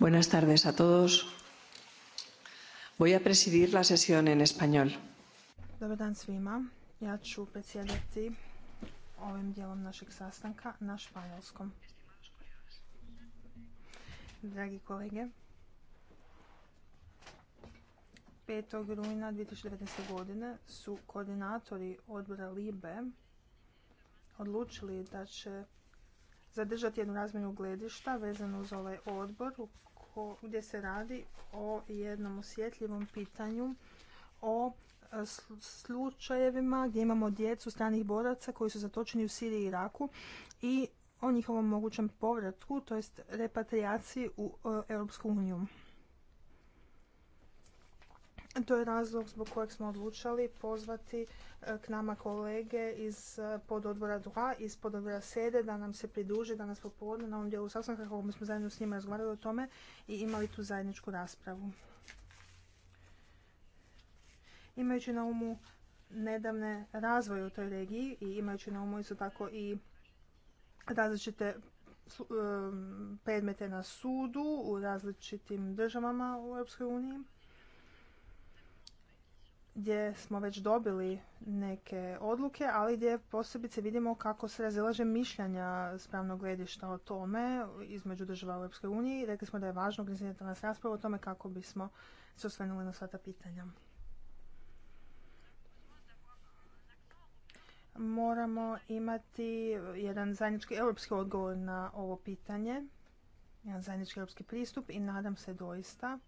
Buenas tardes a todos. Voy a presidir en español. Dobar dan svima. Ja ću predsjedati ovim dijelom našeg sastanka na španjolskom. Dragi kolege, 5. rujna 2019. godine su koordinatori odbora LIBE odlučili da će zadržati jednu razmjenu gledišta vezanu uz ovaj odbor gdje se radi o jednom osjetljivom pitanju o e, slučajevima gdje imamo djecu stranih boraca koji su zatočeni u Siriji i Iraku i o njihovom mogućem povratku, to jest repatriaciji u e, EU. uniju. To je razlog zbog kojeg smo odlučali pozvati e, k nama kolege iz e, pododbora 2, iz pododbora sede da nam se pridruže danas popodne na ovom dijelu sastanka kako bismo zajedno s njima razgovarali o tome i imali tu zajedničku raspravu. Imajući na umu nedavne razvoje u toj regiji i imajući na umu isto tako i različite e, predmete na sudu u različitim državama u EU, gdje smo već dobili neke odluke, ali gdje posebice vidimo kako se razilaže mišljenja spravnog gledišta o tome između država u EU. Rekli smo da je važno organizirati nas raspravu o tome kako bismo se osvrnuli na sva ta pitanja. Moramo imati jedan zajednički europski odgovor na ovo pitanje, jedan zajednički europski pristup i nadam se doista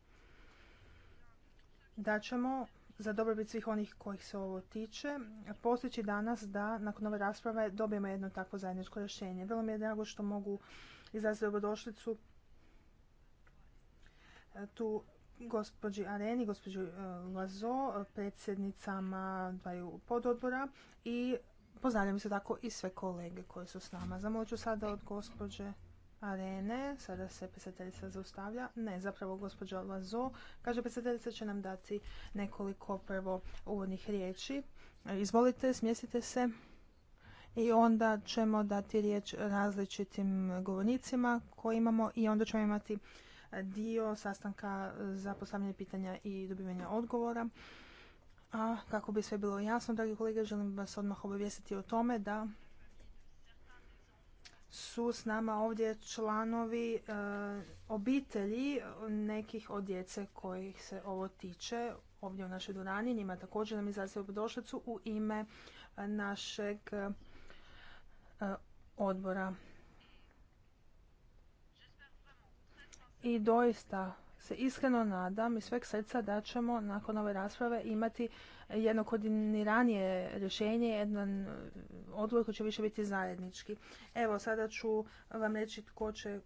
da ćemo za dobrobit svih onih kojih se ovo tiče, postići danas da nakon ove rasprave dobijemo jedno takvo zajedničko rješenje. Vrlo mi je drago što mogu izraziti dobrodošlicu e, tu gospođi Areni, gospođi e, Lazo, predsjednicama dvaju pododbora i pozdravljam se tako i sve kolege koje su s nama. Zamolit ću sada od gospođe arene. Sada se pisateljica zaustavlja. Ne, zapravo gospođa Lazo. Kaže, pisateljica će nam dati nekoliko prvo uvodnih riječi. Izvolite, smjestite se. I onda ćemo dati riječ različitim govornicima koje imamo i onda ćemo imati dio sastanka za postavljanje pitanja i dobivanje odgovora. A kako bi sve bilo jasno, dragi kolege, želim vas odmah obavijestiti o tome da su s nama ovdje članovi e, obitelji nekih od djece kojih se ovo tiče ovdje u našoj dvorani. Njima također nam izrazio dobrodošlicu u ime našeg e, odbora. I doista se iskreno nadam i sveg srca da ćemo nakon ove rasprave imati jedno koordiniranije rješenje, jedan odgovor koji će više biti zajednički. Evo, sada ću vam reći tko će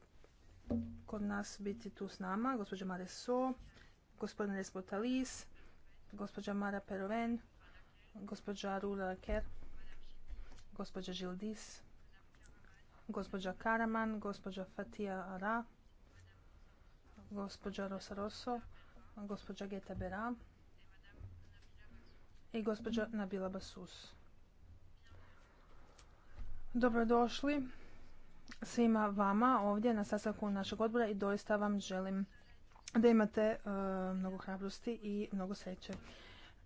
kod nas biti tu s nama. Gospođa So, gospodin Talis, gospođa Mara Peroven, gospođa Rula Ker, gospođa Žildis, gospođa Karaman, gospođa Fatija Ara, gospođa Rosaroso, gospođa Geta Beram, i gospođa Nabila Basus. Dobrodošli svima vama ovdje na sastanku našeg odbora i doista vam želim da imate e, mnogo hrabrosti i mnogo sreće.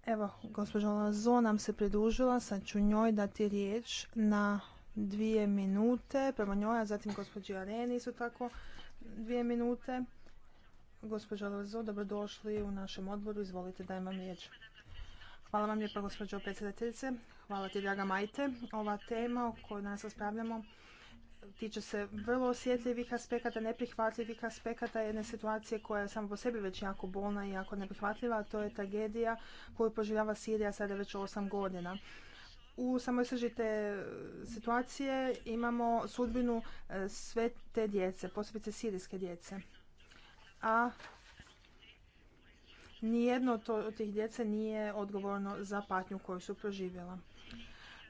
Evo, gospođa Lazo nam se pridružila, sad ću njoj dati riječ na dvije minute, prema njoj, a zatim gospođi Areni su tako dvije minute. Gospođa Lazo, dobrodošli u našem odboru, izvolite dajem vam riječ. Hvala vam lijepa gospođo predsjedateljice. Hvala ti draga Majte. Ova tema o kojoj danas raspravljamo tiče se vrlo osjetljivih aspekata, neprihvatljivih aspekata jedne situacije koja je samo po sebi već jako bolna i jako neprihvatljiva, a to je tragedija koju proživljava Sirija sada već osam godina. U samoj situacije imamo sudbinu e, sve te djece, posebice sirijske djece. A nijedno od tih djece nije odgovorno za patnju koju su proživjela.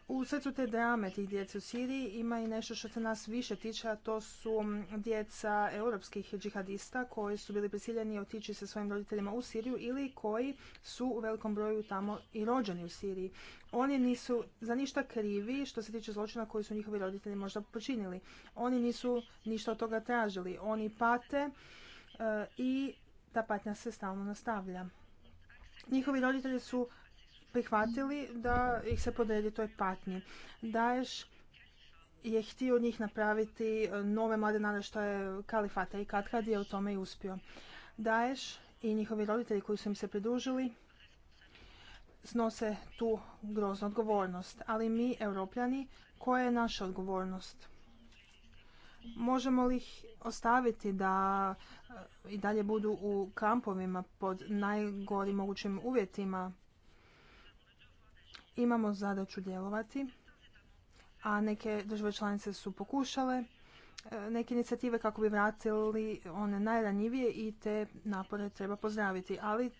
U srcu te drame tih djece u Siriji ima i nešto što se nas više tiče, a to su djeca europskih džihadista koji su bili prisiljeni otići sa svojim roditeljima u Siriju ili koji su u velikom broju tamo i rođeni u Siriji. Oni nisu za ništa krivi što se tiče zločina koji su njihovi roditelji možda počinili. Oni nisu ništa od toga tražili. Oni pate e, i ta patnja se stalno nastavlja. Njihovi roditelji su prihvatili da ih se podredi toj patnji. Daješ je htio od njih napraviti e, nove mlade je kalifata i kad kad je u tome i uspio. Daješ i njihovi roditelji koji su im se pridružili snose tu groznu odgovornost. Ali mi, europljani, koja je naša odgovornost? Možemo li ih ostaviti da e, i dalje budu u kampovima pod najgorim mogućim uvjetima. Imamo zadaću djelovati, a neke države članice su pokušale e, neke inicijative kako bi vratili one najranjivije i te napore treba pozdraviti, ali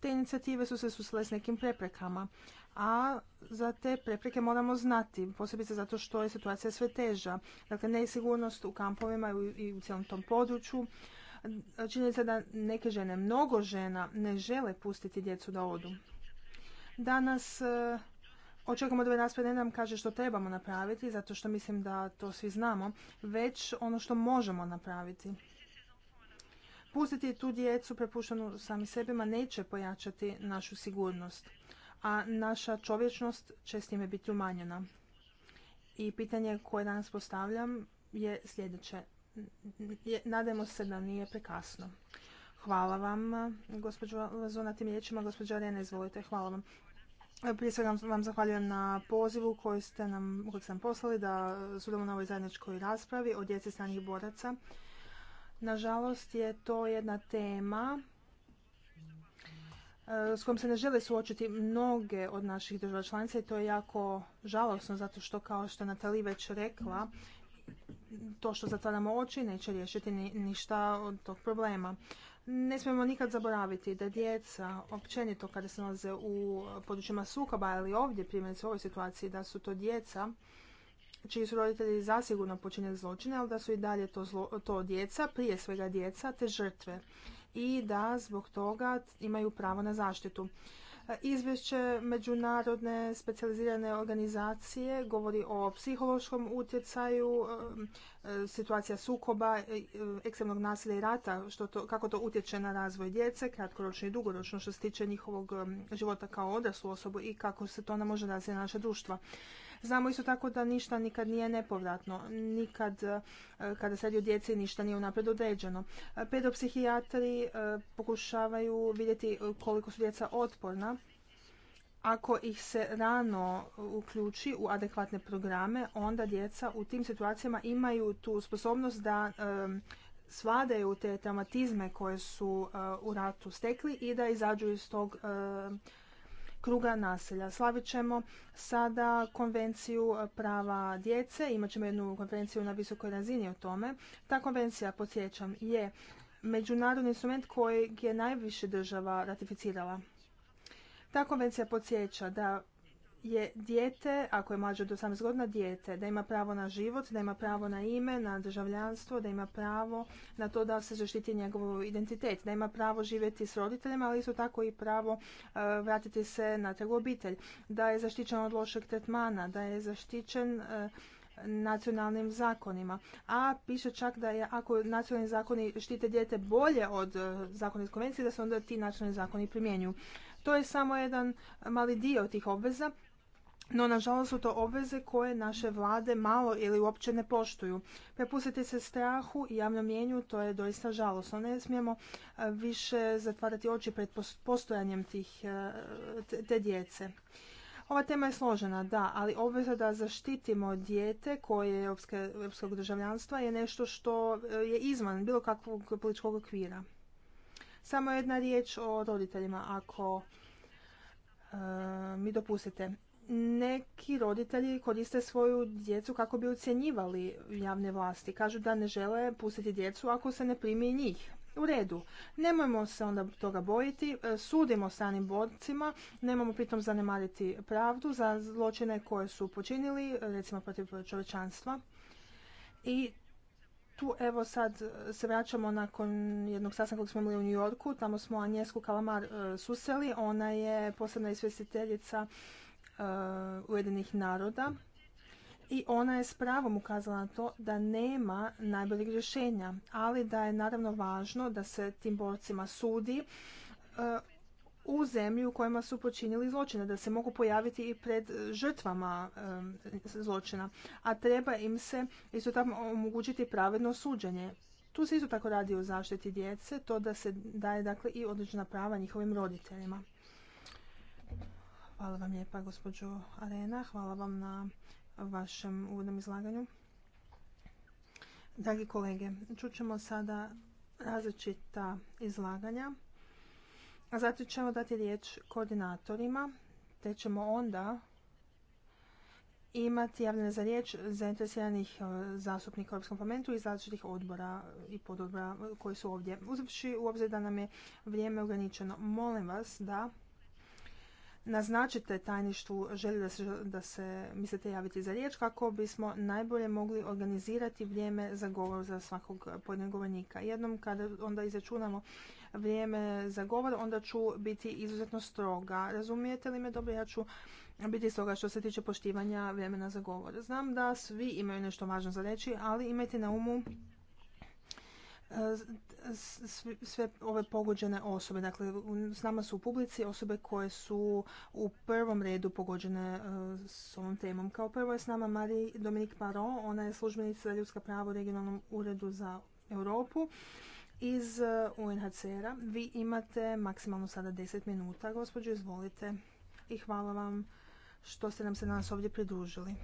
te inicijative su se susrele s nekim preprekama a za te prepreke moramo znati, posebice zato što je situacija sve teža. Dakle, nesigurnost u kampovima i u cijelom tom području. Činjenica da neke žene, mnogo žena, ne žele pustiti djecu da odu. Danas eh, očekujemo da ove ovaj rasprave ne nam kaže što trebamo napraviti, zato što mislim da to svi znamo, već ono što možemo napraviti. Pustiti tu djecu prepuštenu sami sebima neće pojačati našu sigurnost a naša čovječnost će s time biti umanjena. I pitanje koje danas postavljam je sljedeće. Nadajmo se da nije prekasno. Hvala vam, gospođo Lazo, na tim riječima. Gospođa Arena, izvolite. Hvala vam. Prije svega vam zahvaljujem na pozivu koji ste nam, poslali da sudamo na ovoj zajedničkoj raspravi o djeci stranih boraca. Nažalost je to jedna tema E, s kojom se ne žele suočiti mnoge od naših država članica i to je jako žalosno zato što kao što je Natali već rekla to što zatvaramo oči neće riješiti ništa od tog problema. Ne smijemo nikad zaboraviti da djeca, općenito kada se nalaze u područjima sukoba ili ovdje primjerice u ovoj situaciji, da su to djeca čiji su roditelji zasigurno počinjeli zločine, ali da su i dalje to, to djeca, prije svega djeca, te žrtve i da zbog toga imaju pravo na zaštitu. E, izvješće međunarodne specijalizirane organizacije govori o psihološkom utjecaju, e, e, situacija sukoba, ekstremnog nasilja i rata, što to, kako to utječe na razvoj djece, kratkoročno i dugoročno što se tiče njihovog života kao odraslu osobu i kako se to ne može razvijati na naše društva. Znamo isto tako da ništa nikad nije nepovratno, nikad e, kada se radi o djeci ništa nije unaprijed određeno. Pedopsihijatri e, pokušavaju vidjeti koliko su djeca otporna ako ih se rano uključi u adekvatne programe, onda djeca u tim situacijama imaju tu sposobnost da e, svadaju te traumatizme koje su u ratu stekli i da izađu iz tog kruga naselja. Slavit ćemo sada konvenciju prava djece, imat ćemo jednu konvenciju na visokoj razini o tome. Ta konvencija, podsjećam, je međunarodni instrument kojeg je najviše država ratificirala. Ta konvencija podsjeća da je dijete, ako je mlađe od 18 godina, dijete, da ima pravo na život, da ima pravo na ime, na državljanstvo, da ima pravo na to da se zaštiti njegov identitet, da ima pravo živjeti s roditeljima, ali isto tako i pravo e, vratiti se na tegu obitelj, da je zaštićen od lošeg tretmana, da je zaštićen e, nacionalnim zakonima. A piše čak da je ako nacionalni zakoni štite dijete bolje od e, zakona iz konvencije, da se onda ti nacionalni zakoni primjenjuju. To je samo jedan mali dio tih obveza. No, nažalost, su to obveze koje naše vlade malo ili uopće ne poštuju. Prepustiti se strahu i javnom mjenju, to je doista žalosno. Ne smijemo e, više zatvarati oči pred postojanjem tih, e, te djece. Ova tema je složena, da, ali obveza da zaštitimo dijete koje je europskog državljanstva je nešto što e, je izvan bilo kakvog političkog okvira. Samo jedna riječ o roditeljima, ako mi dopustite neki roditelji koriste svoju djecu kako bi ucjenjivali javne vlasti. Kažu da ne žele pustiti djecu ako se ne primi njih. U redu. Nemojmo se onda toga bojiti, e, sudimo stranim borcima, nemamo pritom zanemariti pravdu za zločine koje su počinili, recimo protiv čovečanstva. I tu evo sad se vraćamo nakon jednog sastanka kojeg smo imali u New Yorku, tamo smo Anjesku Kalamar e, suseli, ona je posebna izvjestiteljica Uh, Ujedinih naroda i ona je s pravom ukazala na to da nema najboljeg rješenja, ali da je naravno važno da se tim borcima sudi uh, u zemlji u kojima su počinili zločine, da se mogu pojaviti i pred žrtvama um, zločina, a treba im se isto tako omogućiti pravedno suđenje. Tu se isto tako radi o zaštiti djece, to da se daje dakle i određena prava njihovim roditeljima. Hvala vam lijepa, gospođo Arena. Hvala vam na vašem uvodnom izlaganju. Dragi kolege, čućemo sada različita izlaganja. A zatim ćemo dati riječ koordinatorima, te ćemo onda imati javljene za riječ zainteresiranih e, zastupnika u Europskom parlamentu i različitih odbora i pododbora koji su ovdje. Uzavši u obzir da nam je vrijeme ograničeno, molim vas da naznačite tajništvu želju da se, da se mislite javiti za riječ kako bismo najbolje mogli organizirati vrijeme za govor za svakog pojedinog Jednom kada onda izračunamo vrijeme za govor, onda ću biti izuzetno stroga. Razumijete li me dobro? Ja ću biti stoga što se tiče poštivanja vremena za govor. Znam da svi imaju nešto važno za reći, ali imajte na umu sve ove pogođene osobe. Dakle, s nama su u publici osobe koje su u prvom redu pogođene e, s ovom temom. Kao prvo je s nama Marie Dominique Paron, ona je službenica za ljudska prava u regionalnom uredu za Europu iz e, UNHCR-a. Vi imate maksimalno sada 10 minuta, gospođo, izvolite. I hvala vam što ste nam se danas ovdje pridružili.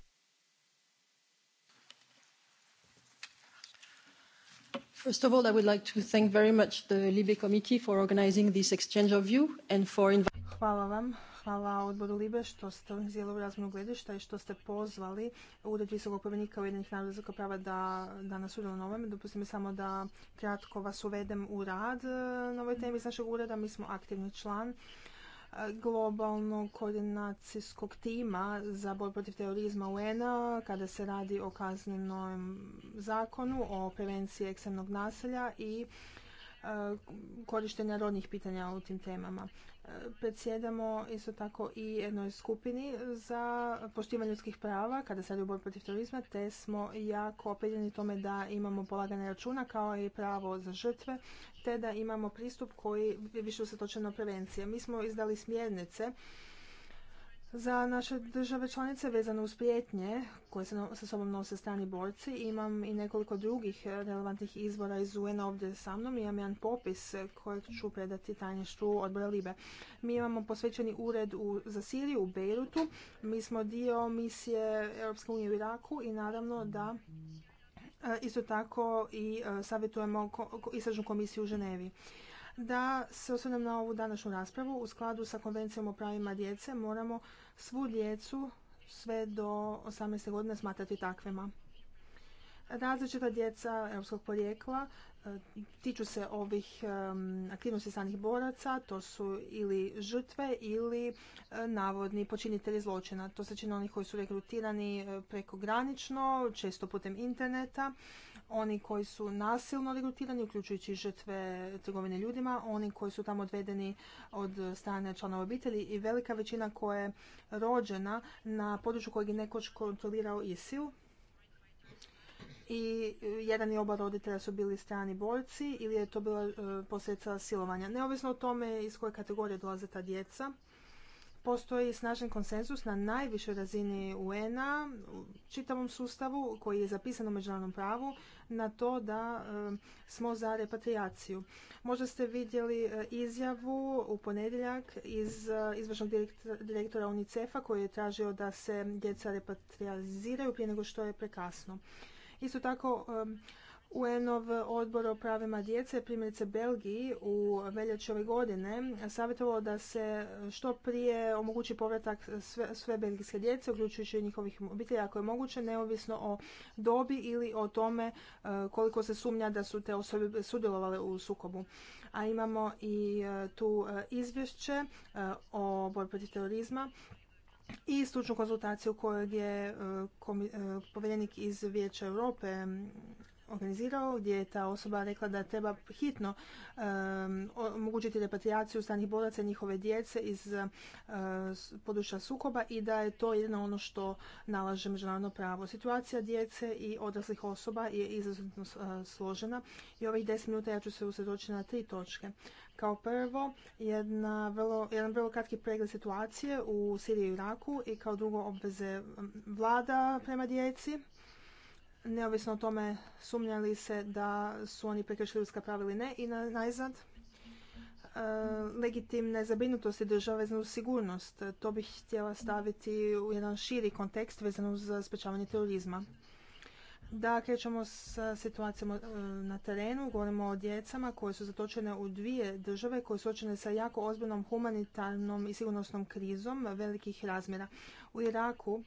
First of all, I would like to thank very much the Libe Committee for organizing this exchange of view and for Hvala vam. Hvala odboru Libe što ste organizirali u razmog gledišta i što ste pozvali Ured visokog povjenika Ujedinih naroda za prava da danas uđemo na ovome. Dopustite mi samo da kratko vas uvedem u rad eh, na ovoj temi iz našeg ureda. Mi smo aktivni član globalnog koordinacijskog tima za borbu protiv terorizma UN-a kada se radi o kaznenom zakonu, o prevenciji ekstremnog nasilja i E, korištenja rodnih pitanja u tim temama. E, predsjedamo isto tako i jednoj skupini za poštivanje ljudskih prava kada se radi u borbi protiv terorizma, te smo jako opredjeni tome da imamo polagane računa kao i pravo za žrtve, te da imamo pristup koji je više usatočeno prevencije. Mi smo izdali smjernice za naše države članice vezano uz prijetnje koje se sa sobom nose strani borci. Imam i nekoliko drugih eh, relevantnih izvora iz UN-a ovdje sa mnom. Imam jedan popis eh, kojeg ću predati tajništvu odbora Libe. Mi imamo posvećeni ured u, za Siriju u Beirutu. Mi smo dio misije Europske unije u Iraku i naravno da eh, isto tako i savjetujemo istražnu komisiju u Ženevi. Da se osvrnem na ovu današnju raspravu, u skladu sa konvencijom o pravima djece moramo svu djecu sve do 18. godine smatrati takvima. Različita djeca europskog porijekla e, tiču se ovih e, aktivnosti stranih boraca, to su ili žrtve ili e, navodni počinitelji zločina. To se čini oni koji su rekrutirani prekogranično, često putem interneta oni koji su nasilno regrutirani, uključujući žrtve trgovine ljudima, oni koji su tamo odvedeni od strane članova obitelji i velika većina koja je rođena na području kojeg je nekoć kontrolirao ISIL. I e, jedan i oba roditelja su bili strani borci ili je to bila e, posljedica silovanja. Neovisno o tome iz koje kategorije dolaze ta djeca, postoji snažan konsenzus na najvišoj razini UN-a, čitavom sustavu koji je zapisan u međunarodnom pravu, na to da smo za repatriaciju. Možda ste vidjeli e, izjavu u ponedjeljak iz e, izvršnog direktora UNICEF-a koji je tražio da se djeca repatrializiraju prije nego što je prekasno. Isto tako, UN-ov odbor o pravima djece, primjerice Belgiji, u veljači ove godine savjetovalo da se što prije omogući povratak sve, sve belgijske djece, uključujući njihovih obitelja, ako je moguće, neovisno o dobi ili o tome e, koliko se sumnja da su te osobe sudjelovale u sukobu. A imamo i e, tu e, izvješće o borbi protiv terorizma i stručnu konzultaciju kojeg je povjerenik iz Vijeća Europe organizirao gdje je ta osoba rekla da treba hitno omogućiti repatriaciju stanih boraca i njihove djece iz eh, područja sukoba i da je to jedno ono što nalaže međunarodno pravo. Situacija djece i odraslih osoba je izuzetno eh, složena i ovih 10 minuta ja ću se usredočiti na tri točke. Kao prvo, jedna vrlo, jedan vrlo kratki pregled situacije u Siriji i Iraku i kao drugo obveze vlada prema djeci neovisno o tome sumnjali se da su oni prekršili ljudska prava ili ne. I na, najzad, e, legitimne zabrinutosti države za sigurnost. To bih htjela staviti u jedan širi kontekst vezan uz sprečavanje terorizma. Da, krećemo sa situacijom e, na terenu. Govorimo o djecama koje su zatočene u dvije države koje su očene sa jako ozbiljnom humanitarnom i sigurnosnom krizom velikih razmjera. U Iraku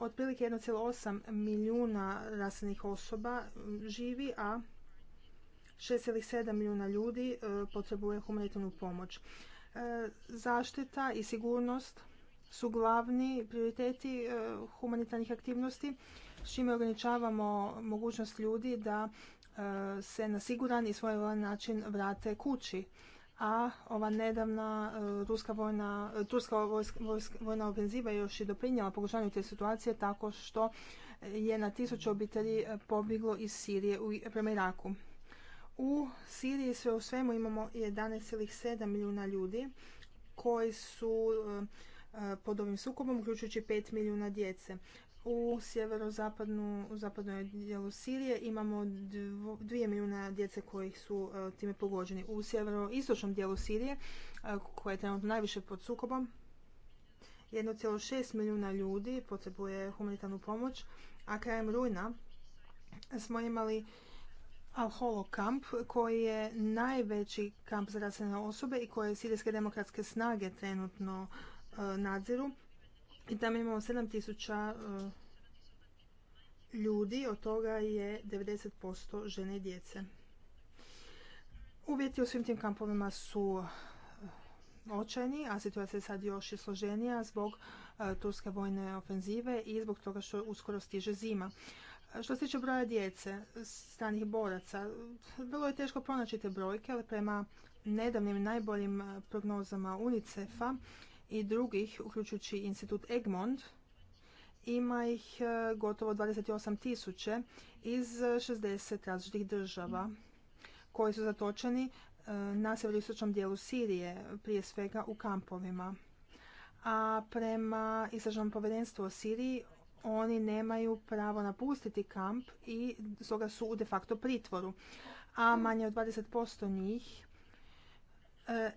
otprilike 1,8 milijuna raseljenih osoba živi, a 6,7 milijuna ljudi e, potrebuje humanitarnu pomoć. E, zaštita i sigurnost su glavni prioriteti e, humanitarnih aktivnosti, s čime ograničavamo mogućnost ljudi da se na siguran i svoj način vrate kući a ova nedavna e, ruska vojna, turska vojna ofenziva još i doprinjela pogoršanju te situacije tako što je na tisuću obitelji e, pobjeglo iz Sirije prema Iraku. U Siriji sve u svemu imamo 11,7 milijuna ljudi koji su e, pod ovim sukobom, uključujući 5 milijuna djece u sjeverozapadnu zapadnoj dijelu Sirije imamo dvije milijuna djece koji su e, time pogođeni. U sjeveroistočnom dijelu Sirije, e, koje koja je trenutno najviše pod sukobom, 1,6 milijuna ljudi potrebuje humanitarnu pomoć, a krajem rujna smo imali Al-Holo kamp, koji je najveći kamp za raseljene osobe i koje sirijske demokratske snage trenutno e, nadziru i tamo imamo 7000 e, ljudi, od toga je 90% žene i djece. Uvjeti u svim tim kampovima su e, očajni, a situacija je sad još i složenija zbog e, turske vojne ofenzive i zbog toga što uskoro stiže zima. Što se tiče broja djece, stranih boraca, vrlo je teško pronaći te brojke, ali prema nedavnim najboljim prognozama UNICEF-a, i drugih, uključujući institut Egmont, ima ih e, gotovo 28 tisuće iz 60 različitih država koji su zatočeni e, na sjeveroistočnom dijelu Sirije, prije svega u kampovima. A prema istražnom povjerenstvu o Siriji oni nemaju pravo napustiti kamp i stoga su u de facto pritvoru. A manje od 20% njih e,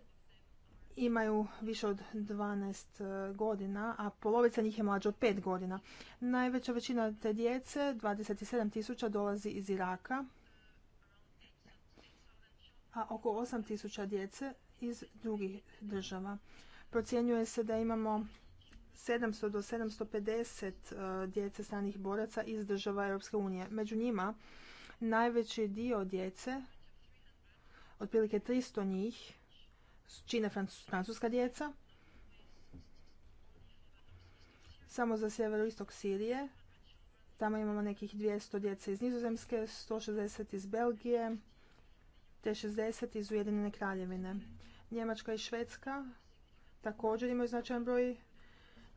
imaju više od 12 e, godina, a polovica njih je mlađa od 5 godina. Najveća većina te djece, 27 tisuća, dolazi iz Iraka, a oko 8 tisuća djece iz drugih država. Procjenjuje se da imamo 700 do 750 e, djece stranih boraca iz država eu Među njima najveći dio djece, otprilike 300 njih, čine francuska djeca. Samo za sjeveroistok Sirije. Tamo imamo nekih 200 djece iz Nizozemske, 160 iz Belgije, te 60 iz Ujedinjene kraljevine. Njemačka i Švedska također imaju značajan broj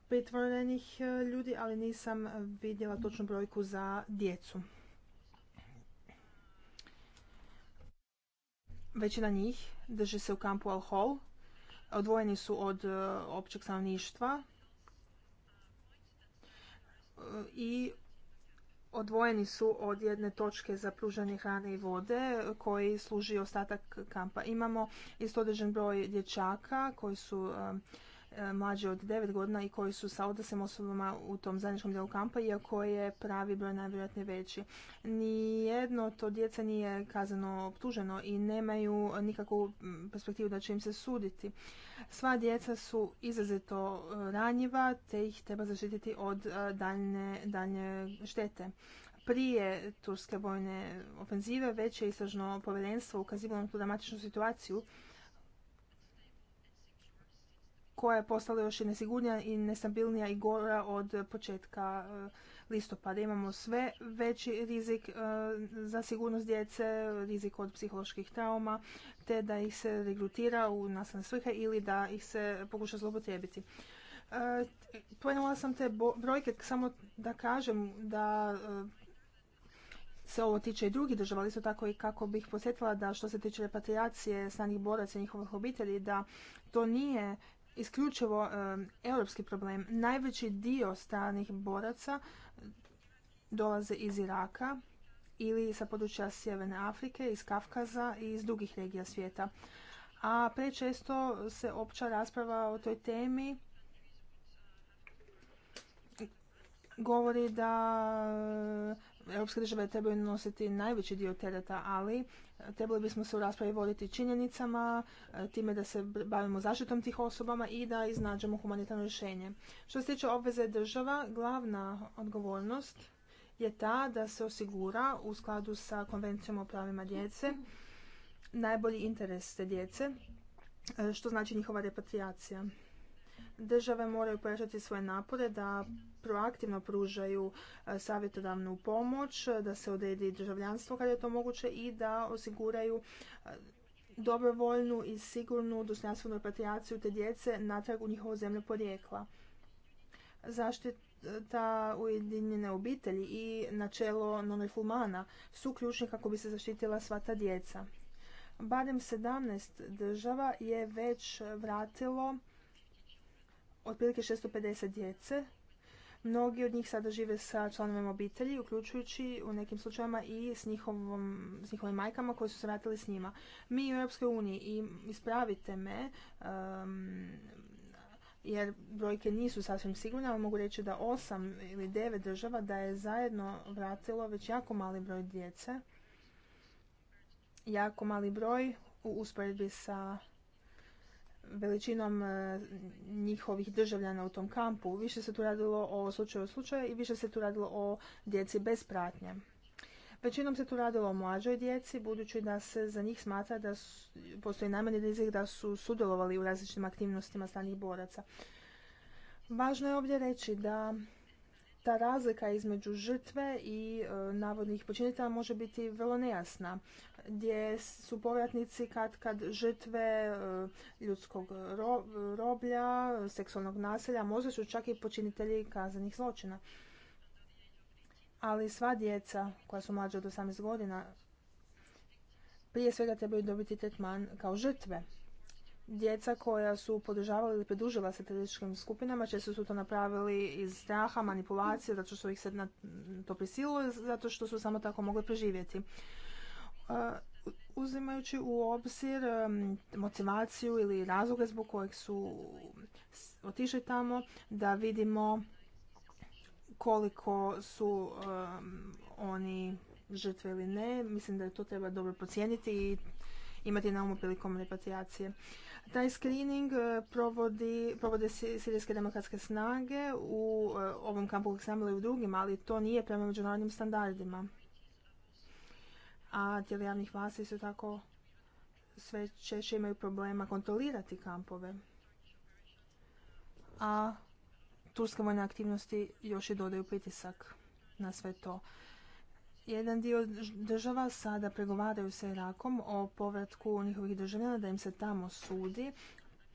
pritvorenih e, ljudi, ali nisam vidjela točnu brojku za djecu. Većina njih drži se u kampu Al-Hol, odvojeni su od e, općeg stanovništva e, i odvojeni su od jedne točke za pružanje hrane i vode koji služi ostatak kampa. Imamo isto određen broj dječaka koji su e, E, mlađe od 9 godina i koji su sa odraslim osobama u tom zajedničkom dijelu kampa, iako je pravi broj najvjerojatnije veći. Nijedno to djece nije kazano optuženo i nemaju nikakvu perspektivu da će im se suditi. Sva djeca su izrazito e, ranjiva te ih treba zaštititi od e, daljne, daljne štete prije turske vojne ofenzive već je istražno povjerenstvo ukazivalo na tu dramatičnu situaciju koja je postala još i nesigurnija i nestabilnija i gora od početka eh, listopada. Imamo sve veći rizik eh, za sigurnost djece, rizik od psiholoških trauma, te da ih se regrutira u nastavne svrhe ili da ih se pokuša zlopotrijebiti. Eh, Pojenula sam te brojke samo da kažem da se ovo tiče i drugih država, ali isto tako i kako bih posjetila da što se tiče repatriacije stanih boraca i njihovih obitelji, da to nije isključivo e, europski problem. Najveći dio stranih boraca dolaze iz Iraka ili sa područja Sjeverne Afrike, iz Kafkaza i iz drugih regija svijeta. A prečesto se opća rasprava o toj temi govori da e, europske države trebaju nositi najveći dio tereta, ali trebali bismo se u raspravi voditi činjenicama, e, time da se bavimo zaštitom tih osobama i da iznađemo humanitarno rješenje. Što se tiče obveze država, glavna odgovornost je ta da se osigura u skladu sa konvencijom o pravima djece najbolji interes te djece, e, što znači njihova repatriacija. Države moraju pojačati svoje napore da proaktivno pružaju e, savjetodavnu pomoć, e, da se odredi državljanstvo kada je to moguće i da osiguraju e, dobrovoljnu i sigurnu dostojanstvenu repatriaciju te djece natrag u njihovo zemlje porijekla. Zaštita ujedinjene obitelji i načelo nonefumana su ključni kako bi se zaštitila sva ta djeca. Barem 17 država je već vratilo otprilike 650 djece Mnogi od njih sada žive sa članovima obitelji, uključujući u nekim slučajevima i s, njihovom, s njihovim majkama koji su se vratili s njima. Mi u Europskoj uniji, i ispravite me, jer brojke nisu sasvim sigurne, ali mogu reći da osam ili devet država da je zajedno vratilo već jako mali broj djece. Jako mali broj u usporedbi sa veličinom e, njihovih državljana u tom kampu. Više se tu radilo o slučaju slučaja i više se tu radilo o djeci bez pratnje. Većinom se tu radilo o mlađoj djeci, budući da se za njih smatra da postoji najmanji rizik da su sudjelovali u različitim aktivnostima stranih boraca. Važno je ovdje reći da ta razlika između žrtve i e, navodnih počinitelja može biti vrlo nejasna gdje su povratnici kad kad žrtve e, ljudskog roblja, seksualnog nasilja, možda su čak i počinitelji kaznenih zločina. Ali sva djeca koja su mlađa od 18 godina prije svega trebaju dobiti tretman kao žrtve. Djeca koja su podržavala ili pridružila se terorističkim skupinama često su to napravili iz straha, manipulacije, zato što ih se na to prisililo, zato što su samo tako mogli preživjeti uzimajući u obzir motivaciju ili razloge zbog kojeg su otišli tamo, da vidimo koliko su oni žrtve ili ne. Mislim da je to treba dobro pocijeniti i imati na umu prilikom repatriacije. Taj screening e, provodi, provode sirijske demokratske snage u e, ovom kampu Luxemburga i u drugim, ali to nije prema međunarodnim standardima a tijela javnih vlasti su tako sve češće imaju problema kontrolirati kampove. A turske vojne aktivnosti još i dodaju pritisak na sve to. Jedan dio država sada pregovaraju sa Irakom o povratku njihovih državljana da im se tamo sudi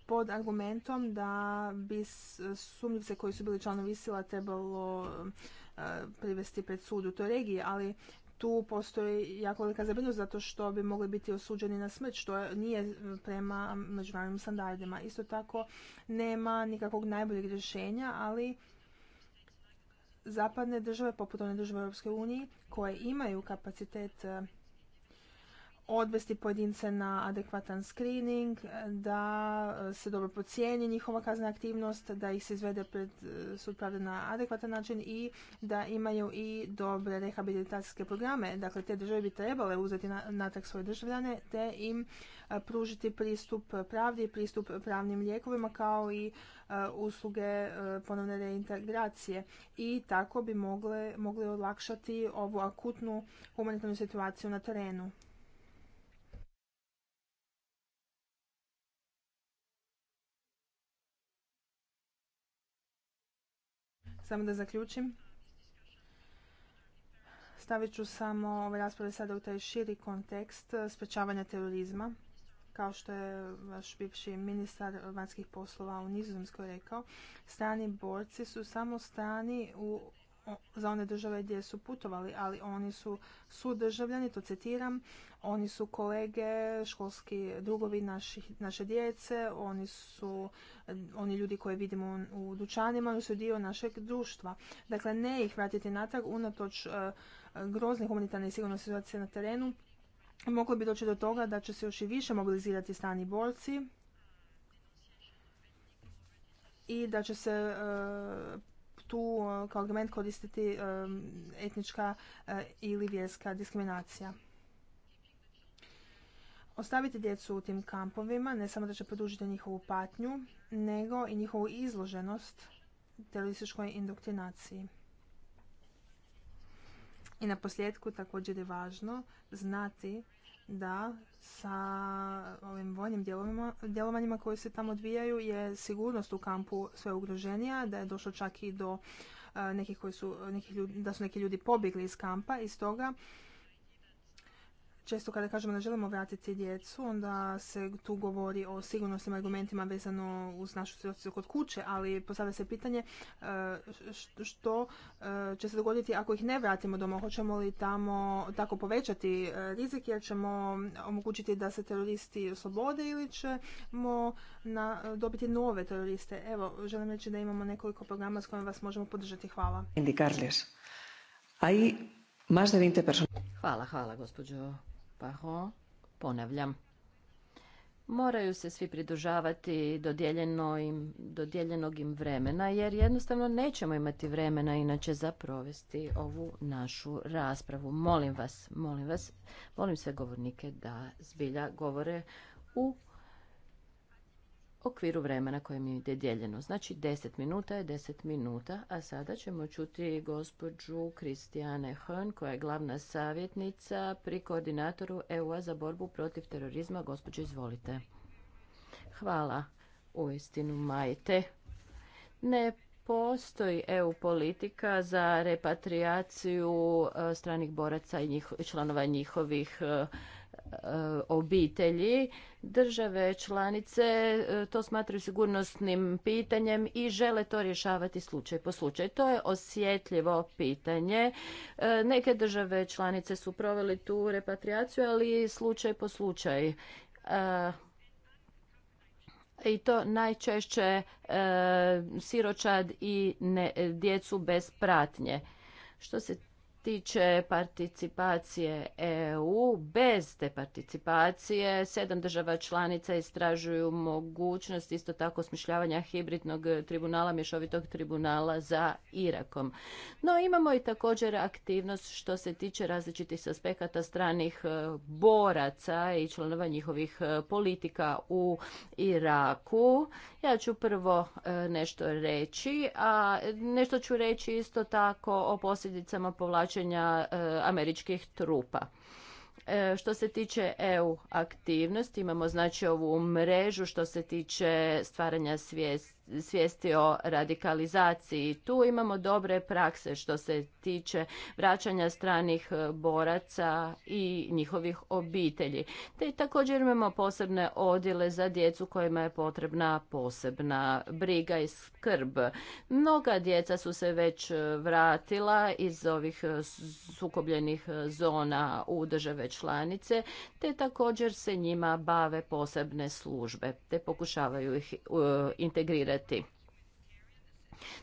pod argumentom da bi sumnjice koji su bili članovi Isila trebalo eh, privesti pred sud u toj regiji, ali tu postoji jako velika zabrinutost zato što bi mogli biti osuđeni na smrt, što nije prema međunarodnim standardima. Isto tako nema nikakvog najboljeg rješenja, ali zapadne države, poput one države Europske unije, koje imaju kapacitet odvesti pojedince na adekvatan screening, e, da e, se dobro pocijeni njihova kazna aktivnost, da ih se izvede pred e, sud na adekvatan način i da imaju i dobre rehabilitacijske programe. Dakle, te države bi trebale uzeti natrag svoje državljane te im pružiti pristup pravdi pristup pravnim lijekovima kao i usluge ponovne reintegracije i tako bi mogle, mogli olakšati ovu akutnu humanitarnu situaciju na terenu. Samo da zaključim. Stavit ću samo ove rasprave sada u taj širi kontekst eh, sprečavanja terorizma. Kao što je vaš bivši ministar vanjskih poslova u Nizozemskoj rekao, strani borci su samo strani u za one države gdje su putovali, ali oni su sudržavljani, to citiram, oni su kolege, školski drugovi naših, naše djece, oni su oni ljudi koje vidimo u dućanima, oni su dio našeg društva. Dakle, ne ih vratiti natrag unatoč e, groznih humanitarnih i situacije na terenu, moglo bi doći do toga da će se još i više mobilizirati stani borci i da će se e, tu e, kao argument koristiti e, etnička e, ili vjerska diskriminacija. Ostaviti djecu u tim kampovima ne samo da će produžiti njihovu patnju, nego i njihovu izloženost terorističkoj indoktrinaciji. I na posljedku također je važno znati da sa ovim vojnim djelovanjima koji se tamo odvijaju je sigurnost u kampu sve ugroženija, da je došlo čak i do e, nekih koji su, nekih ljudi, da su neki ljudi pobjegli iz kampa i stoga Često kada kažemo da želimo vratiti djecu, onda se tu govori o sigurnosnim argumentima vezano uz našu situaciju kod kuće, ali postavlja se pitanje e, što e, će se dogoditi ako ih ne vratimo doma. Hoćemo li tamo tako povećati e, rizik jer ćemo omogućiti da se teroristi oslobode ili ćemo na, dobiti nove teroriste. Evo, želim reći da imamo nekoliko programa s kojima vas možemo podržati. Hvala. Indicarles. Hvala, hvala, gospođo Paho, ponavljam. Moraju se svi pridržavati dodijeljeno im, dodijeljenog im vremena jer jednostavno nećemo imati vremena inače za provesti ovu našu raspravu. Molim vas, molim vas, molim sve govornike da zbilja govore u okviru vremena koje mi je dodijeljeno. Znači 10 minuta je 10 minuta, a sada ćemo čuti gospođu Kristijane Hrn, koja je glavna savjetnica pri koordinatoru EU-a za borbu protiv terorizma. Gospođo, izvolite. Hvala u majte. Ne postoji EU politika za repatriaciju e, stranih boraca i članova njihovih e, obitelji. Države članice e, to smatraju sigurnosnim pitanjem i žele to rješavati slučaj po slučaj. To je osjetljivo pitanje. E, neke države članice su proveli tu repatriaciju, ali slučaj po slučaj e, i to najčešće siročad i djecu bez pratnje. Što se tiče participacije EU, bez te participacije sedam država članica istražuju mogućnost isto tako smišljavanja hibridnog tribunala, mješovitog tribunala za Irakom. No imamo i također aktivnost što se tiče različitih aspekata stranih e, boraca i članova njihovih e, politika u Iraku. Ja ću prvo e, nešto reći, a nešto ću reći isto tako o posljedicama povlačenja E, američkih trupa. E, što se tiče EU aktivnosti, imamo znači ovu mrežu što se tiče stvaranja svijesti svijesti o radikalizaciji. Tu imamo dobre prakse što se tiče vraćanja stranih e, boraca i njihovih obitelji. Te također imamo posebne odjele za djecu kojima je potrebna posebna briga i skrb. Mnoga djeca su se već e, vratila iz ovih e, sukobljenih zona u države članice, te također se njima bave posebne službe, te pokušavaju ih integrirati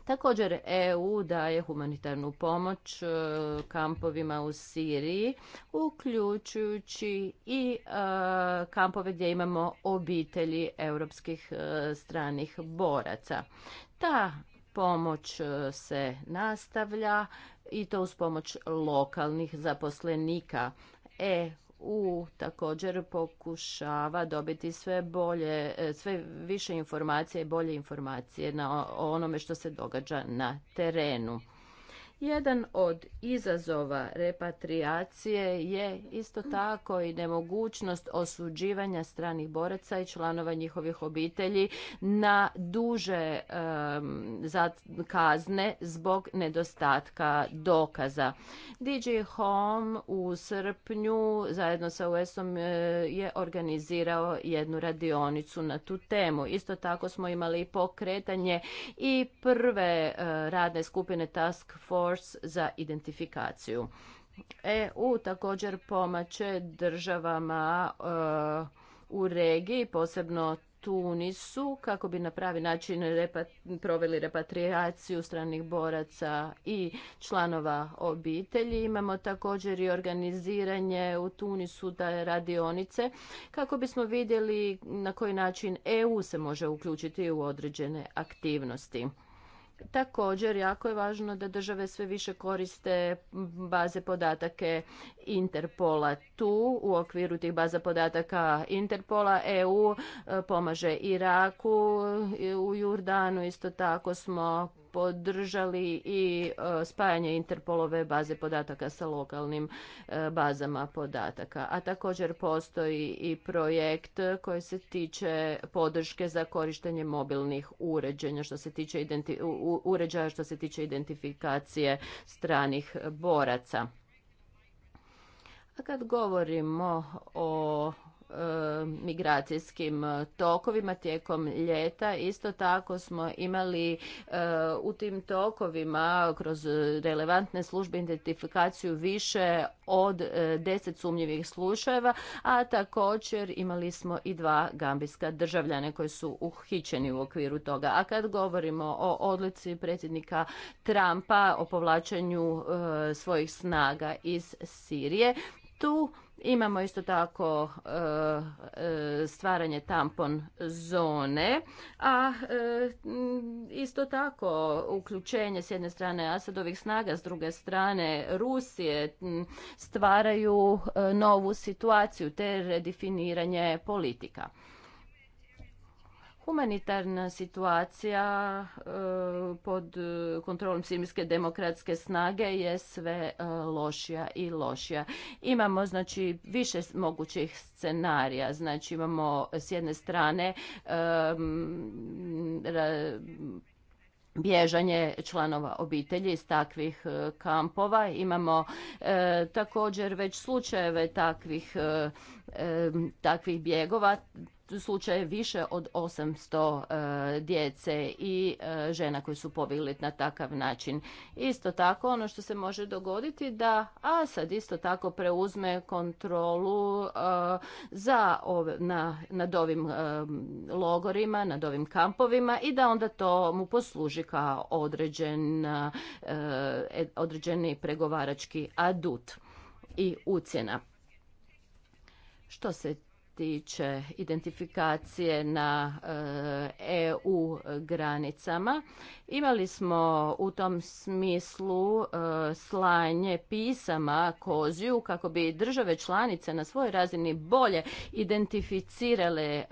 Također EU daje humanitarnu pomoć e, kampovima u Siriji, uključujući i e, kampove gdje imamo obitelji europskih e, stranih boraca. Ta pomoć se nastavlja i to uz pomoć lokalnih zaposlenika. U također pokušava dobiti sve bolje, e, sve više informacije i bolje informacije na onome što se događa na terenu. Jedan od izazova repatriacije je isto tako i nemogućnost osuđivanja stranih boraca i članova njihovih obitelji na duže kazne zbog nedostatka dokaza. DG Home u srpnju zajedno sa us e, je organizirao jednu radionicu na tu temu. Isto tako smo imali pokretanje i prve e, radne skupine Task Force za identifikaciju. EU također pomaće državama e, u regiji, posebno Tunisu, kako bi na pravi način proveli repatriaciju stranih boraca i članova obitelji. Imamo također i organiziranje u Tunisu da radionice kako bismo vidjeli na koji način EU se može uključiti u određene aktivnosti. Također, jako je važno da države sve više koriste baze podatake Interpola. Tu, u okviru tih baza podataka Interpola, EU e, pomaže Iraku, e, u Jordanu isto tako smo podržali i e, spajanje Interpolove baze podataka sa lokalnim e, bazama podataka. A također postoji i projekt koji se tiče podrške za korištenje mobilnih što se tiče uređaja što se tiče identifikacije stranih boraca. A kad govorimo o Eh, migracijskim eh, tokovima tijekom ljeta. Isto tako smo imali eh, u tim tokovima kroz relevantne službe identifikaciju više od deset sumnjivih slučajeva, a također imali smo i dva gambijska državljane koji su uhićeni u okviru toga. A kad govorimo o odlici predsjednika Trumpa o povlačenju svojih snaga iz Sirije, tu Imamo isto tako e, e, stvaranje tampon zone, a e, isto tako uključenje s jedne strane Asadovih snaga, s druge strane Rusije stvaraju novu situaciju te redefiniranje politika. Humanitarna situacija e, pod kontrolom Sirijske demokratske snage je sve e, lošija i lošija. Imamo znači više mogućih scenarija. Znači imamo s jedne strane e, bježanje članova obitelji iz takvih kampova. Imamo također već slučajeve takvih takvih bjegova slučaju više od 800 e, djece i e, žena koji su pobjegli na takav način. Isto tako ono što se može dogoditi da Asad isto tako preuzme kontrolu e, za na, nad ovim logorima, nad ovim kampovima i da onda to mu posluži kao određen, određeni pregovarački adut i ucjena. Što se tiče identifikacije na EU e granicama. Imali smo u tom smislu e, slanje pisama Koziju kako bi države članice na svojoj razini bolje identificirale e,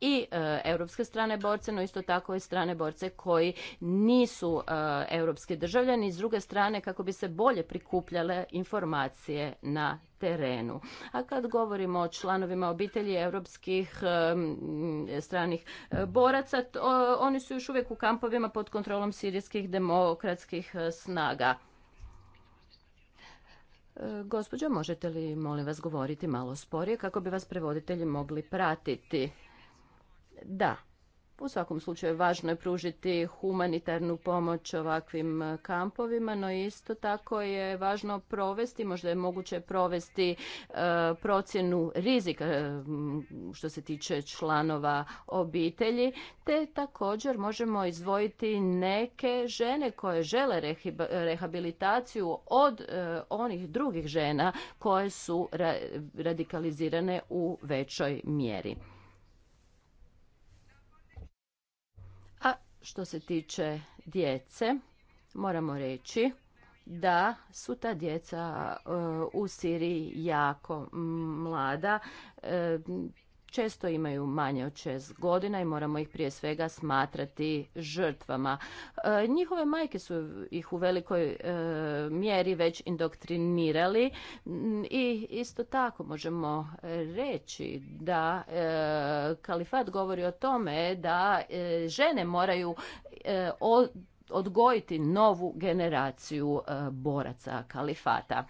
i europske strane borce, no isto tako i strane borce koji nisu europski državljani. S druge strane kako bi se bolje prikupljale informacije na terenu. A kad govorimo o članovima obitelji europskih stranih e, boraca, oni su još uvijek u kampovima pod kontrolom sirijskih demokratskih e, snaga. E, gospođo, možete li, molim vas, govoriti malo sporije kako bi vas prevoditelji mogli pratiti? Da. U svakom slučaju važno je pružiti humanitarnu pomoć ovakvim e, kampovima, no isto tako je važno provesti, možda je moguće provesti e, procjenu rizika e, što se tiče članova obitelji, te također možemo izdvojiti neke žene koje žele rehabilitaciju od onih drugih žena koje su radikalizirane u većoj mjeri. što se tiče djece, moramo reći da su ta djeca e, u Siriji jako mlada. E, često imaju manje od šest godina i moramo ih prije svega smatrati žrtvama. E, njihove majke su ih u velikoj e, mjeri već indoktrinirali i isto tako možemo reći da e, kalifat govori o tome da žene moraju odgojiti novu generaciju boraca kalifata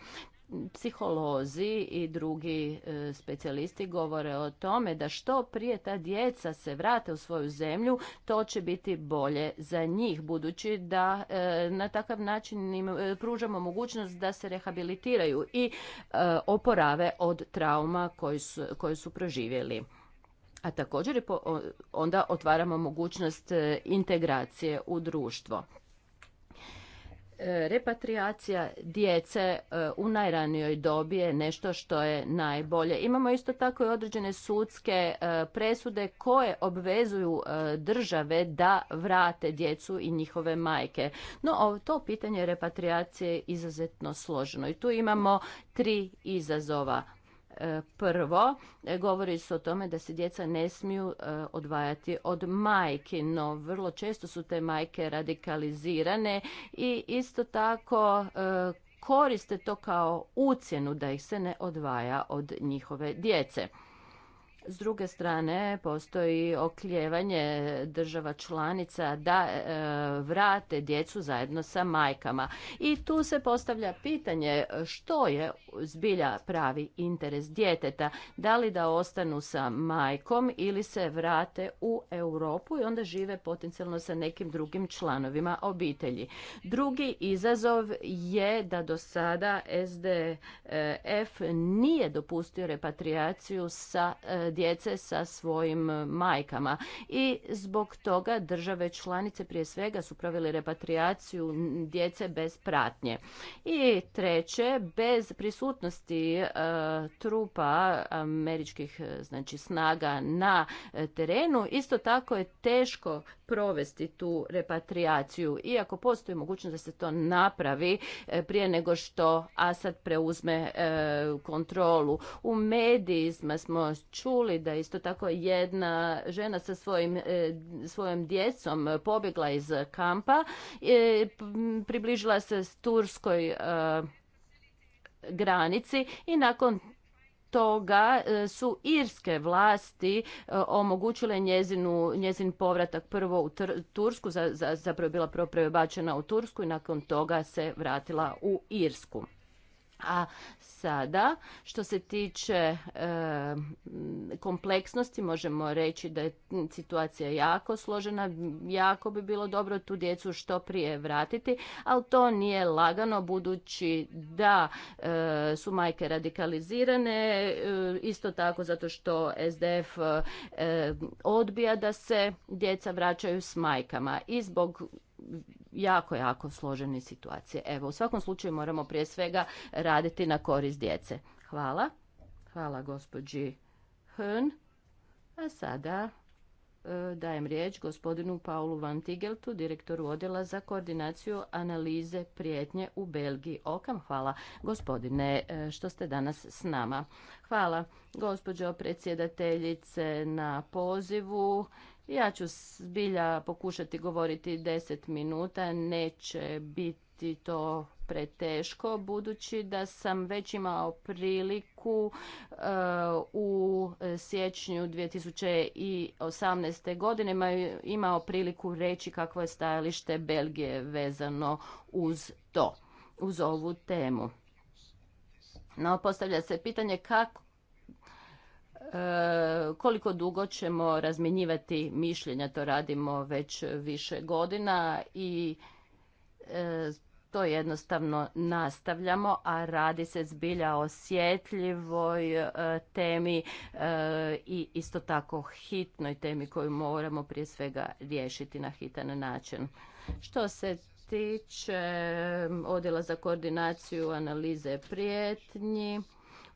psiholozi i drugi e, specijalisti govore o tome da što prije ta djeca se vrate u svoju zemlju, to će biti bolje za njih, budući da e, na takav način im e, pružamo mogućnost da se rehabilitiraju i oporave od trauma koje su, koje su proživjeli. A također onda otvaramo mogućnost integracije u društvo. E, repatriacija djece e, u najranijoj dobi je nešto što je najbolje. Imamo isto tako i određene sudske e, presude koje obvezuju države da vrate djecu i njihove majke. No, to pitanje repatriacije je izuzetno složeno i tu imamo tri izazova. E, prvo, e, govori se o tome da se djeca ne smiju e, odvajati od majke, no vrlo često su te majke radikalizirane i isto tako koriste to kao ucjenu da ih se ne odvaja od njihove djece. S druge strane, postoji okljevanje država članica da e, vrate djecu zajedno sa majkama. I tu se postavlja pitanje što je zbilja pravi interes djeteta. Da li da ostanu sa majkom ili se vrate u Europu i onda žive potencijalno sa nekim drugim članovima obitelji. Drugi izazov je da do sada SDF nije dopustio repatriaciju sa e, djece sa svojim e, majkama. I zbog toga države članice prije svega su pravili repatriaciju djece bez pratnje. I treće, bez prisutnosti e, trupa američkih e, znači snaga na terenu, isto tako je teško provesti tu repatriaciju. Iako postoji mogućnost da se to napravi e, prije nego što Asad preuzme e, kontrolu. U medijima smo čuli da isto tako jedna žena sa svojim, e, svojom djecom pobjegla iz kampa, približila se s Turskoj granici i nakon toga e, su irske vlasti e, omogućile njezinu, njezin povratak prvo u Tursku, zapravo je bila prvo prebačena u Tursku i nakon toga se vratila u Irsku. A sada, što se tiče eh, kompleksnosti, možemo reći da je situacija jako složena, jako bi bilo dobro tu djecu što prije vratiti, ali to nije lagano budući da eh, su majke radikalizirane, eh, isto tako zato što SDF odbija da se djeca vraćaju s majkama i zbog jako, jako složene situacije. Evo, u svakom slučaju moramo prije svega raditi na korist djece. Hvala. Hvala gospođi Hrn. A sada e, dajem riječ gospodinu Paulu Van Tigeltu, direktoru Odjela za koordinaciju analize prijetnje u Belgiji. Okam hvala gospodine e, što ste danas s nama. Hvala gospođo predsjedateljice na pozivu. Ja ću zbilja pokušati govoriti deset minuta, neće biti to preteško budući da sam već imao priliku eh, u siječnju 2018. godine imao priliku reći kakvo je stajalište Belgije vezano uz to, uz ovu temu. No, postavlja se pitanje kako koliko dugo ćemo razmjenjivati mišljenja, to radimo već više godina i e, to jednostavno nastavljamo, a radi se zbilja o osjetljivoj e, temi e, i isto tako hitnoj temi koju moramo prije svega riješiti na hitan način. Što se tiče odjela za koordinaciju analize prijetnji,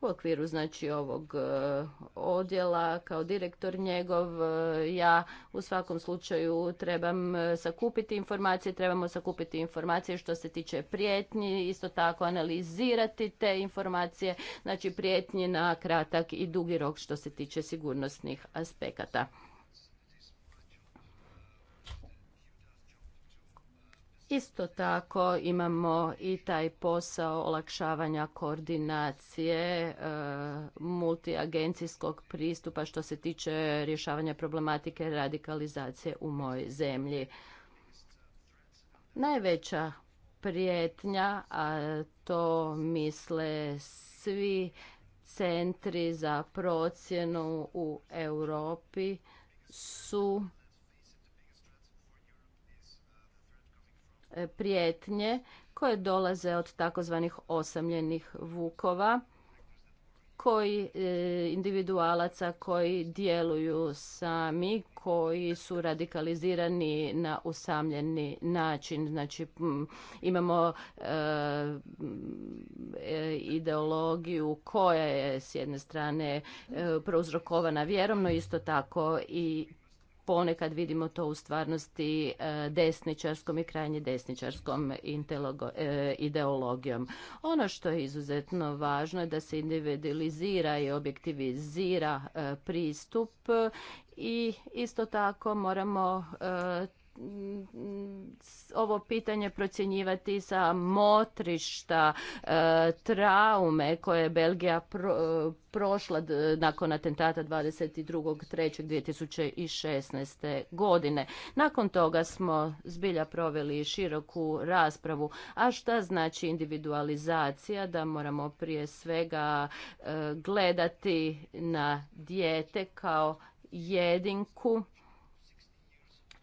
u okviru znači ovog e, odjela kao direktor njegov. E, ja u svakom slučaju trebam e, sakupiti informacije, trebamo sakupiti informacije što se tiče prijetnji, isto tako analizirati te informacije, znači prijetnji na kratak i dugi rok što se tiče sigurnosnih aspekata. Isto tako imamo i taj posao olakšavanja koordinacije e, multiagencijskog pristupa što se tiče rješavanja problematike radikalizacije u mojoj zemlji. Najveća prijetnja, a to misle svi centri za procjenu u Europi su E, prijetnje koje dolaze od takozvanih osamljenih vukova koji e, individualaca koji djeluju sami, koji su radikalizirani na usamljeni način. Znači imamo e, ideologiju koja je s jedne strane prouzrokovana vjerom, no isto tako i ponekad vidimo to u stvarnosti e, desničarskom i krajnje desničarskom e, ideologijom. Ono što je izuzetno važno je da se individualizira i objektivizira e, pristup i isto tako moramo ovo pitanje procjenjivati sa motrišta e, traume koje je Belgija e, prošla nakon atentata 22.3.2016. godine. Nakon toga smo zbilja proveli široku raspravu. A šta znači individualizacija? Da moramo prije svega e, gledati na dijete kao jedinku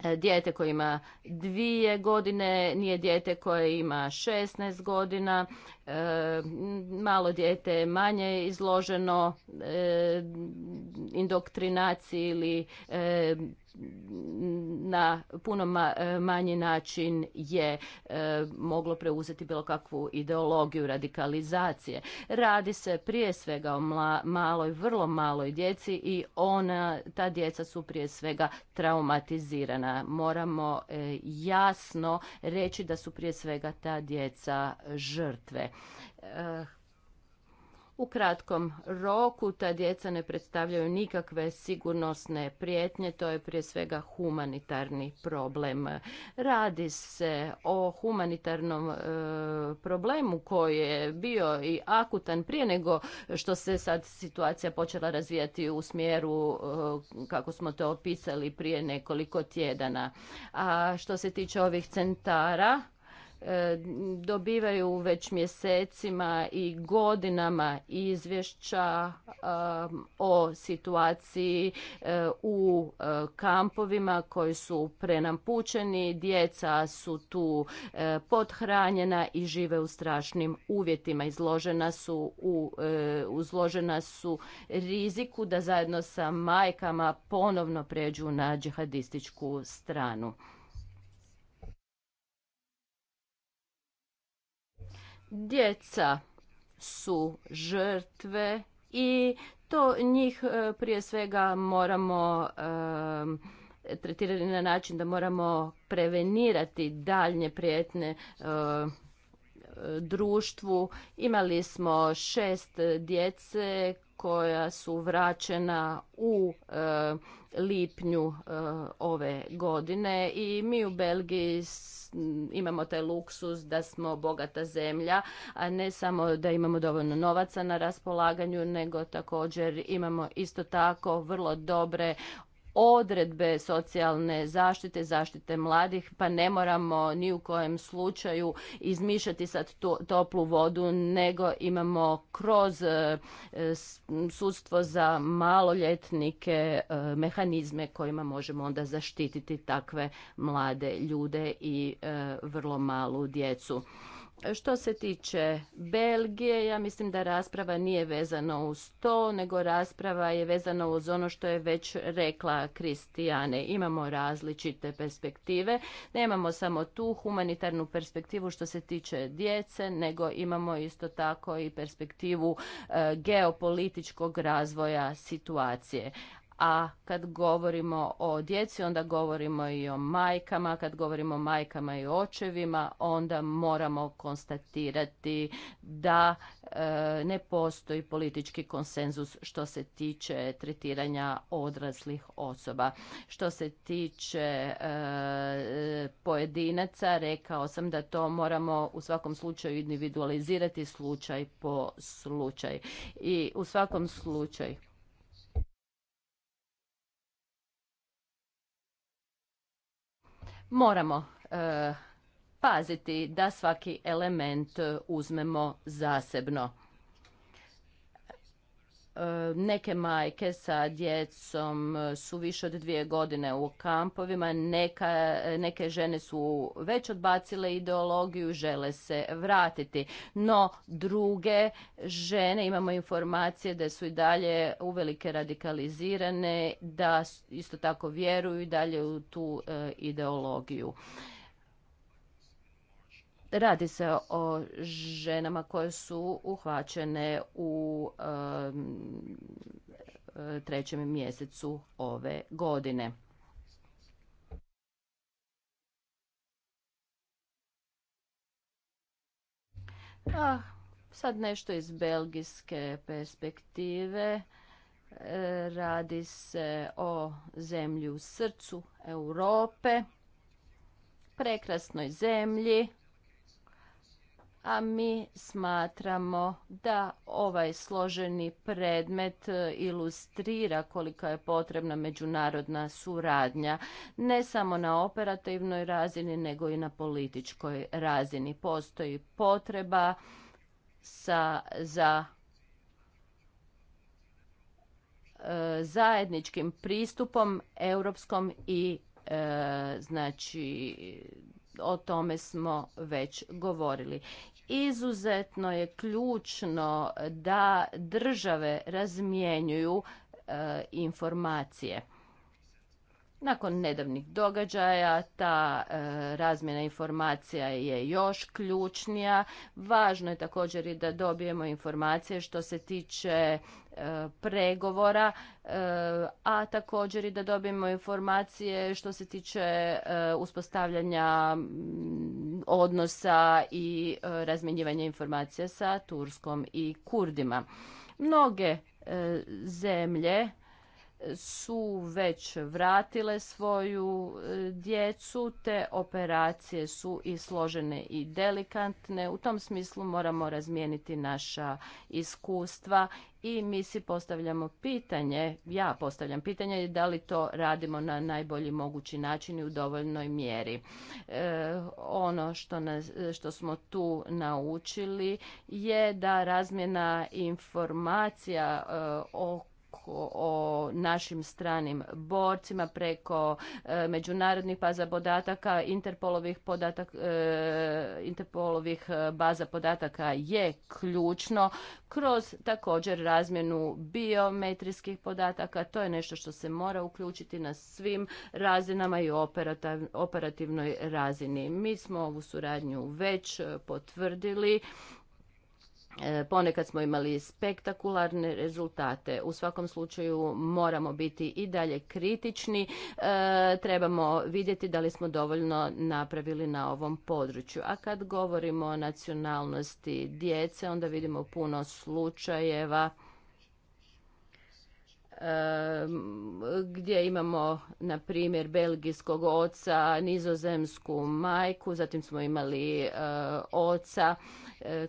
E, dijete koje ima dvije godine, nije dijete koje ima 16 godina, E, malo dijete je manje izloženo e, indoktrinaciji ili e, na puno e, manji način je moglo preuzeti bilo kakvu ideologiju radikalizacije. Radi se prije svega o maloj, vrlo maloj djeci i ona, ta djeca su prije svega traumatizirana. Moramo jasno reći da su prije svega ta djeca žrtve Eh, u kratkom roku ta djeca ne predstavljaju nikakve sigurnosne prijetnje, to je prije svega humanitarni problem. Radi se o humanitarnom eh, problemu koji je bio i akutan prije nego što se sad situacija počela razvijati u smjeru eh, kako smo to opisali prije nekoliko tjedana. A što se tiče ovih centara, dobivaju već mjesecima i godinama izvješća um, o situaciji uh, u uh, kampovima koji su prenampučeni, djeca su tu uh, podhranjena i žive u strašnim uvjetima. Izložena su, u, izložena su riziku da zajedno sa majkama ponovno pređu na džihadističku stranu. Djeca su žrtve i to njih e, prije svega moramo e, tretirati na način da moramo prevenirati daljnje prijetne e, društvu. Imali smo šest djece koja su vraćena u lipnju ove godine i mi u Belgiji Mm, imamo taj luksus da smo bogata zemlja, a ne samo da imamo dovoljno novaca na raspolaganju, nego također imamo isto tako vrlo dobre odredbe socijalne zaštite, zaštite mladih, pa ne moramo ni u kojem slučaju izmišljati sad toplu vodu, nego imamo kroz e, sudstvo za maloljetnike e, mehanizme kojima možemo onda zaštititi takve mlade ljude i e, vrlo malu djecu. Što se tiče Belgije, ja mislim da rasprava nije vezana uz to, nego rasprava je vezana uz ono što je već rekla Kristijane. Imamo različite perspektive, nemamo samo tu humanitarnu perspektivu što se tiče djece, nego imamo isto tako i perspektivu e, geopolitičkog razvoja situacije a kad govorimo o djeci, onda govorimo i o majkama, kad govorimo o majkama i očevima, onda moramo konstatirati da e, ne postoji politički konsenzus što se tiče tretiranja odraslih osoba. Što se tiče e, pojedinaca, rekao sam da to moramo u svakom slučaju individualizirati slučaj po slučaj. I u svakom slučaju moramo e, paziti da svaki element e, uzmemo zasebno E, neke majke sa djecom e, su više od dvije godine u kampovima, Neka, neke žene su već odbacile ideologiju, žele se vratiti. No druge žene, imamo informacije da su i dalje uvelike radikalizirane, da isto tako vjeruju i dalje u tu e, ideologiju. Radi se o ženama koje su uhvaćene u trećem mjesecu ove godine. Ah, sad nešto iz belgijske perspektive. E, radi se o zemlji u srcu Europe, prekrasnoj zemlji a mi smatramo da ovaj složeni predmet e, ilustrira koliko je potrebna međunarodna suradnja, ne samo na operativnoj razini, nego i na političkoj razini. Postoji potreba sa, za e, zajedničkim pristupom europskom i e, znači o tome smo već govorili. Izuzetno je ključno da države razmjenjuju e, informacije. Nakon nedavnih događaja ta e, razmjena informacija je još ključnija. Važno je također i da dobijemo informacije što se tiče e, pregovora, e, a također i da dobijemo informacije što se tiče uspostavljanja mm, odnosa i razmjenjivanja informacija sa Turskom i Kurdima. Mnoge zemlje su već vratile svoju e, djecu, te operacije su i složene i delikatne. U tom smislu moramo razmijeniti naša iskustva i mi si postavljamo pitanje, ja postavljam pitanje da li to radimo na najbolji mogući način i u dovoljnoj mjeri. E, ono što, što smo tu naučili je da razmjena informacija e, o o našim stranim borcima preko e, međunarodnih baza podataka, Interpolovih, e, Interpolovih e, baza podataka je ključno kroz također razmjenu biometrijskih podataka. To je nešto što se mora uključiti na svim razinama i operativnoj razini. Mi smo ovu suradnju već e, potvrdili E, ponekad smo imali spektakularne rezultate. U svakom slučaju moramo biti i dalje kritični. E, trebamo vidjeti da li smo dovoljno napravili na ovom području. A kad govorimo o nacionalnosti djece, onda vidimo puno slučajeva e, gdje imamo na primjer belgijskog oca, nizozemsku majku, zatim smo imali oca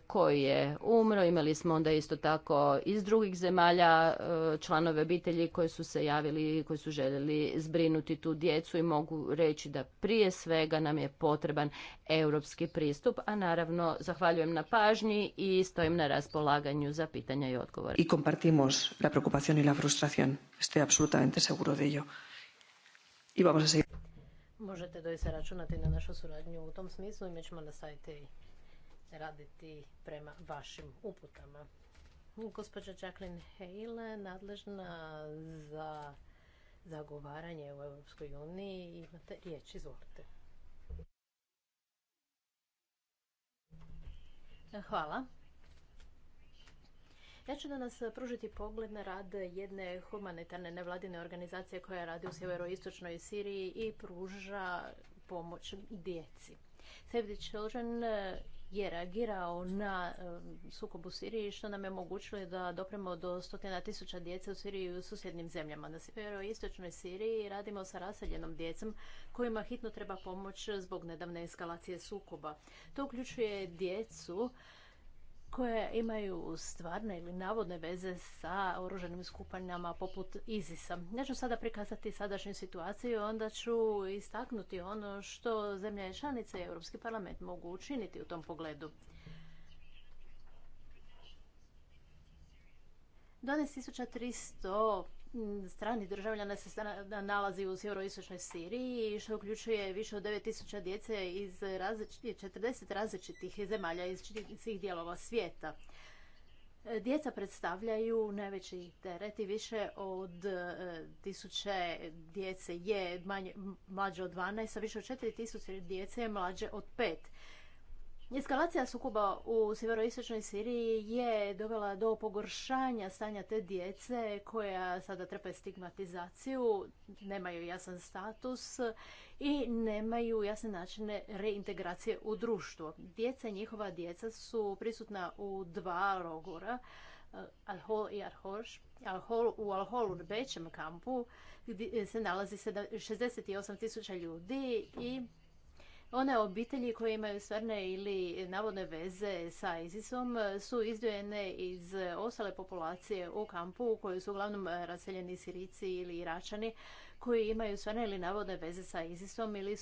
koji je umro. Imali smo onda isto tako iz drugih zemalja e, članove obitelji koji su se javili, i koji su željeli zbrinuti tu djecu i mogu reći da prije svega nam je potreban europski pristup, a naravno zahvaljujem na pažnji i stojim na raspolaganju za pitanja i odgovore. I compartimos la preocupación i la frustración. Estoy absolutamente seguro de ello. I vamos a seguir. Možete doista računati na našu suradnju u tom smislu i mi ćemo nastaviti raditi prema vašim uputama. Gospođa Jacqueline Hale, nadležna za zagovaranje u Europskoj uniji, imate riječ, izvolite. Hvala. Ja ću danas pružiti pogled na rad jedne humanitarne nevladine organizacije koja radi u sjeveroistočnoj Siriji i pruža pomoć djeci. Save the Children je reagirao na sukob u Siriji, što nam je omogućilo da dopremo do stotina tisuća djece u Siriji i u susjednim zemljama. Na Istočnoj Siriji radimo sa raseljenom djecom kojima hitno treba pomoć zbog nedavne eskalacije sukoba. To uključuje djecu koje imaju stvarne ili navodne veze sa oruženim skupanjama poput ISIS-a. Ja ću sada prikazati sadašnju situaciju, onda ću istaknuti ono što zemlje članice i Europski parlament mogu učiniti u tom pogledu. 12.300 strani državljana se nalazi u sjeveroistočnoj Siriji, što uključuje više od 9000 djece iz različitih, 40 različitih zemalja iz svih dijelova svijeta. Djeca predstavljaju najveći teret i više od e, tisuće djece je mlađe od 12, a više od 4000 djece je mlađe od 5. Eskalacija sukoba u sjeveroistočnoj Siriji je dovela do pogoršanja stanja te djece koja sada trpe stigmatizaciju, nemaju jasan status i nemaju jasne načine reintegracije u društvo. Djeca i njihova djeca su prisutna u dva logora, eh, al i al u Al-Holu većem kampu gdje se nalazi 68 tisuća ljudi i one obitelji koje imaju stvarne ili navodne veze sa ISISom e, su izdvojene iz e, ostale populacije u kampu u kojoj su uglavnom e, raseljeni Sirici ili Iračani koji imaju stvarne ili navodne veze sa ISISom ili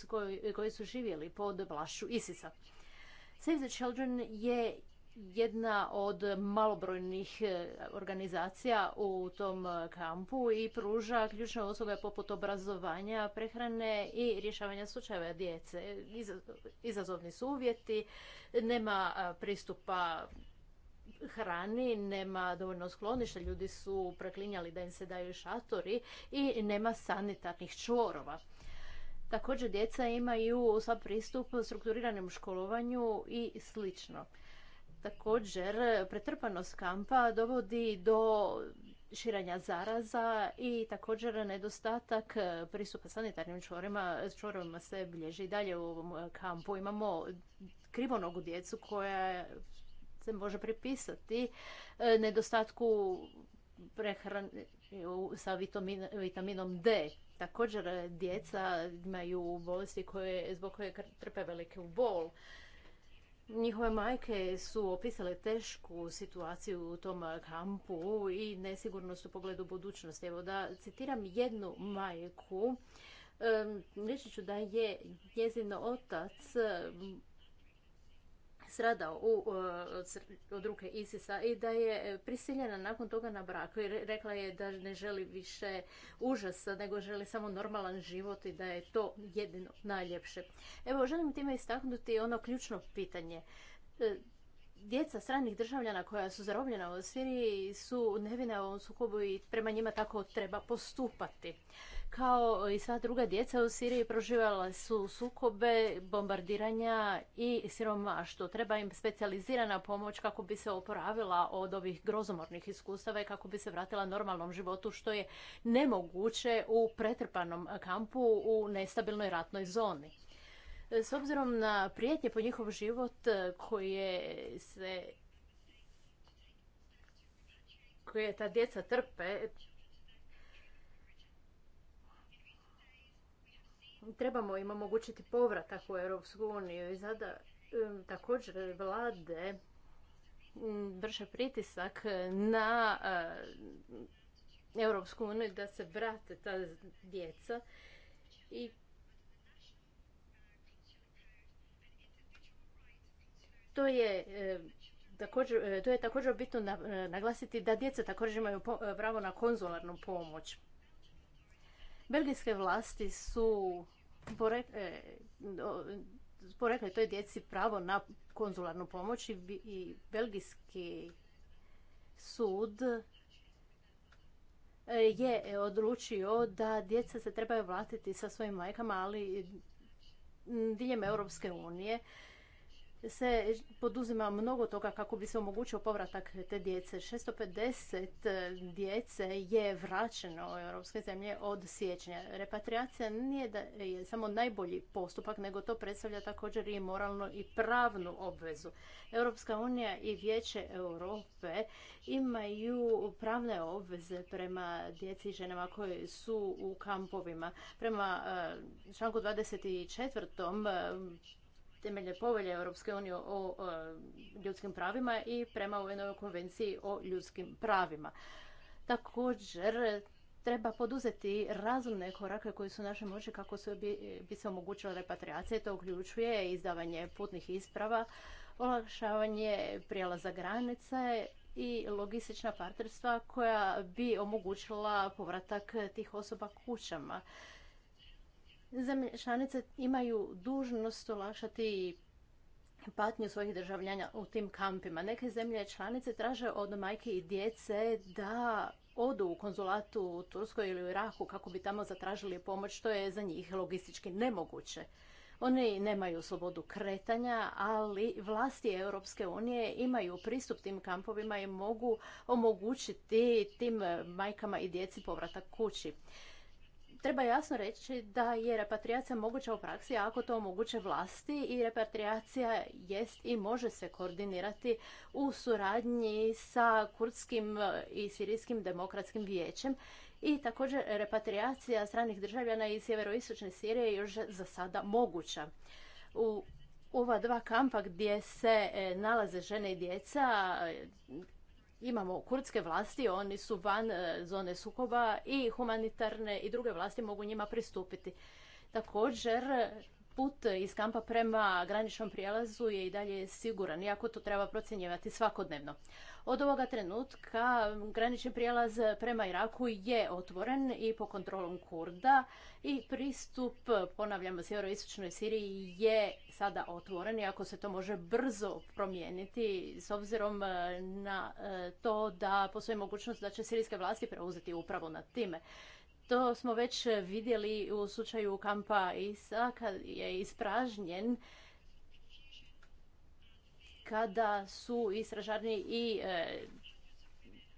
koji, su živjeli pod vlašu ISISA. Save the Children je jedna od malobrojnih e, organizacija u tom e, kampu i pruža ključne usluge poput obrazovanja, prehrane i rješavanja slučajeva djece. Izazovni su uvjeti, nema e, pristupa hrani, nema dovoljno skloništa, ljudi su preklinjali da im se daju šatori i nema sanitarnih čvorova. Također djeca imaju sva pristup strukturiranom školovanju i slično. Također, pretrpanost kampa dovodi do širenja zaraza i također nedostatak pristupa sanitarnim čvorima, čvorima se bilježi dalje u ovom kampu. Imamo krivonogu djecu koja se može pripisati e, nedostatku prehrane sa vitaminom D. Također djeca imaju bolesti zbog koje trpe velike u bol. Njihove majke su opisale tešku situaciju u tom kampu i nesigurnost u pogledu budućnosti. Evo da citiram jednu majku, reći ću da je njezin otac stradao u, od ruke Isisa i da je e, prisiljena nakon toga na brak. Rekla je da ne želi više užasa, nego želi samo normalan život i da je to jedino najljepše. Evo, želim time istaknuti ono ključno pitanje e, djeca stranih državljana koja su zarobljena u Siriji su nevina u ovom sukobu i prema njima tako treba postupati kao i sva druga djeca u Siriji proživjela su sukobe, bombardiranja i siromaštvo. Treba im specijalizirana pomoć kako bi se oporavila od ovih grozomornih iskustava i kako bi se vratila normalnom životu što je nemoguće u pretrpanom kampu u nestabilnoj ratnoj zoni. S obzirom na prijetnje po njihov život e, koje se koje ta djeca trpe, trebamo im omogućiti povratak u Europsku uniju i sada također vlade vrše pritisak na e, Europsku uniju da se vrate ta djeca to je e, Također, e, to je također bitno naglasiti da djeca također imaju pravo na konzularnu pomoć. Belgijske vlasti su porekle, porekle toj djeci pravo na konzularnu pomoć i belgijski sud e, je odlučio da djeca se trebaju vratiti sa svojim majkama, ali diljem Europske unije se poduzima mnogo toga kako bi se omogućio povratak te djece. 650 djece je vraćeno u europske zemlje od siječnja. Repatriacija nije da je samo najbolji postupak, nego to predstavlja također i moralnu i pravnu obvezu. Europska unija i Vijeće Europe imaju pravne obveze prema djeci i ženama koje su u kampovima. Prema eh, članku 24 temeljne povelje Europske unije o ljudskim pravima i prema UN konvenciji o ljudskim pravima. Također, treba poduzeti razumne korake koji su naše moći kako bi, bi se omogućila repatriacija. To uključuje izdavanje putnih isprava, olakšavanje prijelaza granice i logistična partnerstva koja bi omogućila povratak tih osoba kućama. Zemlje članice imaju dužnost olakšati patnju svojih državljanja u tim kampima. Neke zemlje članice traže od majke i djece da odu u konzulatu u Turskoj ili u Iraku kako bi tamo zatražili pomoć, što je za njih logistički nemoguće. Oni nemaju slobodu kretanja, ali vlasti Europske unije imaju pristup tim kampovima i mogu omogućiti tim majkama i djeci povratak kući. Treba jasno reći da je repatriacija moguća u praksi ako to omoguće vlasti i repatriacija jest i može se koordinirati u suradnji sa kurdskim i sirijskim demokratskim vijećem i također repatriacija stranih državljana iz sjeveroistočne Sirije je još za sada moguća. U ova dva kampa gdje se e, nalaze žene i djeca imamo kurdske vlasti, oni su van e, zone sukoba i humanitarne i druge vlasti mogu njima pristupiti. Također, put iz kampa prema graničnom prijelazu je i dalje siguran, iako to treba procjenjivati svakodnevno. Od ovoga trenutka granični prijelaz prema Iraku je otvoren i po kontrolom Kurda i pristup, ponavljam, sjeveroistočnoj Siriji je sada otvoren, iako se to može brzo promijeniti s obzirom e, na e, to da postoji mogućnost da će sirijske vlasti preuzeti upravo nad time. To smo već vidjeli u slučaju kampa ISA kad je ispražnjen kada su istražarni i e,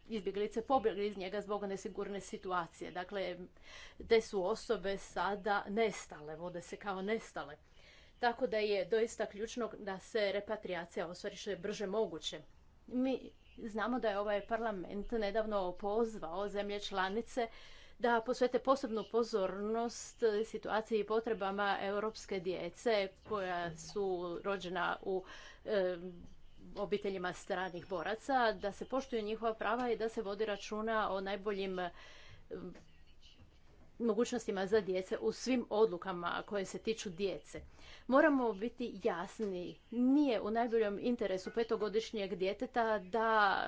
izbjeglice pobjegli iz njega zbog nesigurne situacije. Dakle, te su osobe sada nestale, vode se kao nestale. Tako da je doista ključno da se repatriacija ostvari što je brže moguće. Mi znamo da je ovaj parlament nedavno pozvao zemlje članice da posvete posebnu pozornost situaciji i potrebama europske djece koja su rođena u obiteljima stranih boraca, da se poštuju njihova prava i da se vodi računa o najboljim mogućnostima za djece u svim odlukama koje se tiču djece. Moramo biti jasni, nije u najboljom interesu petogodišnjeg djeteta da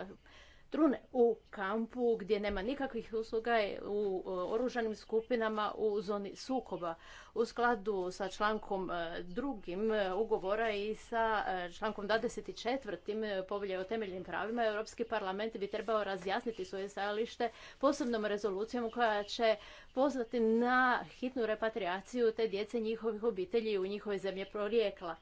Trune u kampu gdje nema nikakvih usluga u e, oružanim skupinama u zoni sukoba. U skladu sa člankom e, drugim e, ugovora i sa člankom 24. povelje o temeljnim pravima, Europski parlament bi trebao razjasniti svoje stajalište posebnom rezolucijom koja će pozvati na hitnu repatriaciju te djece njihovih obitelji u njihove zemlje prorijekla.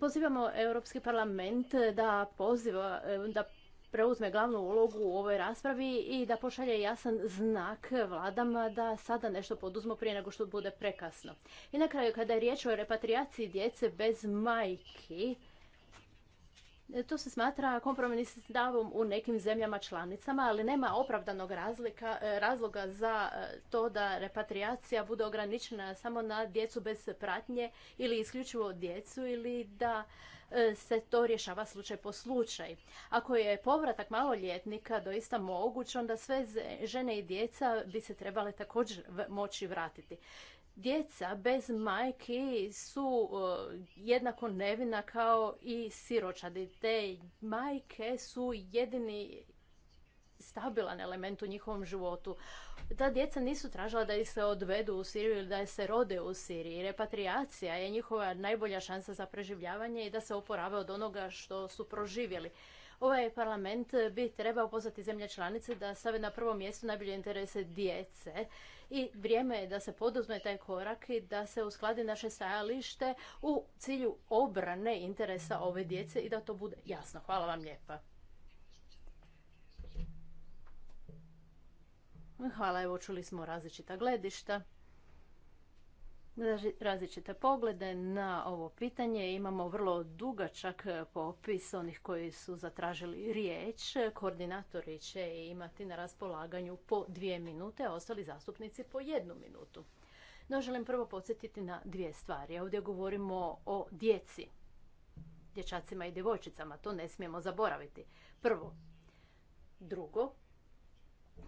Pozivamo Europski parlament da poziva, e, da preuzme glavnu ulogu u ovoj raspravi i da pošalje jasan znak vladama da sada nešto poduzmo prije nego što bude prekasno. I na kraju, kada je riječ o repatriaciji djece bez majki, to se smatra kompromisnim stavom u nekim zemljama članicama, ali nema opravdanog razlika, e, razloga za e, to da repatriacija bude ograničena samo na djecu bez pratnje ili isključivo djecu ili da e, se to rješava slučaj po slučaj. Ako je povratak maloljetnika doista moguć, onda sve žene i djeca bi se trebale također moći vratiti. Djeca bez majki su e, jednako nevina kao i siročadi. Te majke su jedini stabilan element u njihovom životu. Ta djeca nisu tražila da ih se odvedu u Siriju ili da se rode u Siriji. Repatriacija je njihova najbolja šansa za preživljavanje i da se oporave od onoga što su proživjeli. Ovaj parlament bi trebao pozvati zemlje članice da stave na prvo mjesto najbolje interese djece i vrijeme je da se poduzme taj korak i da se uskladi naše stajalište u cilju obrane interesa ove djece i da to bude jasno. Hvala vam lijepa. Hvala, evo čuli smo različita gledišta različite poglede na ovo pitanje. Imamo vrlo dugačak popis onih koji su zatražili riječ. Koordinatori će imati na raspolaganju po dvije minute, a ostali zastupnici po jednu minutu. No, želim prvo podsjetiti na dvije stvari. Ovdje govorimo o djeci, dječacima i djevojčicama. To ne smijemo zaboraviti. Prvo. Drugo,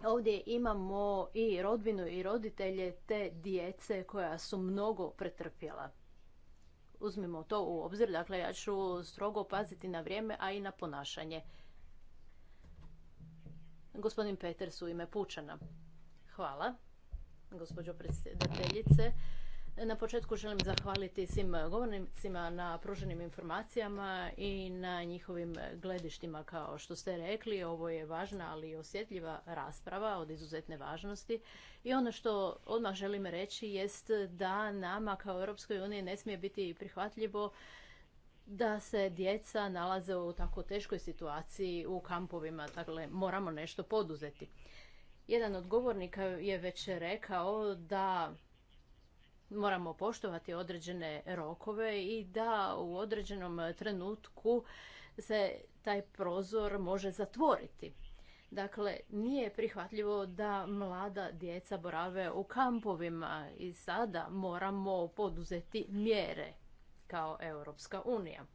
Ovdje imamo i rodbinu i roditelje te djece koja su mnogo pretrpjela. Uzmimo to u obzir, dakle ja ću strogo paziti na vrijeme, a i na ponašanje. Gospodin Peters u ime Pučana. Hvala, gospođo predsjedateljice. Na početku želim zahvaliti svim eh, govornicima na pruženim informacijama i na njihovim eh, gledištima. Kao što ste rekli, ovo je važna, ali i osjetljiva rasprava od izuzetne važnosti. I ono što odmah želim reći jest da nama kao Europskoj uniji ne smije biti prihvatljivo da se djeca nalaze u tako teškoj situaciji u kampovima. Dakle, moramo nešto poduzeti. Jedan od govornika je već rekao da moramo poštovati određene rokove i da u određenom trenutku se taj prozor može zatvoriti. Dakle, nije prihvatljivo da mlada djeca borave u kampovima i sada moramo poduzeti mjere kao Europska unija.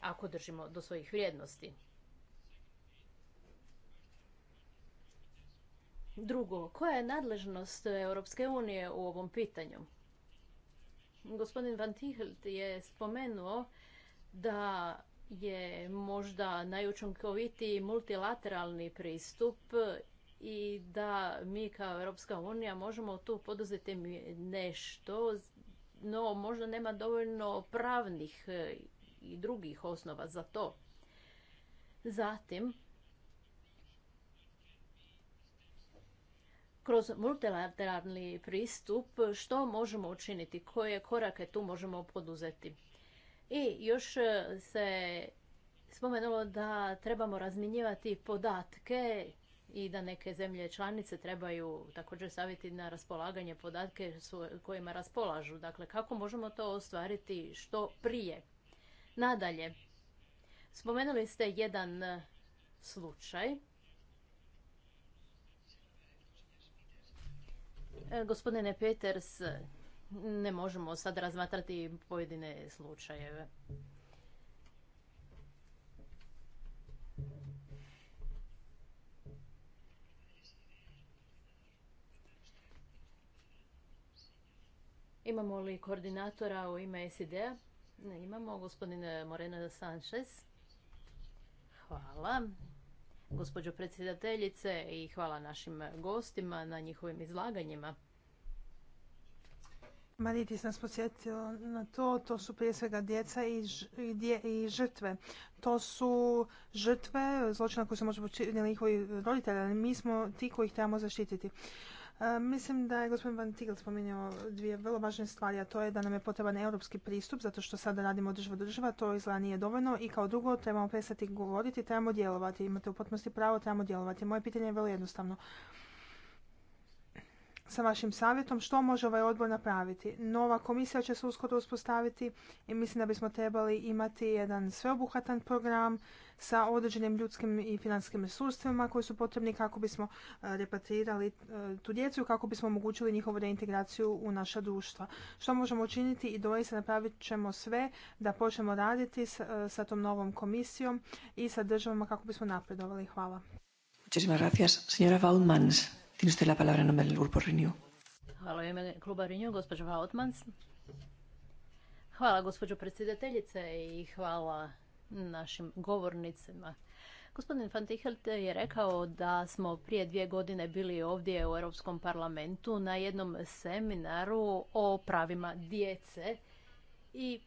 Ako držimo do svojih vrijednosti. Drugo, koja je nadležnost Europske unije u ovom pitanju? Gospodin Van Tihelt je spomenuo da je možda najučinkovitiji multilateralni pristup i da mi kao Europska unija možemo tu poduzeti nešto, no možda nema dovoljno pravnih i drugih osnova za to. Zatim, kroz multilateralni pristup što možemo učiniti, koje korake tu možemo poduzeti. I još e, se spomenulo da trebamo razminjivati podatke i da neke zemlje članice trebaju također staviti na raspolaganje podatke kojima raspolažu. Dakle, kako možemo to ostvariti što prije? Nadalje, spomenuli ste jedan e, slučaj E, gospodine Peters, ne možemo sad razmatrati pojedine slučajeve. Imamo li koordinatora u ime SID-a? Ne imamo. gospodine Morena Sanchez. Hvala gospođo predsjedateljice i hvala našim gostima na njihovim izlaganjima. sam nas podsjetio na to, to su prije svega djeca i, žrtve. To su žrtve zločina koje su možda počinili njihovi roditelji, ali mi smo ti koji ih trebamo zaštititi. E, mislim da je gospodin Van Tigel spominjao dvije vrlo važne stvari, a to je da nam je potreban europski pristup, zato što sada radimo država država, to izgleda nije dovoljno i kao drugo trebamo prestati govoriti, trebamo djelovati. Imate u potpunosti pravo, trebamo djelovati. Moje pitanje je vrlo jednostavno sa vašim savjetom što može ovaj odbor napraviti. Nova komisija će se uskoro uspostaviti i mislim da bismo trebali imati jedan sveobuhvatan program sa određenim ljudskim i financijskim resursima koji su potrebni kako bismo e, repatrirali e, tu djecu i kako bismo omogućili njihovu reintegraciju u naša društva. Što možemo učiniti i doista napravit ćemo sve da počnemo raditi e, sa tom novom komisijom i sa državama kako bismo napredovali. Hvala. Muchísimas gracias, señora Tiene usted la Hvala kluba Renew, Hvala gospođo predsjedateljice i hvala našim govornicima. Gospodin Van je rekao da smo prije dvije godine bili ovdje u Europskom parlamentu na jednom seminaru o pravima djece i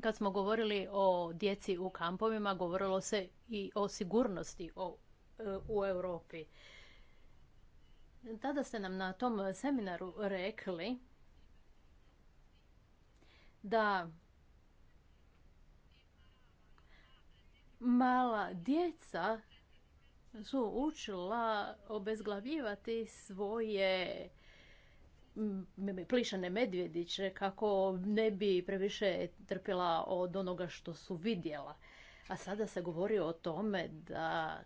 kad smo govorili o djeci u kampovima, govorilo se i o sigurnosti o, u Europi. Tada ste nam na tom seminaru rekli da mala djeca su učila obezglavljivati svoje plišane medvjediće kako ne bi previše trpila od onoga što su vidjela. A sada se govori o tome da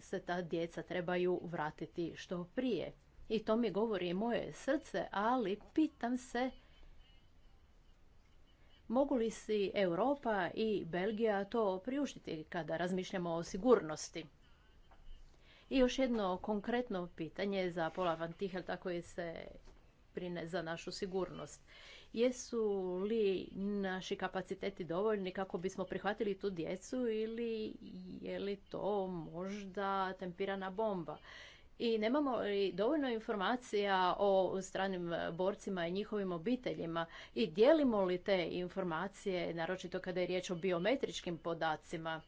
se ta djeca trebaju vratiti što prije. I to mi govori moje srce, ali pitam se mogu li si Europa i Belgija to priuštiti kada razmišljamo o sigurnosti. I još jedno konkretno pitanje za Pola Van Tihelta koje se brine za našu sigurnost jesu li naši kapaciteti dovoljni kako bismo prihvatili tu djecu ili je li to možda tempirana bomba. I nemamo li dovoljno informacija o stranim borcima i njihovim obiteljima i dijelimo li te informacije, naročito kada je riječ o biometričkim podacima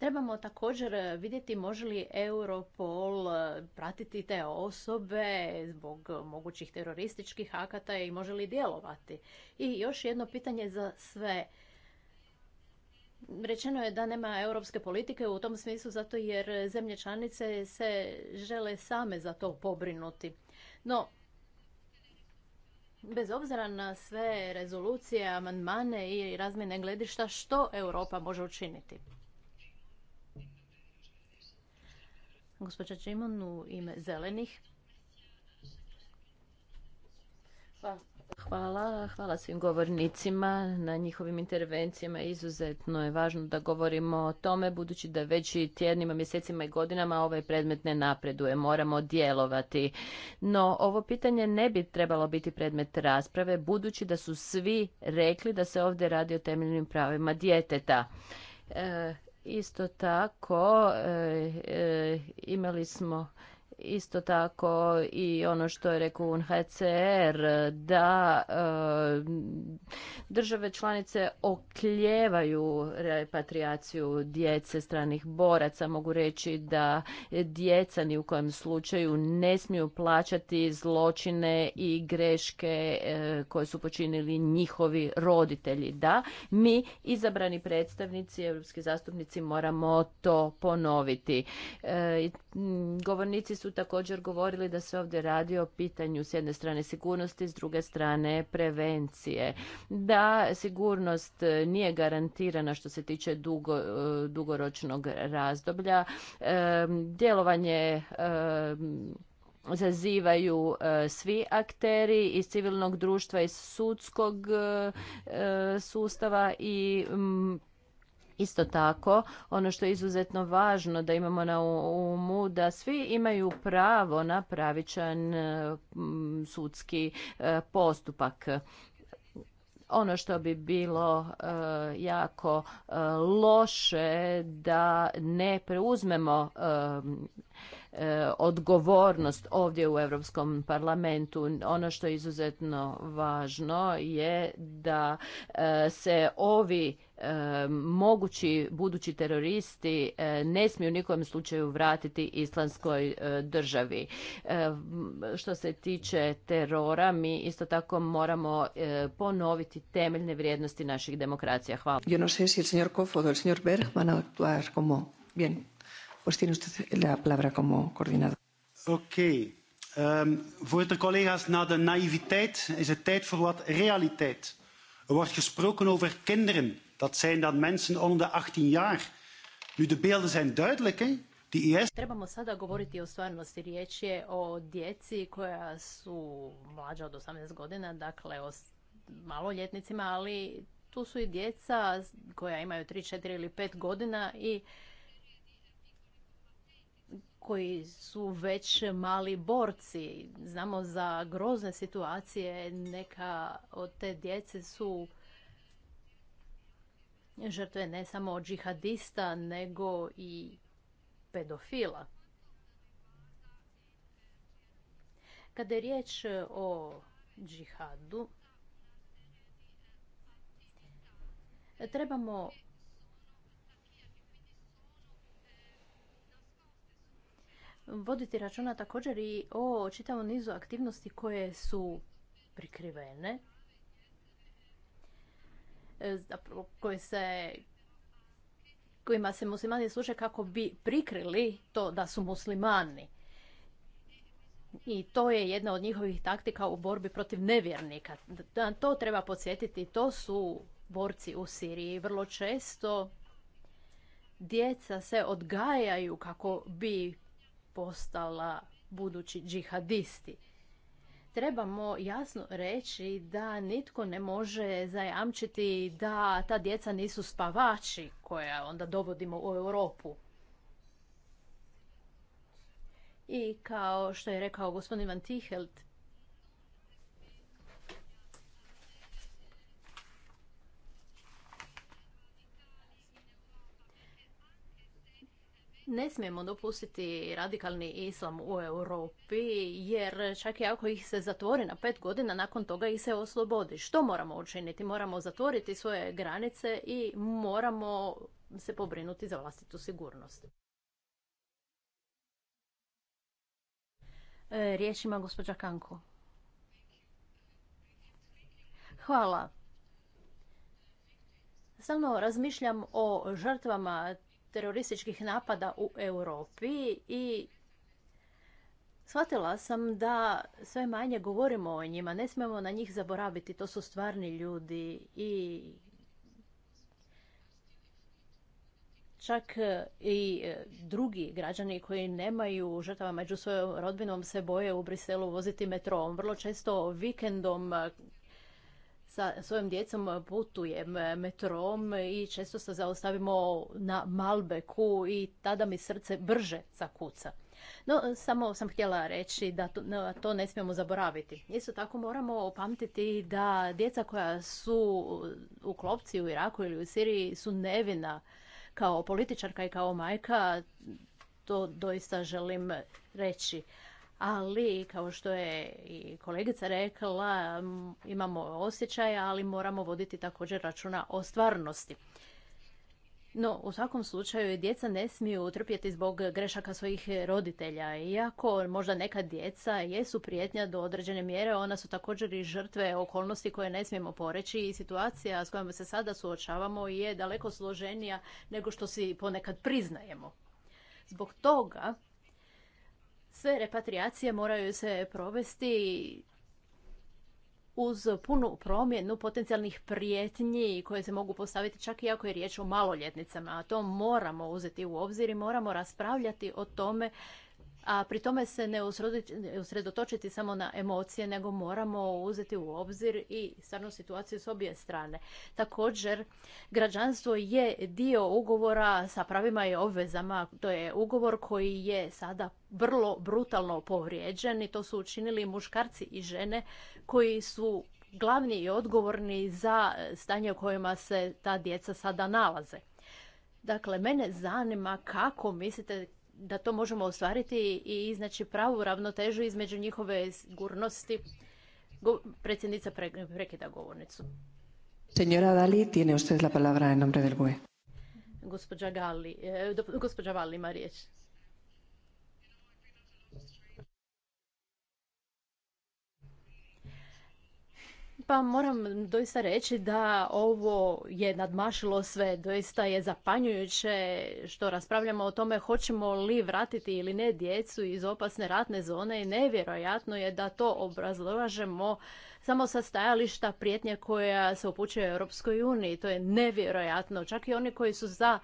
Trebamo također e, vidjeti može li Europol e, pratiti te osobe zbog mogućih terorističkih akata i može li djelovati. I još jedno pitanje za sve. Rečeno je da nema europske politike u tom smislu zato jer zemlje članice se žele same za to pobrinuti. No, bez obzira na sve rezolucije, amandmane i razmjene gledišta, što Europa može učiniti? gospođa Čimon u ime zelenih. Hvala, hvala svim govornicima na njihovim intervencijama. Izuzetno je važno da govorimo o tome, budući da već i tjednima, mjesecima i godinama ovaj predmet ne napreduje, moramo djelovati. No, ovo pitanje ne bi trebalo biti predmet rasprave, budući da su svi rekli da se ovdje radi o temeljnim pravima djeteta. E, Isto tako e, e, imali smo isto tako i ono što je rekao UNHCR da e, države članice okljevaju repatriaciju djece stranih boraca mogu reći da djeca ni u kojem slučaju ne smiju plaćati zločine i greške e, koje su počinili njihovi roditelji da mi izabrani predstavnici europski zastupnici moramo to ponoviti e, govornici su također govorili da se ovdje radi o pitanju s jedne strane sigurnosti, s druge strane prevencije. Da sigurnost nije garantirana što se tiče dugo, eh, dugoročnog razdoblja. djelovanje zazivaju eh, svi akteri iz civilnog društva, iz sudskog eh, sustava i mm, Isto tako, ono što je izuzetno važno da imamo na umu da svi imaju pravo na pravičan e, sudski e, postupak ono što bi bilo e, jako loše da ne preuzmemo E, odgovornost ovdje u Europskom parlamentu. Ono što je izuzetno važno je da e, se ovi e, mogući budući teroristi ne smiju u nikom slučaju vratiti islamskoj državi. Što se tiče terora, mi isto tako moramo ponoviti temeljne vrijednosti naših demokracija. Hvala. ne si señor Berg van actuar como bien pues tiene usted la palabra como coordinador. Oké. Okay. Um, ehm, voorzitter, collega's, na de naïviteit is het tijd voor wat realiteit. Er wordt gesproken over kinderen. Dat zijn dan mensen onder de 18 jaar. Nu, de beelden zijn duidelijk, hè? Die IS... Trebamo sada govoriti o stvarnosti. Riječ je o djeci koja su mlađa od 18 godina, dakle o maloljetnicima, ali tu su i djeca koja imaju 3, 4 ili 5 godina i koji su već mali borci. Znamo za grozne situacije, neka od te djece su žrtve ne samo džihadista, nego i pedofila. Kada je riječ o džihadu, trebamo voditi računa također i o čitavom nizu aktivnosti koje su prikrivene, e, koje se kojima se muslimani služe kako bi prikrili to da su muslimani. I to je jedna od njihovih taktika u borbi protiv nevjernika. To treba podsjetiti. To su borci u Siriji. Vrlo često djeca se odgajaju kako bi postala budući džihadisti. Trebamo jasno reći da nitko ne može zajamčiti da ta djeca nisu spavači koja onda dovodimo u Europu. I kao što je rekao gospodin Van Tihelt, ne smijemo dopustiti radikalni islam u Europi, jer čak i ako ih se zatvori na pet godina, nakon toga ih se oslobodi. Što moramo učiniti? Moramo zatvoriti svoje granice i moramo se pobrinuti za vlastitu sigurnost. E, riječ ima gospođa Kanko. Hvala. Samo razmišljam o žrtvama terorističkih napada u Europi i shvatila sam da sve manje govorimo o njima, ne smemo na njih zaboraviti, to su stvarni ljudi i čak i e, drugi građani koji nemaju žrtava među svojom rodbinom se boje u Briselu voziti metrom. Vrlo često vikendom sa svojom djecom e, putujem e, metrom i često se zaostavimo na Malbeku i tada mi srce brže zakuca. No, e, samo sam htjela reći da to, to ne smijemo zaboraviti. Isto tako moramo opamtiti da djeca koja su u Klopci, u Iraku ili u Siriji su nevina. Kao političarka i kao majka to doista želim reći ali kao što je i kolegica rekla, imamo osjećaje, ali moramo voditi također računa o stvarnosti. No, u svakom slučaju djeca ne smiju utrpjeti zbog grešaka svojih roditelja. Iako možda neka djeca jesu prijetnja do određene mjere, ona su također i žrtve okolnosti koje ne smijemo poreći i situacija s kojom se sada suočavamo je daleko složenija nego što si ponekad priznajemo. Zbog toga sve repatriacije moraju se provesti uz punu promjenu potencijalnih prijetnji koje se mogu postaviti čak i ako je riječ o maloljetnicama. A to moramo uzeti u obzir i moramo raspravljati o tome a pri tome se ne usredotočiti samo na emocije, nego moramo uzeti u obzir i stvarnu situaciju s obje strane. Također, građanstvo je dio ugovora sa pravima i obvezama. To je ugovor koji je sada vrlo brutalno povrijeđen i to su učinili muškarci i žene koji su glavni i odgovorni za stanje u kojima se ta djeca sada nalaze. Dakle, mene zanima kako mislite da to možemo ostvariti i iznaći pravu ravnotežu između njihove sigurnosti. predsjednica pre, prekida govornicu. Senjora Dali, tiene usted la palabra en nombre del GUE. Gospođa Gali, eh, gospođa Vali ima riječ. Pa moram doista reći da ovo je nadmašilo sve, doista je zapanjujuće što raspravljamo o tome hoćemo li vratiti ili ne djecu iz opasne ratne zone i nevjerojatno je da to obrazlažemo samo sa stajališta prijetnje koja se upućuje Europskoj uniji. To je nevjerojatno. Čak i oni koji su za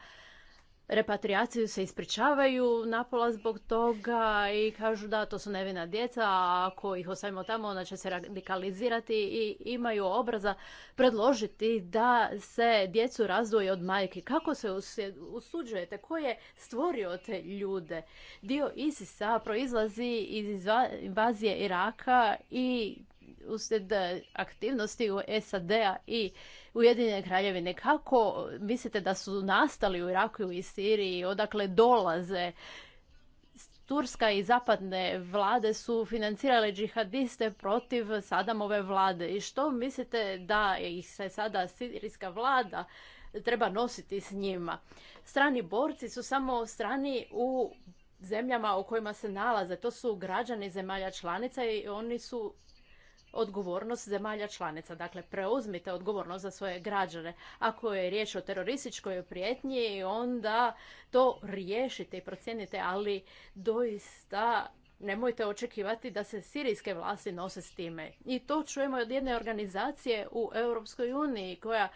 repatriaciju se ispričavaju napola zbog toga i kažu da to su nevina djeca, a ako ih ostavimo tamo onda će se radikalizirati i imaju obraza predložiti da se djecu razdvoji od majke. Kako se usuđujete? Ko je stvorio te ljude? Dio ISIS-a proizlazi iz invazije Iraka i uslijed e, aktivnosti u SAD-a i Ujedinjene kraljevine, kako mislite da su nastali u Iraku i Siriji, odakle dolaze? Turska i zapadne vlade su financirale džihadiste protiv Sadamove vlade. I što mislite da ih se sada sirijska vlada treba nositi s njima? Strani borci su samo strani u zemljama u kojima se nalaze. To su građani zemalja članica i oni su odgovornost zemalja članica. Dakle, preuzmite odgovornost za svoje građane. Ako je riječ o terorističkoj prijetnji, onda to riješite i procijenite, ali doista nemojte očekivati da se sirijske vlasti nose s time. I to čujemo od jedne organizacije u Europskoj uniji koja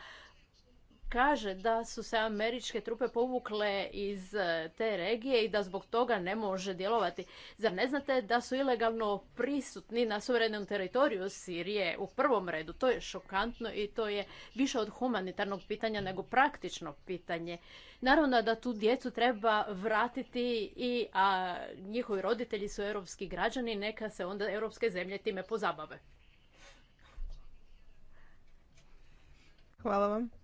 kaže da su se američke trupe povukle iz e, te regije i da zbog toga ne može djelovati. Zar ne znate da su ilegalno prisutni na suverenom teritoriju Sirije u prvom redu? To je šokantno i to je više od humanitarnog pitanja nego praktično pitanje. Naravno da tu djecu treba vratiti i a njihovi roditelji su europski građani, neka se onda europske zemlje time pozabave. Hvala vam.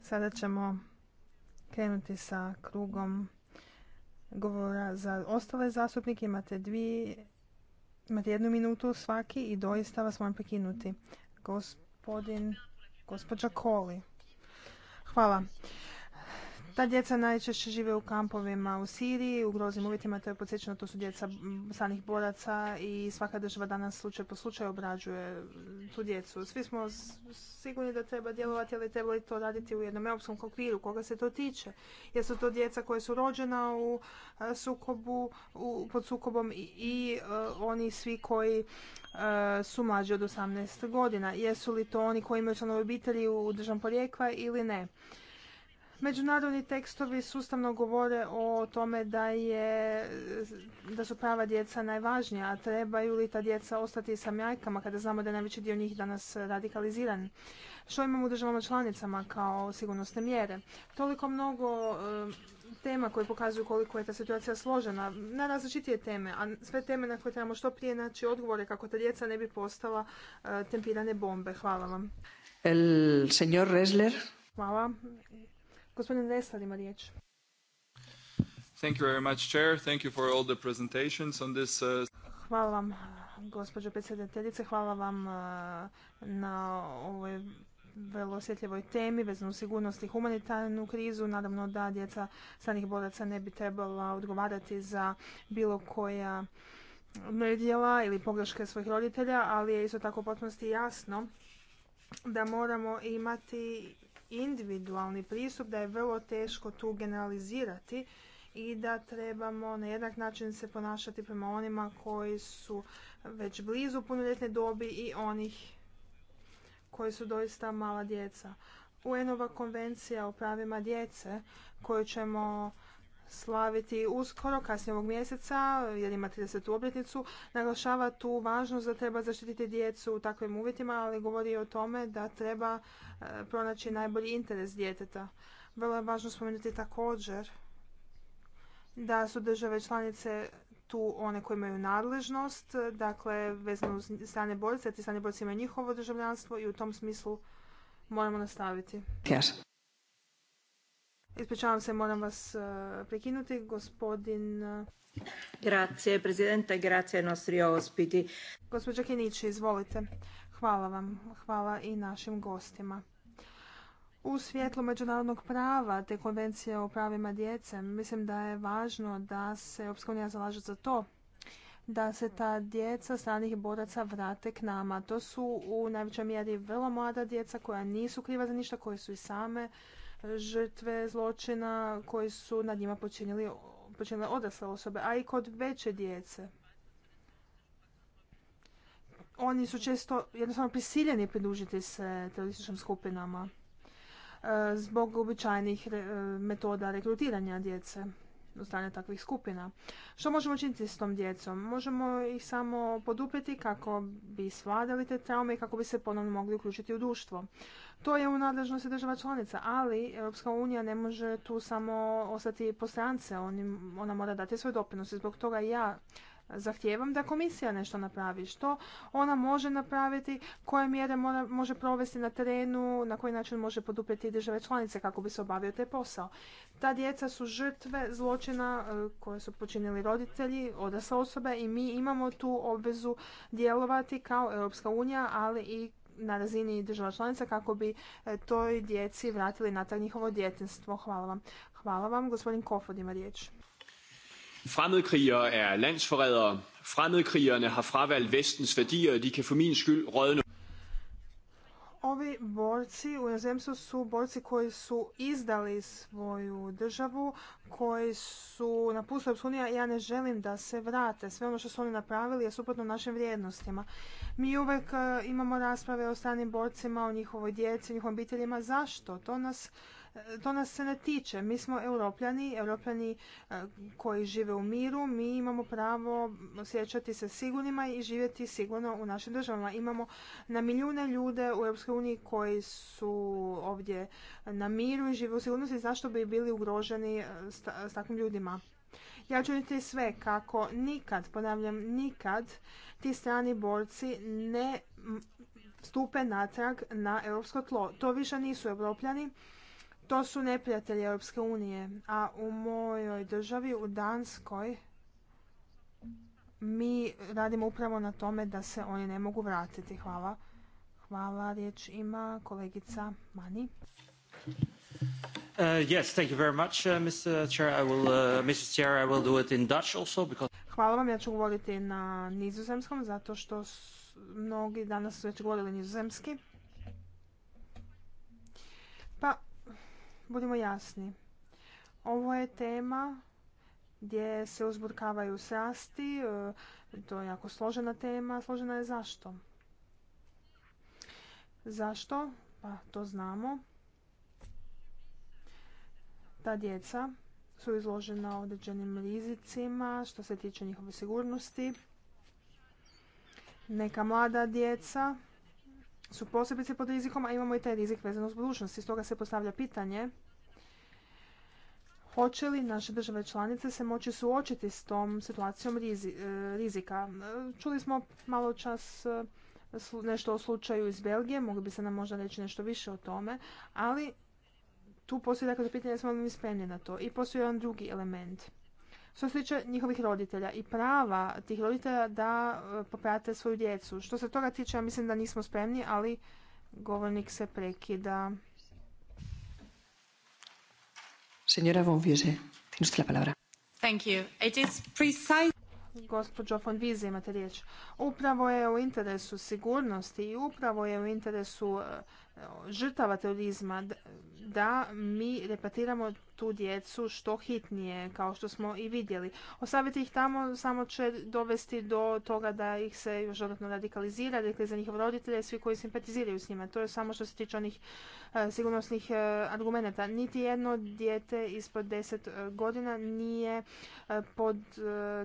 Sada ćemo krenuti sa krugom govora za ostale zastupnike. Imate dvije, imate jednu minutu svaki i doista vas moram prekinuti. Gospodin, gospođa Koli. Hvala. Ta djeca najčešće žive u kampovima u Siriji, u groznim uvjetima, to je podsjećeno, to su djeca stanih boraca i svaka država danas slučaj po slučaju obrađuje tu djecu. Svi smo sigurni da treba djelovati, ali treba li to raditi u jednom europskom okviru, koga se to tiče. Jesu to djeca koja su rođena u e, sukobu, u, pod sukobom i, e, oni svi koji e, su mlađi od 18 godina. Jesu li to oni koji imaju članove obitelji u državom porijekla ili ne? Međunarodni tekstovi sustavno govore o tome da, je, da su prava djeca najvažnija, a trebaju li ta djeca ostati sa mjajkama kada znamo da je najveći dio njih danas radikaliziran. Što imamo u državama članicama kao sigurnosne mjere? Toliko mnogo e, tema koje pokazuju koliko je ta situacija složena, na različitije teme, a sve teme na koje trebamo što prije naći odgovore kako ta djeca ne bi postala e, tempirane bombe. Hvala vam. El señor Hvala. Gospodin Vesar ima riječ. Hvala vam, gospođo predsjedateljice. Hvala vam uh, na ovoj vrlo osjetljivoj temi vezano u sigurnost i humanitarnu krizu. Naravno da djeca stranih boraca ne bi trebala odgovarati za bilo koja nedjela ili pogreške svojih roditelja, ali je isto tako potpunosti jasno da moramo imati individualni pristup, da je vrlo teško tu generalizirati i da trebamo na jednak način se ponašati prema onima koji su već blizu punoljetne dobi i onih koji su doista mala djeca. UN-ova konvencija o pravima djece koju ćemo slaviti uskoro, kasnije ovog mjeseca, jer ima 30. obljetnicu, naglašava tu važnost da treba zaštititi djecu u takvim uvjetima, ali govori o tome da treba e, pronaći najbolji interes djeteta. Vrlo je važno spomenuti također da su države članice tu one koje imaju nadležnost, dakle vezano uz strane borce, ti strane borci imaju njihovo državljanstvo i u tom smislu moramo nastaviti. Ispričavam se, moram vas e, prekinuti. Gospodin... E, grazie, Presidente, grazie nostri ospiti. Gospođa Kinići, izvolite. Hvala vam. Hvala i našim gostima. U svjetlu međunarodnog prava te konvencije o pravima djece, mislim da je važno da se Europska unija zalaže za to da se ta djeca stranih boraca vrate k nama. To su u najvećoj mjeri vrlo mlada djeca koja nisu kriva za ništa, koje su i same žrtve zločina koji su nad njima počinili, počinile odrasle osobe, a i kod veće djece. Oni su često jednostavno prisiljeni pridružiti se terorističkim skupinama e, zbog običajnih e, metoda rekrutiranja djece od strane takvih skupina. Što možemo činiti s tom djecom? Možemo ih samo podupeti kako bi svladali te traume i kako bi se ponovno mogli uključiti u društvo. To je u nadležnosti država članica, ali Europska unija ne može tu samo ostati po strance, ona mora dati svoj doprinos i zbog toga ja Zahtijevam da komisija nešto napravi, što ona može napraviti, koje mjere mora, može provesti na terenu, na koji način može poduprijeti države članice kako bi se obavio taj posao. Ta djeca su žrtve zločina e, koje su počinili roditelji, odrasle osobe i mi imamo tu obvezu djelovati kao Europska unija, ali i na razini država članica kako bi e, toj djeci vratili natrag njihovo djetinstvo. Hvala vam. Hvala vam. Gospodin Kofod ima riječ fremmedkrigere er landsforrædere fremmedkrigerne har vestens værdier de kan for min skyld rådne ovi borci u inozemstvu su borci koji su izdali svoju državu, koji su napustili Europsku ja ne želim da se vrate. Sve ono što su oni napravili je suprotno našim vrijednostima. Mi uvek e, imamo rasprave o stranim borcima, o njihovoj djeci, o njihovim obiteljima. Zašto? To nas to nas se ne tiče. Mi smo europljani, europljani e, koji žive u miru, mi imamo pravo osjećati se sigurnima i živjeti sigurno u našim državama. Imamo na milijune ljude u EU koji su ovdje na miru i žive u sigurnosti, zašto bi bili ugroženi e, s takvim ljudima? Ja ću vidjeti sve kako nikad, ponavljam nikad, ti strani borci ne stupe natrag na europsko tlo. To više nisu europljani, to su neprijatelji Europske unije, a u mojoj državi, u Danskoj, mi radimo upravo na tome da se oni ne mogu vratiti. Hvala. Hvala. Riječ ima kolegica Mani. Hvala vam, ja ću govoriti na nizozemskom, zato što mnogi danas su već govorili nizozemski. Pa, Budimo jasni. Ovo je tema gdje se uzburkavaju srasti, e, to je jako složena tema, složena je zašto. Zašto? Pa to znamo. Ta djeca su izložena određenim rizicima što se tiče njihove sigurnosti. Neka mlada djeca su posebice pod rizikom, a imamo i taj rizik vezan uz budućnost. I toga se postavlja pitanje hoće li naše države članice se moći suočiti s tom situacijom e, rizika. E, čuli smo malo čas e, nešto o slučaju iz Belgije, mogli bi se nam možda reći nešto više o tome, ali tu postoji dakle pitanje smo li spremni na to. I postoji jedan drugi element. Što se tiče njihovih roditelja i prava tih roditelja da e, poprate svoju djecu. Što se toga tiče, ja mislim da nismo spremni, ali govornik se prekida. Senjora von Vize, la Thank you. It is precise... von imate riječ. Upravo je u interesu sigurnosti i upravo je u interesu e, e, žrtava terorizma da mi repatiramo tu djecu što hitnije, kao što smo i vidjeli. Ostaviti ih tamo samo će dovesti do toga da ih se još dodatno radikalizira, dakle za njihove roditelje svi koji simpatiziraju s njima. To je samo što se tiče onih e, sigurnosnih e, argumenata. Niti jedno dijete ispod 10 e, godina nije pod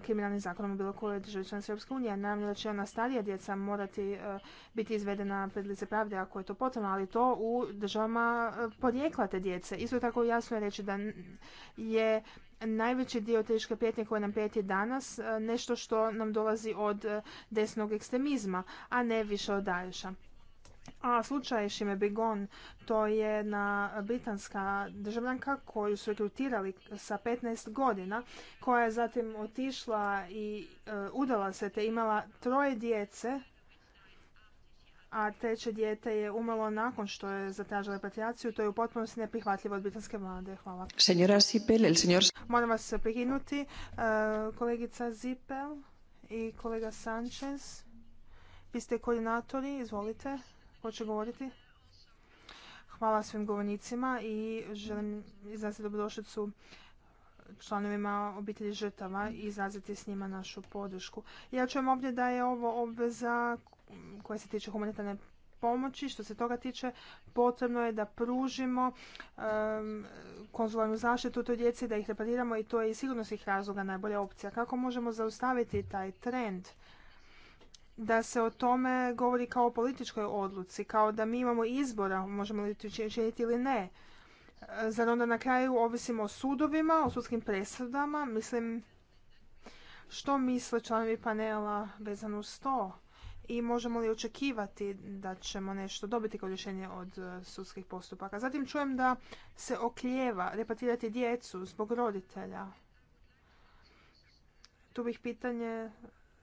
kriminalnim zakonom bilo koje države članice Europske unije. Naravno da će ona starija djeca morati biti izvedena pred lice pravde ako je to potrebno, ali to u državama porijekla te djece. Isto tako jasno je reći da je najveći dio teške prijetnje koje nam prijeti danas e, nešto što nam dolazi od e, desnog ekstremizma, a ne više od Daješa. A slučaj Šime Bigon, to je jedna britanska državljanka koju su rekrutirali sa 15 godina, koja je zatim otišla i e, udala se te imala troje djece a treće dijete je umrlo nakon što je zatražila repatriaciju. To je u potpunosti neprihvatljivo od britanske vlade. Hvala. Senjora Zipel, el senjor... Moram vas e, Kolegica Zipel i kolega Sanchez, vi ste koordinatori, izvolite. Ko će govoriti? Hvala svim govornicima i želim izraziti dobrodošlicu članovima obitelji žrtava i izraziti s njima našu podršku. Ja čujem ovdje da je ovo obveza koje se tiče humanitarne pomoći. Što se toga tiče, potrebno je da pružimo um, konzularnu zaštitu toj djeci, da ih repariramo i to je iz sigurnosnih razloga najbolja opcija. Kako možemo zaustaviti taj trend da se o tome govori kao o političkoj odluci, kao da mi imamo izbora, možemo li to ili ne. Zar onda na kraju ovisimo o sudovima, o sudskim presudama? Mislim, što misle članovi panela vezano uz to? i možemo li očekivati da ćemo nešto dobiti kao rješenje od e, sudskih postupaka. Zatim čujem da se okljeva repatirati djecu zbog roditelja. Tu bih pitanje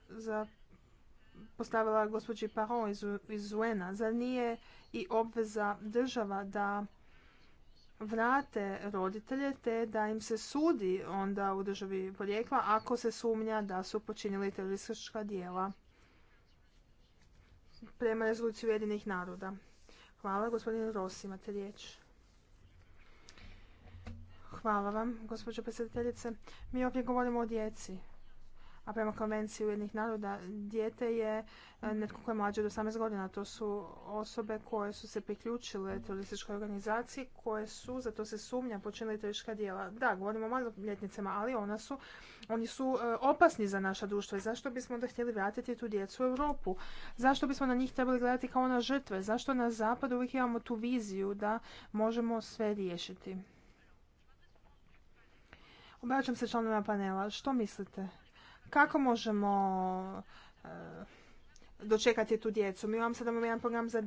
za postavila gospođi Paron iz, Uena. Zar nije i obveza država da vrate roditelje te da im se sudi onda u državi porijekla ako se sumnja da su počinili teroristička djela prema rezoluciju Ujedinih naroda. Hvala. gospodine Ros, imate riječ. Hvala vam, gospođo predsjedateljice. Mi ovdje govorimo o djeci, a prema konvenciji Ujednih naroda, dijete je e, netko tko je mlađe od 18 godina. To su osobe koje su se priključile terorističkoj organizaciji, koje su, za to se sumnja, počinili teroristička djela. Da, govorimo o ljetnicama, ali ona su, oni su e, opasni za naša društva. I zašto bismo onda htjeli vratiti tu djecu u Europu? Zašto bismo na njih trebali gledati kao na žrtve? Zašto na zapadu uvijek imamo tu viziju da možemo sve riješiti? Obraćam se članovima panela. Što mislite? Kako možemo e, dočekati tu djecu? Mi imamo sad imamo jedan program za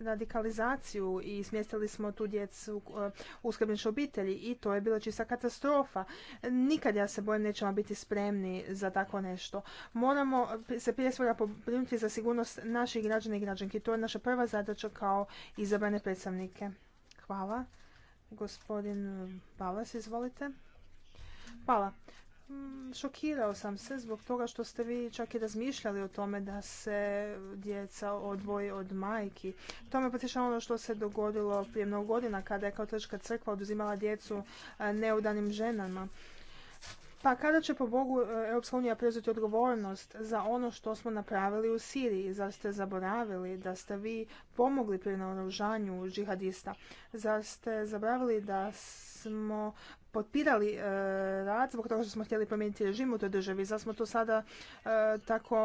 radikalizaciju i smjestili smo tu djecu e, u skrbničke obitelji i to je bila čista katastrofa. Nikad ja se bojim nećemo biti spremni za tako nešto. Moramo se prije svega pobrinuti za sigurnost naših građana i građanki. To je naša prva zadaća kao izabrane predstavnike. Hvala. Gospodin Balas, izvolite. Hvala. Mm, šokirao sam se zbog toga što ste vi čak i razmišljali o tome da se djeca odvoji od majki. To me potiša ono što se dogodilo prije mnogo godina kada je katolička crkva oduzimala djecu e, neudanim ženama. Pa kada će po Bogu e, EU preuzeti odgovornost za ono što smo napravili u Siriji? Zar ste zaboravili da ste vi pomogli pri naoružanju džihadista? Zar ste zaboravili da smo potpirali e, rad zbog toga što smo htjeli promijeniti režim u toj državi. Zato smo to sada e, tako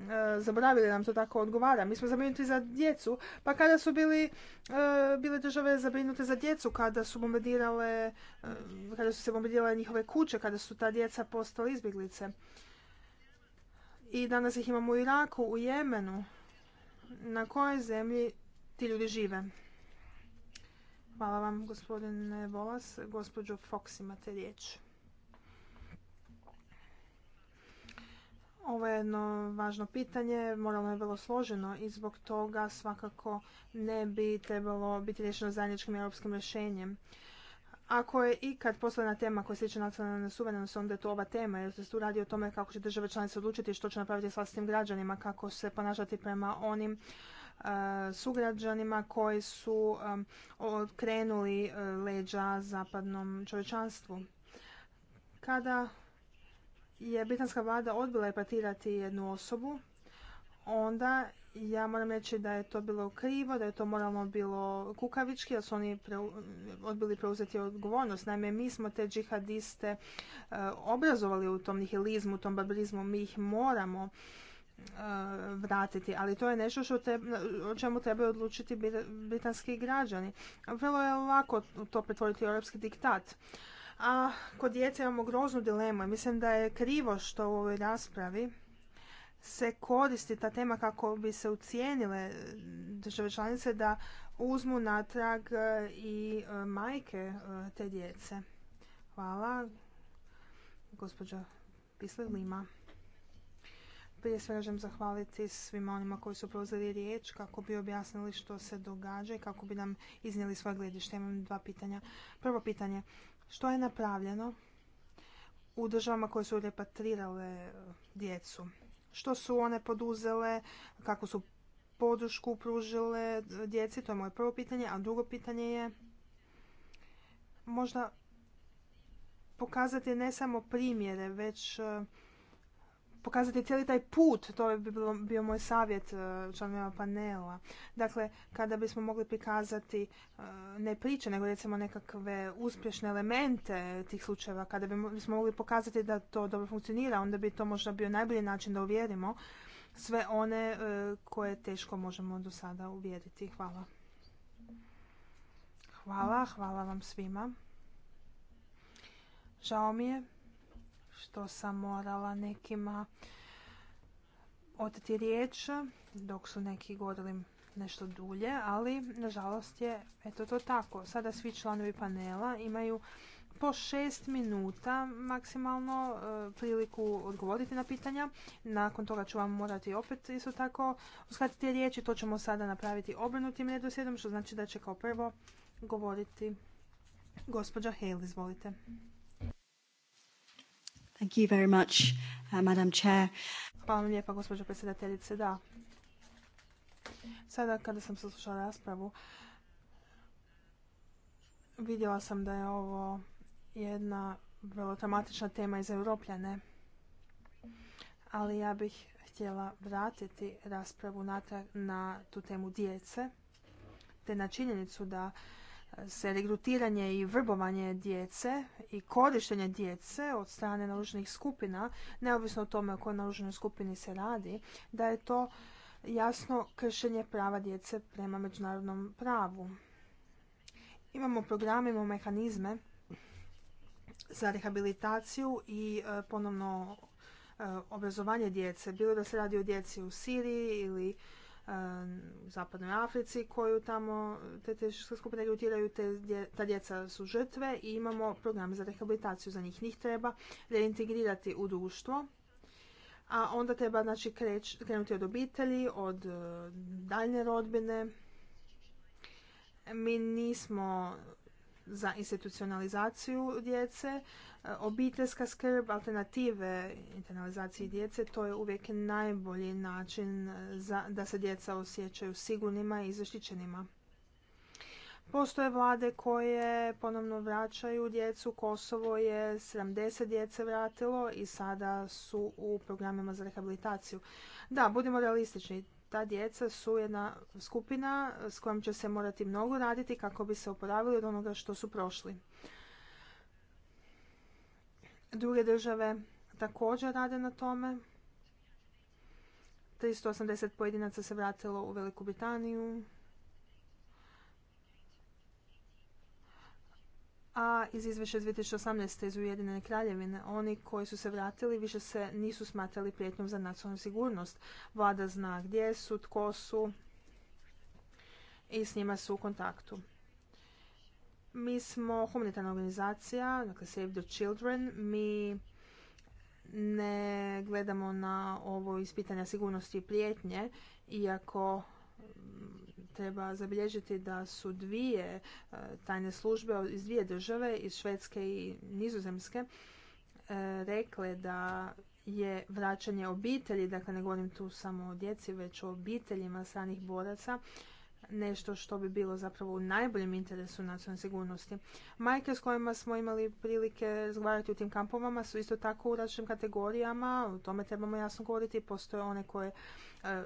e, zaboravili, nam to tako odgovara. Mi smo zabrinuti za djecu, pa kada su bili, e, bile države zabrinute za djecu, kada su bombardirale, e, kada su se bombardirale njihove kuće, kada su ta djeca postale izbjeglice. I danas ih imamo u Iraku, u Jemenu. Na kojoj zemlji ti ljudi žive? Hvala vam, gospodine Volas. Gospođo Fox, imate riječ. Ovo je jedno važno pitanje, moralno je vrlo složeno i zbog toga svakako ne bi trebalo biti riješeno zajedničkim europskim rješenjem. Ako je ikad poslovna tema koja se tiče nacionalne suverenosti, onda je to ova tema, jer se tu radi o tome kako će države članice odlučiti što će napraviti s vlastitim građanima, kako se ponašati prema onim Eh, sugrađanima koji su krenuli eh, leđa zapadnom čovječanstvu. Kada je britanska vlada odbila epatirati jednu osobu, onda ja moram reći da je to bilo krivo, da je to moralno bilo kukavički, da su oni odbili preuzeti odgovornost. Naime, mi smo te džihadiste eh, obrazovali u tom nihilizmu, u tom barbarizmu, mi ih moramo E, vratiti, ali to je nešto što o čemu trebaju odlučiti britanski građani. Vrlo je lako to pretvoriti u europski diktat. A kod djece imamo groznu dilemu. Mislim da je krivo što u ovoj raspravi se koristi ta tema kako bi se ucijenile države članice da uzmu natrag e, i e, majke te djece. Hvala. gospođo Pisler Lima. Prije svega želim zahvaliti svima onima koji su preuzeli riječ kako bi objasnili što se događa i kako bi nam iznijeli svoje gledište. Imam dva pitanja. Prvo pitanje, što je napravljeno u državama koje su repatrirale e, djecu? Što su one poduzele, kako su podršku pružile djeci, to je moje prvo pitanje, a drugo pitanje je možda pokazati ne samo primjere, već e, pokazati cijeli taj put, to bi bio moj savjet e, članima panela. Dakle, kada bismo mogli prikazati e, ne priče, nego recimo nekakve uspješne elemente tih slučajeva, kada bismo mogli pokazati da to dobro funkcionira, onda bi to možda bio najbolji način da uvjerimo sve one e, koje teško možemo do sada uvjeriti. Hvala. Hvala, hvala vam svima. Žao mi je što sam morala nekima oteti riječ dok su neki govorili nešto dulje, ali nažalost je eto to tako. Sada svi članovi panela imaju po šest minuta maksimalno e, priliku odgovoriti na pitanja. Nakon toga ću vam morati opet isto tako uskratiti riječi. To ćemo sada napraviti obrnutim redoslijedom, što znači da će kao prvo govoriti gospođa Hale. Izvolite. Thank you uh, Hvala vam lijepa, gospođo predsjedateljice. Da. Sada kada sam saslušala raspravu, vidjela sam da je ovo jedna vrlo dramatična tema iz Europljane. Ali ja bih htjela vratiti raspravu natrag na tu temu djece, te na činjenicu da se regrutiranje i vrbovanje djece i korištenje djece od strane naruženih skupina, neovisno o tome o kojoj naruženoj skupini se radi, da je to jasno kršenje prava djece prema međunarodnom pravu. Imamo programe, imamo mehanizme za rehabilitaciju i e, ponovno e, obrazovanje djece, bilo da se radi o djeci u Siriji ili u zapadnoj Africi koju tamo te teške skupine ljutiraju, te, ta djeca su žrtve i imamo program za rehabilitaciju za njih. Njih treba reintegrirati u društvo, a onda treba znači, krenuti od obitelji, od e, daljne rodbine. Mi nismo za institucionalizaciju djece, E, obiteljska skrb, alternative internalizaciji djece, to je uvijek najbolji način e, za, da se djeca osjećaju sigurnima i zaštićenima. Postoje vlade koje ponovno vraćaju djecu. Kosovo je 70 djece vratilo i sada su u programima za rehabilitaciju. Da, budimo realistični. Ta djeca su jedna skupina s kojom će se morati mnogo raditi kako bi se oporavili od onoga što su prošli. Druge države također rade na tome. 380 pojedinaca se vratilo u Veliku Britaniju. A iz izvješća 2018. iz Ujedinene kraljevine, oni koji su se vratili više se nisu smatrali prijetnjom za nacionalnu sigurnost. Vlada zna gdje su, tko su i s njima su u kontaktu. Mi smo humanitarna organizacija, dakle Save the Children. Mi ne gledamo na ovo ispitanja sigurnosti i prijetnje, iako mm, treba zabilježiti da su dvije e, tajne službe iz dvije države, iz Švedske i Nizozemske, e, rekle da je vraćanje obitelji, dakle ne govorim tu samo o djeci, već o obiteljima stranih boraca, nešto što bi bilo zapravo u najboljem interesu nacionalne sigurnosti. Majke s kojima smo imali prilike razgovarati u tim kampovama su isto tako u različitim kategorijama, o tome trebamo jasno govoriti, postoje one koje e,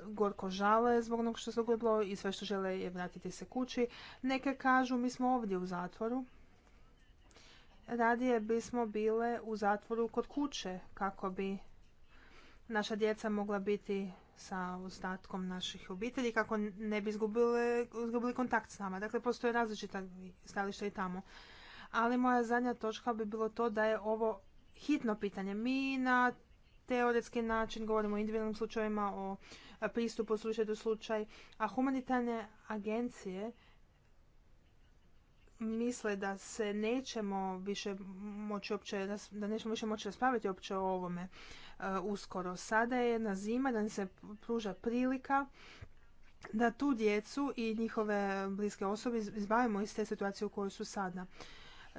gorko žale zbog onog što se dogodilo i sve što žele je vratiti se kući. Neke kažu mi smo ovdje u zatvoru, radije bismo bile u zatvoru kod kuće kako bi naša djeca mogla biti sa ostatkom naših obitelji kako ne bi izgubili, kontakt s nama. Dakle, postoje različita stajališta i tamo. Ali moja zadnja točka bi bilo to da je ovo hitno pitanje. Mi na teoretski način govorimo o individualnim slučajevima, o pristupu slučaj do slučaj, a humanitarne agencije misle da se nećemo više moći uopće, da nećemo više moći raspraviti o ovome uh, uskoro. Sada je na zima da se pruža prilika da tu djecu i njihove bliske osobe izbavimo iz te situacije u kojoj su sada.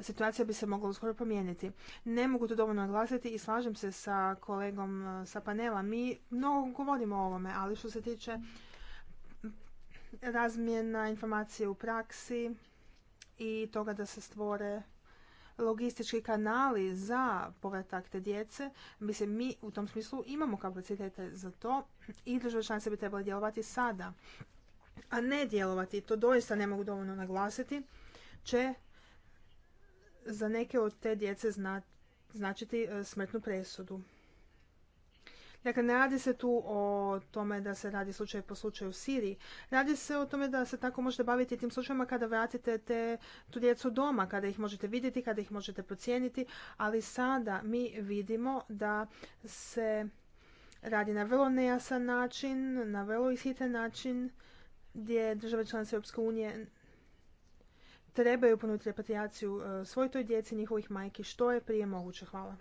Situacija bi se mogla uskoro promijeniti. Ne mogu to dovoljno naglasiti i slažem se sa kolegom uh, sa panela. Mi mnogo govorimo o ovome, ali što se tiče razmjena informacije u praksi, i toga da se stvore logistički kanali za povratak te djece. Mislim, mi u tom smislu imamo kapacitete za to i države članice bi trebale djelovati sada. A ne djelovati, to doista ne mogu dovoljno naglasiti, će za neke od te djece značiti e, smrtnu presudu. Dakle, ne radi se tu o tome da se radi slučaj po slučaju u Siriji. Radi se o tome da se tako možete baviti tim slučajima kada vratite te, tu djecu doma, kada ih možete vidjeti, kada ih možete procijeniti, ali sada mi vidimo da se radi na vrlo nejasan način, na vrlo ishitan način, gdje države članice Europske unije trebaju ponuditi repatriaciju e, svoj toj djeci njihovih majki što je prije moguće. Hvala.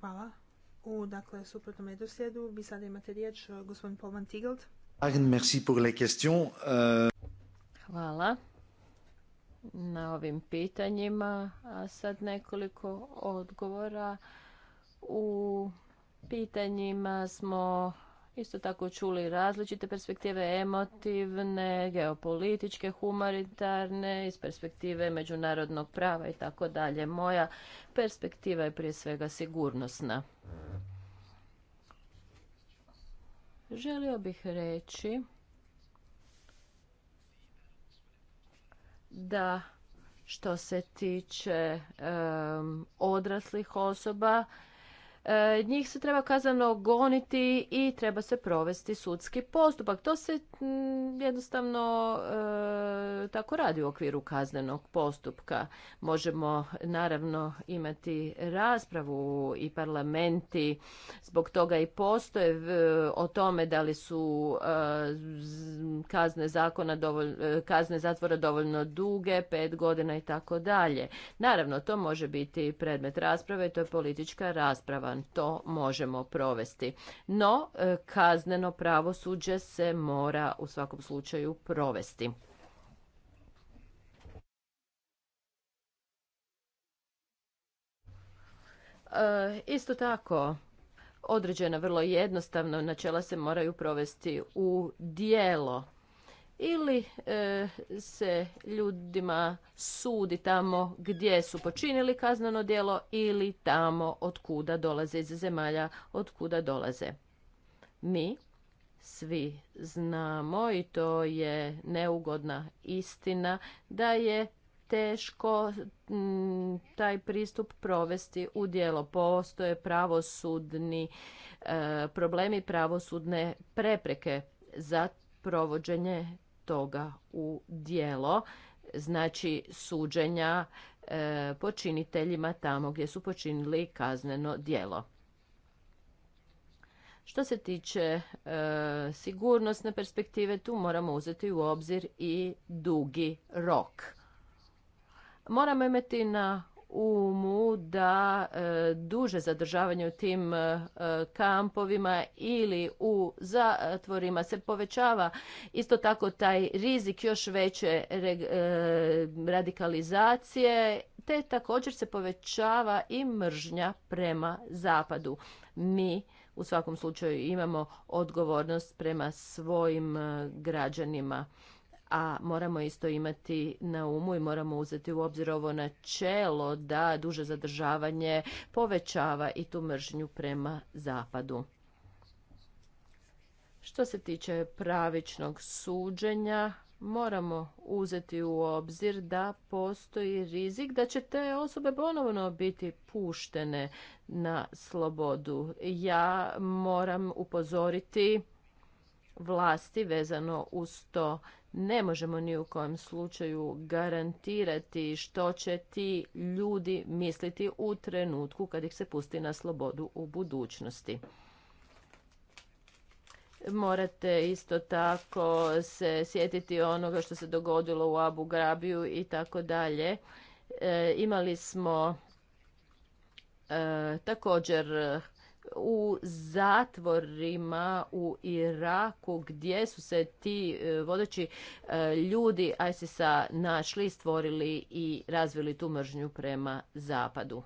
Hvala. U, dakle, suprotnom redoslijedu vi sada imate riječ e, gospodin Paul Polman Tigelt. Uh, Hvala na ovim pitanjima, a sad nekoliko odgovora. U pitanjima smo isto tako čuli različite perspektive emotivne, geopolitičke, humanitarne, iz perspektive međunarodnog prava i tako dalje. Moja perspektiva je prije svega sigurnosna. Želio bih reći da što se tiče odraslih osoba E, njih se treba kazano goniti i treba se provesti sudski postupak. To se mm, jednostavno e, tako radi u okviru kaznenog postupka. Možemo naravno imati raspravu i parlamenti zbog toga i postoje o tome da li su e, kazne zakona kazne zatvora dovoljno duge, pet godina i tako dalje. Naravno, to može biti predmet rasprave, to je politička rasprava to možemo provesti. No, e, kazneno pravosuđe se mora u svakom slučaju provesti. E, isto tako, određena vrlo jednostavna načela se moraju provesti u dijelo ili e, se ljudima sudi tamo gdje su počinili kazneno djelo ili tamo od kuda dolaze iz zemalja od kuda dolaze. Mi svi znamo i to je neugodna istina da je teško taj pristup provesti u djelo. Postoje pravosudni e, problemi, pravosudne prepreke za provođenje toga u dijelo, znači suđenja e, počiniteljima tamo gdje su počinili kazneno dijelo. Što se tiče e, sigurnosne perspektive, tu moramo uzeti u obzir i dugi rok. Moramo imati na umu da e, duže zadržavanje u tim e, e, kampovima ili u zatvorima se povećava isto tako taj rizik još veće radikalizacije te također se povećava i mržnja prema zapadu. Mi u svakom slučaju imamo odgovornost prema svojim građanima a moramo isto imati na umu i moramo uzeti u obzir ovo načelo da duže zadržavanje povećava i tu mržnju prema zapadu. Što se tiče pravičnog suđenja, moramo uzeti u obzir da postoji rizik da će te osobe ponovno biti puštene na slobodu. Ja moram upozoriti vlasti vezano uz to ne možemo ni u kojem slučaju garantirati što će ti ljudi misliti u trenutku kad ih se pusti na slobodu u budućnosti. Morate isto tako se sjetiti onoga što se dogodilo u Abu Grabiju i tako dalje. E, imali smo e, također u zatvorima u Iraku gdje su se ti e, vodeći e, ljudi ISIS-a našli, stvorili i razvili tu mržnju prema zapadu.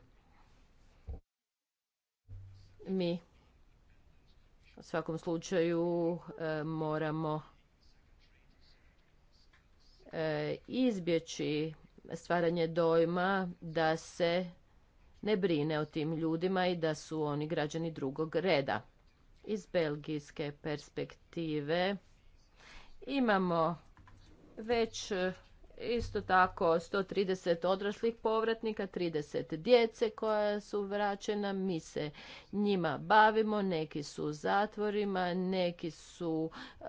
Mi u svakom slučaju e, moramo izbjeći stvaranje dojma da se ne brine o tim ljudima i da su oni građani drugog reda. Iz belgijske perspektive imamo već Isto tako 130 odraslih povratnika, 30 djece koja su vraćena. Mi se njima bavimo, neki su u zatvorima, neki su eh,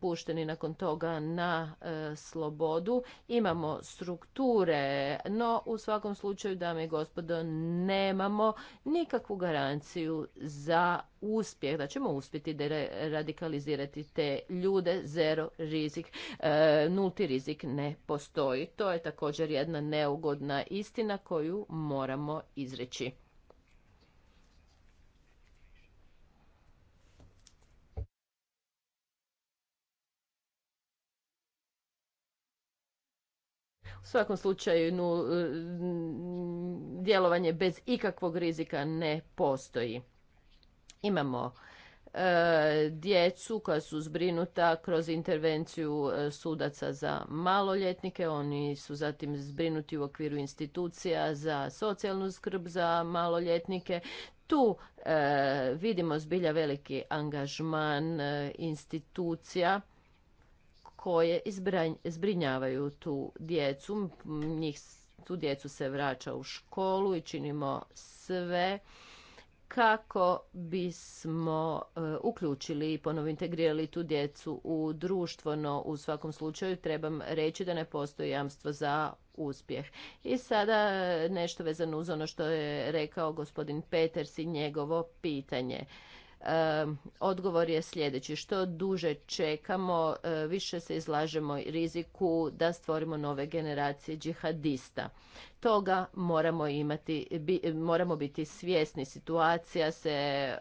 pušteni nakon toga na eh, slobodu. Imamo strukture, no u svakom slučaju, dame i gospodo, nemamo nikakvu garanciju za uspjeh, da ćemo uspjeti radikalizirati te ljude, zero rizik, e, nulti rizik ne postoji. To je također jedna neugodna istina koju moramo izreći. U svakom slučaju e, djelovanje bez ikakvog rizika ne postoji. Imamo e, djecu koja su zbrinuta kroz intervenciju e, sudaca za maloljetnike. Oni su zatim zbrinuti u okviru institucija za socijalnu skrb za maloljetnike. Tu e, vidimo zbilja veliki angažman institucija koje zbrinjavaju tu djecu. Njih, tu djecu se vraća u školu i činimo sve kako bismo e, uključili i ponovo integrirali tu djecu u društvo, no u svakom slučaju trebam reći da ne postoji jamstvo za uspjeh. I sada e, nešto vezano uz ono što je rekao gospodin Peters i njegovo pitanje odgovor je sljedeći. Što duže čekamo, e, više se izlažemo riziku da stvorimo nove generacije džihadista. Toga moramo imati, moramo biti svjesni. Situacija se e,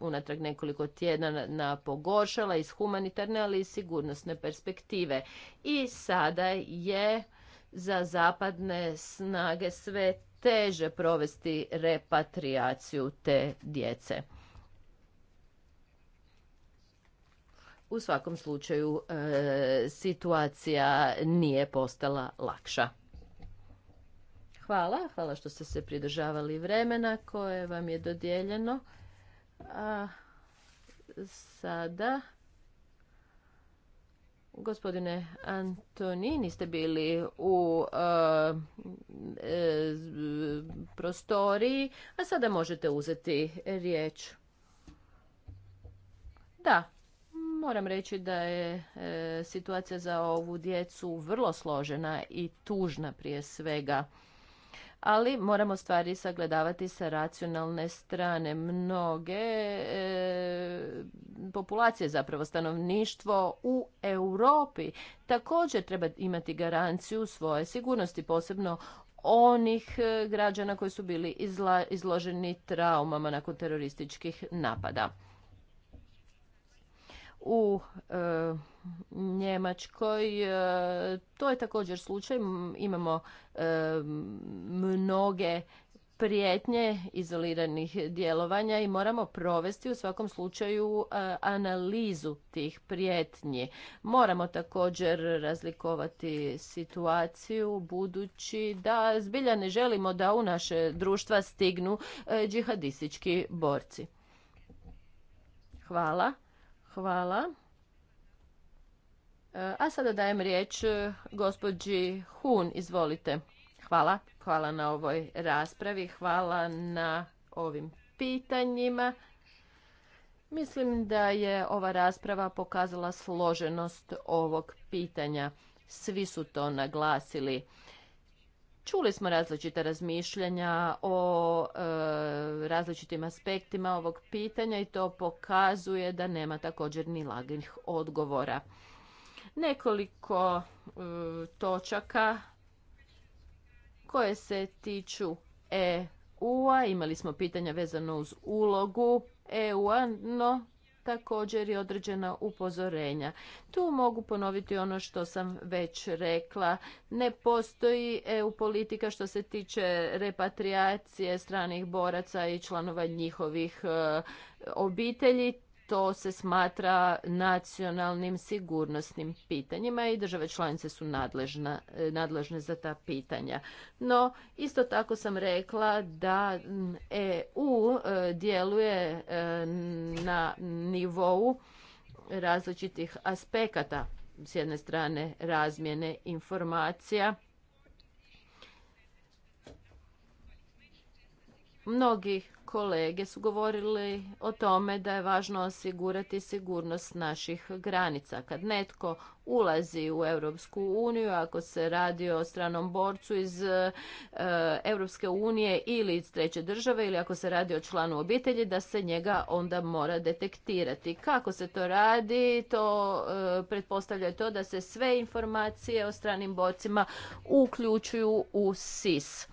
unatrag nekoliko tjedana pogoršala iz humanitarne, ali i sigurnosne perspektive. I sada je za zapadne snage sve teže provesti repatriaciju te djece. U svakom slučaju e, situacija nije postala lakša. Hvala, hvala što ste se pridržavali vremena koje vam je dodijeljeno. A sada... Gospodine Antoni, niste bili u e, e, prostoriji, a sada možete uzeti riječ. Da, Moram reći da je e, situacija za ovu djecu vrlo složena i tužna prije svega. Ali moramo stvari sagledavati sa racionalne strane. Mnoge e, populacije, zapravo stanovništvo u Europi također treba imati garanciju svoje sigurnosti, posebno onih e, građana koji su bili izloženi traumama nakon terorističkih napada u e, Njemačkoj. E, to je također slučaj. Imamo e, mnoge prijetnje izoliranih djelovanja i moramo provesti u svakom slučaju analizu tih prijetnji. Moramo također razlikovati situaciju budući da zbilja ne želimo da u naše društva stignu džihadistički borci. Hvala. Hvala. E, a sada dajem riječ e, gospođi Hun, izvolite. Hvala, hvala na ovoj raspravi, hvala na ovim pitanjima. Mislim da je ova rasprava pokazala složenost ovog pitanja. Svi su to naglasili. Čuli smo različita razmišljanja o e, različitim aspektima ovog pitanja i to pokazuje da nema također ni laganih odgovora. Nekoliko e, točaka koje se tiču EU-a. Imali smo pitanja vezano uz ulogu EU-a, no također i određena upozorenja. Tu mogu ponoviti ono što sam već rekla. Ne postoji EU politika što se tiče repatriacije stranih boraca i članova njihovih e, obitelji to se smatra nacionalnim sigurnosnim pitanjima i države članice su nadležna, e, nadležne za ta pitanja. No, isto tako sam rekla da EU e, djeluje e, na nivou različitih aspekata s jedne strane razmjene informacija Mnogi kolege su govorili o tome da je važno osigurati sigurnost naših granica. Kad netko ulazi u Europsku uniju, ako se radi o stranom borcu iz e, Europske unije ili iz treće države ili ako se radi o članu obitelji, da se njega onda mora detektirati. Kako se to radi? To e, pretpostavlja to da se sve informacije o stranim borcima uključuju u SIS.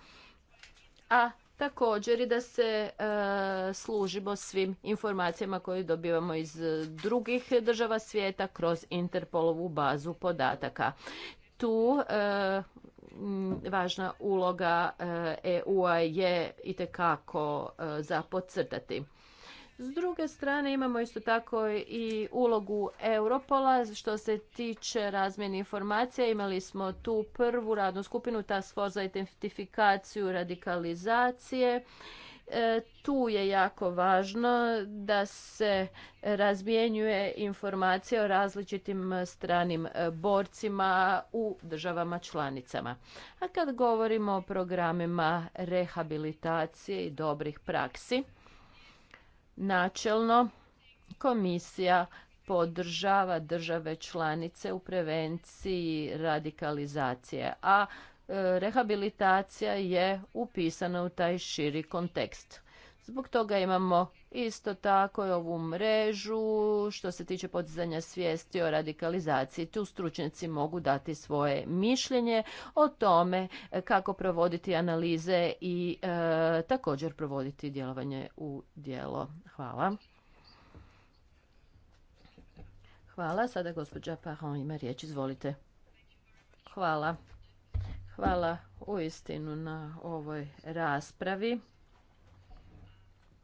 A također i da se e, služimo svim informacijama koje dobivamo iz e, drugih država svijeta kroz Interpolovu bazu podataka. Tu e, važna uloga EU-a je itekako za podcrtati. S druge strane imamo isto tako i ulogu Europola što se tiče razmjene informacija. Imali smo tu prvu radnu skupinu Task Force za identifikaciju radikalizacije. E, tu je jako važno da se razmjenjuje informacija o različitim stranim e, borcima u državama članicama. A kad govorimo o programima rehabilitacije i dobrih praksi, Načelno, komisija podržava države članice u prevenciji radikalizacije, a e, rehabilitacija je upisana u taj širi kontekst. Zbog toga imamo isto tako i ovu mrežu što se tiče podizanja svijesti o radikalizaciji. Tu stručnjaci mogu dati svoje mišljenje o tome kako provoditi analize i e, također provoditi djelovanje u djelo. Hvala. Hvala. Sada gospođa Pahon ima riječ. Izvolite. Hvala. Hvala u istinu na ovoj raspravi.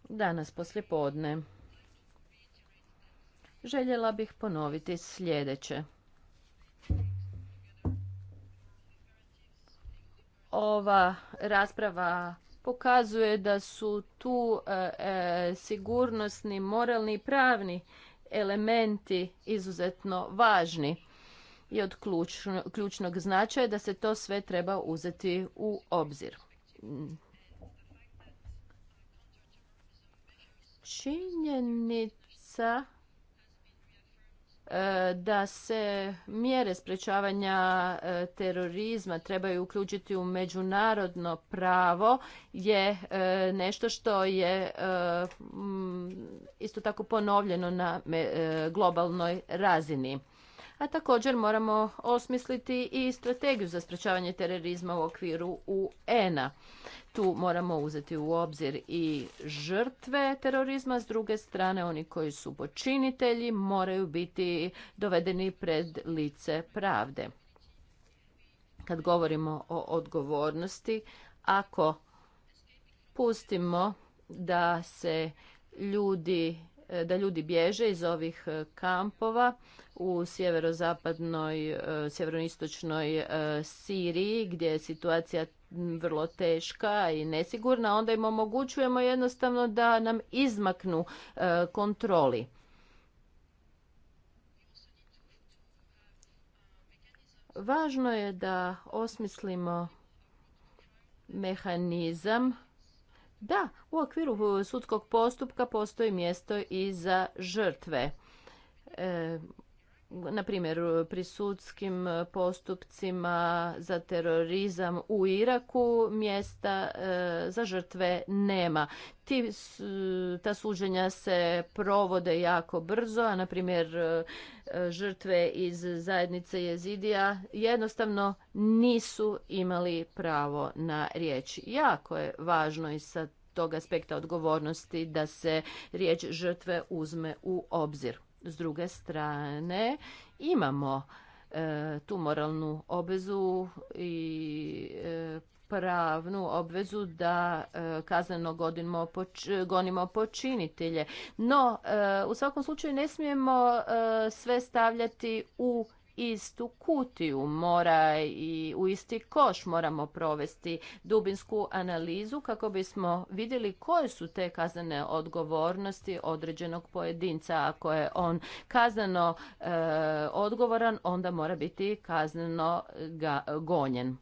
Danas poslje podne željela bih ponoviti sljedeće. Ova rasprava pokazuje da su tu e, e, sigurnosni, moralni i pravni elementi izuzetno važni i od ključnog značaja da se to sve treba uzeti u obzir. činjenica e, da se mjere sprečavanja e, terorizma trebaju uključiti u međunarodno pravo je e, nešto što je isto tako ponovljeno na globalnoj razini a također moramo osmisliti i strategiju za sprečavanje terorizma u okviru UN-a. Tu moramo uzeti u obzir i žrtve terorizma, s druge strane oni koji su počinitelji moraju biti dovedeni pred lice pravde. Kad govorimo o odgovornosti, ako pustimo da se ljudi E, da ljudi bježe iz ovih e, kampova u sjeverozapadnoj, e, sjeveroistočnoj Siriji gdje je situacija vrlo teška i nesigurna, onda im omogućujemo jednostavno da nam izmaknu kontroli. Važno je da osmislimo mehanizam da, u okviru e, sudskog postupka postoji mjesto i za žrtve. E, na primjer pri sudskim postupcima za terorizam u Iraku mjesta e, za žrtve nema. Ti, ta suđenja se provode jako brzo, a na primjer e, žrtve iz zajednice jezidija jednostavno nisu imali pravo na riječ. Jako je važno i sa tog aspekta odgovornosti da se riječ žrtve uzme u obzir s druge strane imamo e, tu moralnu obvezu i e, pravnu obvezu da e, kazneno godimo, poč, gonimo počinitelje. No, e, u svakom slučaju ne smijemo sve stavljati u istu kutiju, mora i u isti koš moramo provesti dubinsku analizu kako bismo vidjeli koje su te kaznene odgovornosti određenog pojedinca. Ako je on kazneno e, odgovoran, onda mora biti kazneno gonjen.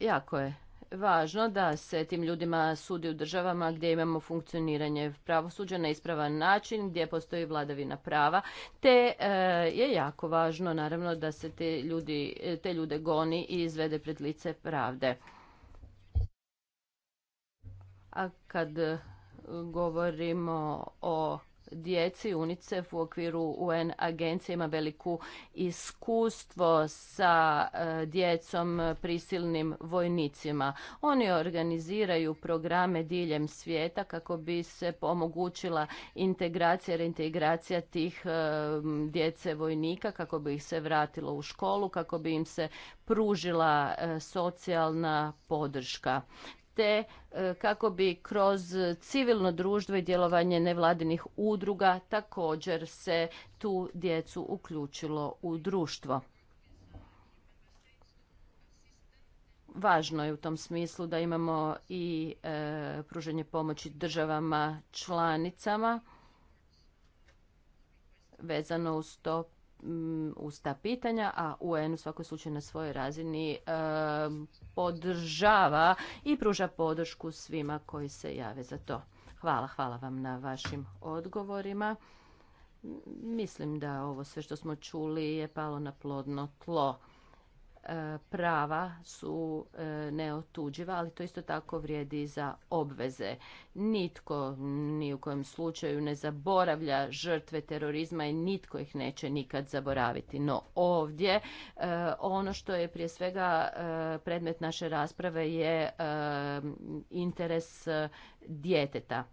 Jako je važno da se tim ljudima sudi u državama gdje imamo funkcioniranje pravosuđa na ispravan način, gdje postoji vladavina prava, te e, je jako važno naravno da se te, ljudi, te ljude goni i izvede pred lice pravde. A kad e, govorimo o djeci UNICEF u okviru UN agencije ima veliku iskustvo sa e, djecom prisilnim vojnicima. Oni organiziraju programe diljem svijeta kako bi se pomogućila integracija, reintegracija tih e, djece vojnika, kako bi ih se vratilo u školu, kako bi im se pružila e, socijalna podrška te e, kako bi kroz civilno društvo i djelovanje nevladinih udruga također se tu djecu uključilo u društvo. Važno je u tom smislu da imamo i e, pruženje pomoći državama članicama vezano uz to Mm, ta pitanja, a UN u svakoj slučaju na svojoj razini e, podržava i pruža podršku svima koji se jave za to. Hvala, hvala vam na vašim odgovorima. Mislim da ovo sve što smo čuli je palo na plodno tlo. E, prava su e, neotuđiva, ali to isto tako vrijedi za obveze. Nitko ni u kojem slučaju ne zaboravlja žrtve terorizma i nitko ih neće nikad zaboraviti. No ovdje e, ono što je prije svega predmet naše rasprave je interes djeteta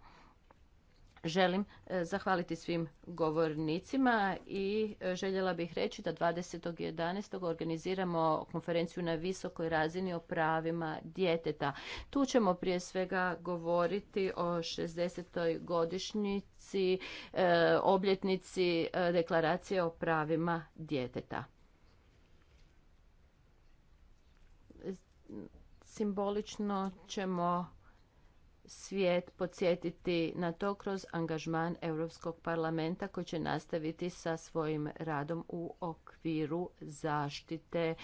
Želim e, zahvaliti svim govornicima i e, željela bih reći da 20.11. organiziramo konferenciju na visokoj razini o pravima djeteta. Tu ćemo prije svega govoriti o 60. godišnjici e, obljetnici deklaracije o pravima djeteta. Simbolično ćemo svijet podsjetiti na to kroz angažman Europskog parlamenta koji će nastaviti sa svojim radom u okviru zaštite e,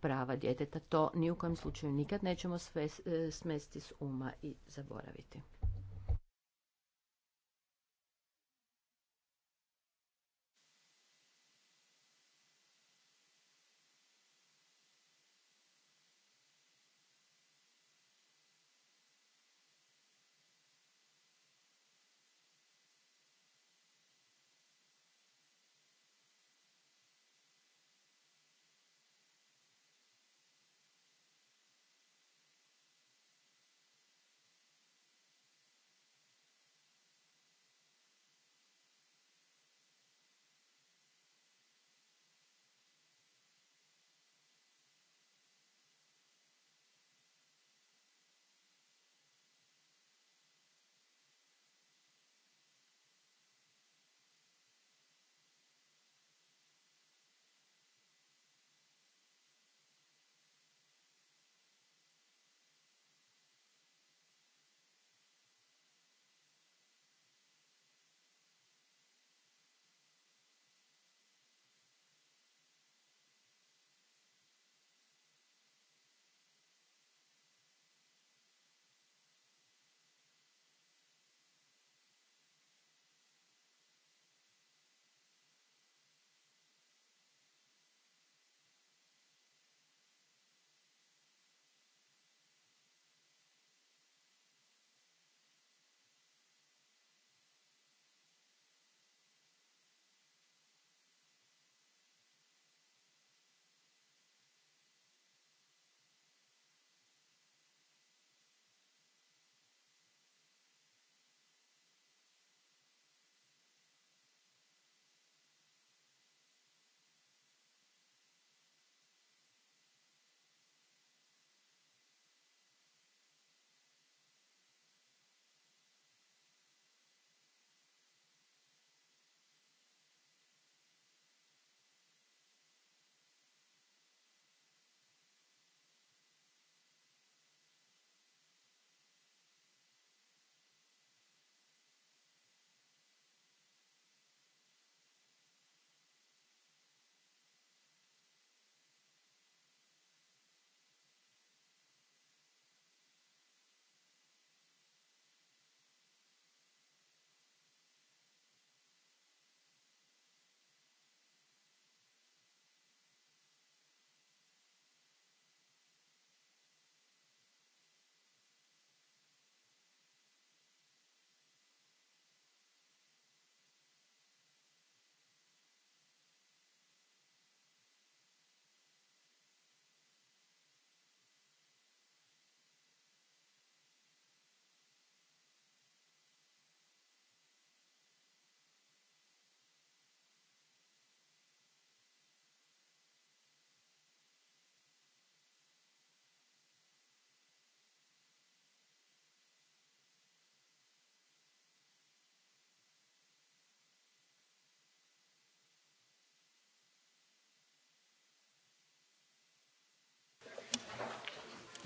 prava djeteta. To ni u kojem slučaju nikad nećemo e, smesti s uma i zaboraviti.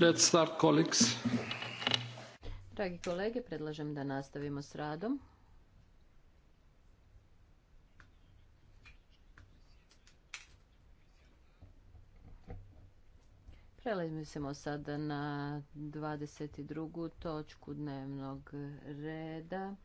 Let's Dragi kolege, predlažem da nastavimo s radom. Prelazimo sada na 22. točku dnevnog reda.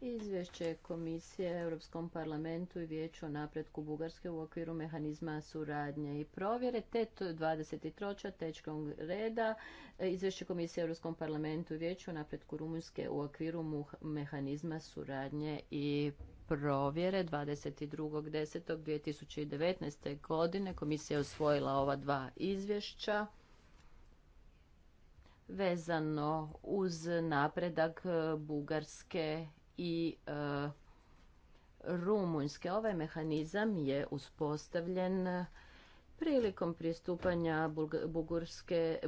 Izvješće Komisije Europskom parlamentu i Vijeću o napretku Bugarske u okviru mehanizma suradnje i provjere, te 23. tečkom reda, Izvješće Komisije Europskom parlamentu i Vijeću o napretku Rumunjske u okviru mehanizma suradnje i provjere 22.10.2019. godine. Komisija je osvojila ova dva izvješća vezano uz napredak Bugarske i e, Rumunjske. Ovaj mehanizam je uspostavljen Prilikom pristupanja Bugarske,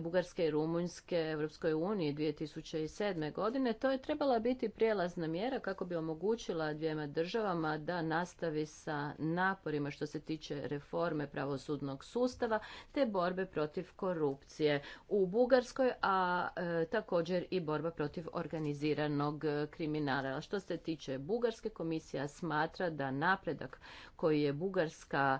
i Rumunjske Europskoj uniji 2007. godine to je trebala biti prijelazna mjera kako bi omogućila dvijema državama da nastavi sa naporima što se tiče reforme pravosudnog sustava te borbe protiv korupcije u Bugarskoj, a e, također i borba protiv organiziranog e, kriminala. Što se tiče Bugarske, komisija smatra da napredak koji je Bugarska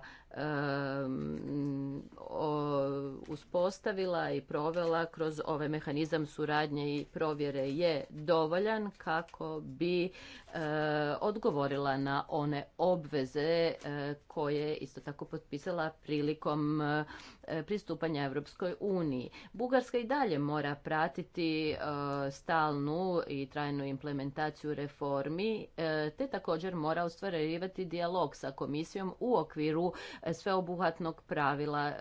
uspostavila i provela kroz ovaj mehanizam suradnje i provjere je dovoljan kako bi e, odgovorila na one obveze e, koje isto tako potpisala prilikom e, pristupanja Europskoj uniji. Bugarska i dalje mora pratiti stalnu i trajnu implementaciju reformi te također mora ostvarivati dijalog sa komisijom u okviru E, sveobuhvatnog pravila e,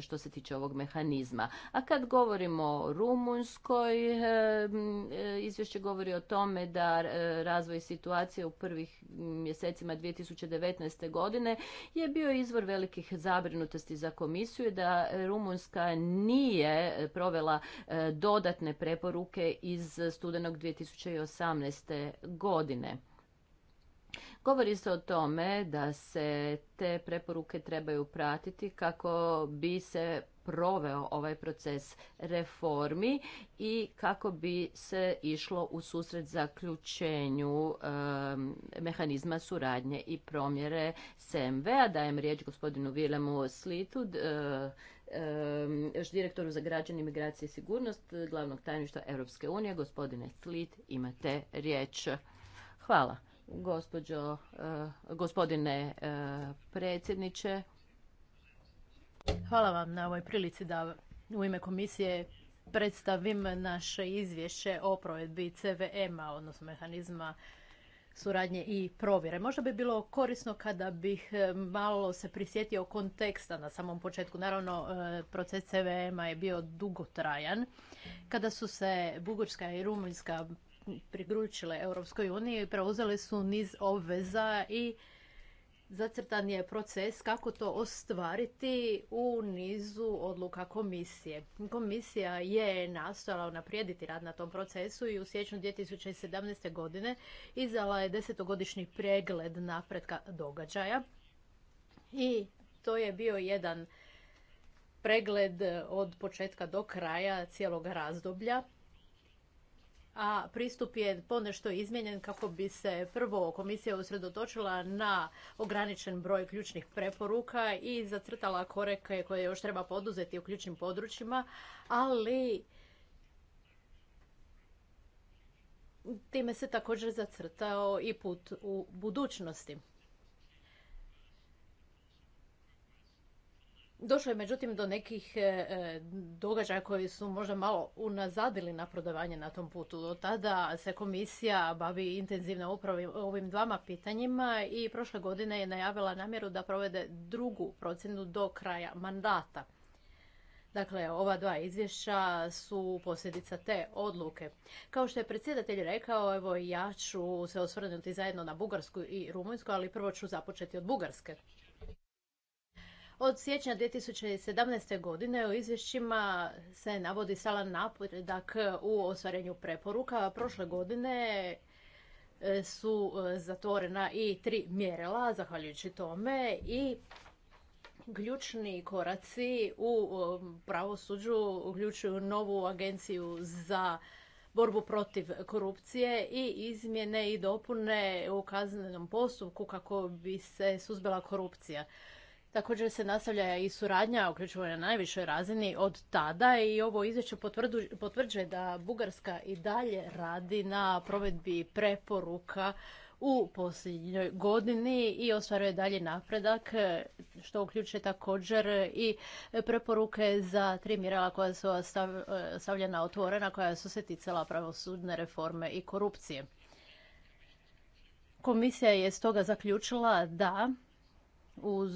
što se tiče ovog mehanizma. A kad govorimo o Rumunjskoj, e, izvješće govori o tome da razvoj situacije u prvih mjesecima 2019. godine je bio izvor velikih zabrinutosti za komisiju da Rumunjska nije provela dodatne preporuke iz studenog 2018. godine. Govori se o tome da se te preporuke trebaju pratiti kako bi se proveo ovaj proces reformi i kako bi se išlo u susret zaključenju mehanizma suradnje i promjere CMV-a. Dajem riječ gospodinu Vilemu Slitu, direktoru za građane, migracije i sigurnost glavnog tajništva Europske unije. Gospodine Slit, imate riječ. Hvala gospođo, e, gospodine e, predsjedniče. Hvala vam na ovoj prilici da u ime komisije predstavim naše izvješće o provedbi CVM-a, odnosno mehanizma suradnje i provjere. Možda bi bilo korisno kada bih e, malo se prisjetio konteksta na samom početku. Naravno, proces CVM-a je bio dugotrajan. Kada su se Bugarska i Rumunjska prigručile Europskoj uniji i preuzele su niz obveza i zacrtan je proces kako to ostvariti u nizu odluka komisije. Komisija je nastojala unaprijediti rad na tom procesu i u siječnju 2017. godine izdala je desetogodišnji pregled napretka događaja i to je bio jedan pregled od početka do kraja cijelog razdoblja a pristup je ponešto izmijenjen kako bi se prvo komisija usredotočila na ograničen broj ključnih preporuka i zacrtala koreke koje još treba poduzeti u ključnim područjima, ali time se također zacrtao i put u budućnosti. Došlo je međutim do nekih e, e, događaja koji su možda malo unazadili napredovanje na tom putu. Do tada se komisija bavi intenzivno upravo ovim dvama pitanjima i prošle godine je najavila namjeru da provede drugu procjenu do kraja mandata. Dakle, ova dva izvješća su posljedica te odluke. Kao što je predsjedatelj rekao, evo ja ću se osvrnuti zajedno na Bugarsku i Rumunjsku, ali prvo ću započeti od Bugarske. Od siječnja 2017. godine u izvješćima se navodi stalan napredak u ostvarenju preporuka. Prošle godine e, su e, zatvorena i tri mjerela, zahvaljujući tome, i ključni koraci u e, pravosuđu uključuju novu agenciju za borbu protiv korupcije i izmjene i dopune u kaznenom postupku kako bi se suzbila korupcija. Također se nastavlja i suradnja uključivo na najvišoj razini od tada i ovo izvješće potvrđuje da Bugarska i dalje radi na provedbi preporuka u posljednjoj godini i ostvaruje dalje napredak, što uključuje također i preporuke za tri mirala koja su stavljena otvorena, koja su se ticala pravosudne reforme i korupcije. Komisija je stoga zaključila da uz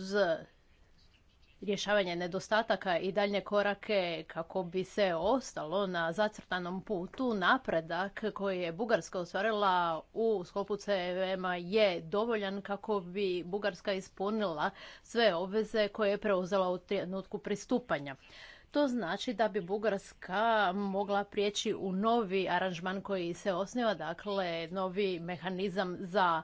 rješavanje nedostataka i daljnje korake kako bi se ostalo na zacrtanom putu napredak koji je Bugarska ostvarila u sklopu CVM-a je dovoljan kako bi Bugarska ispunila sve obveze koje je preuzela u trenutku pristupanja. To znači da bi Bugarska mogla prijeći u novi aranžman koji se osniva, dakle novi mehanizam za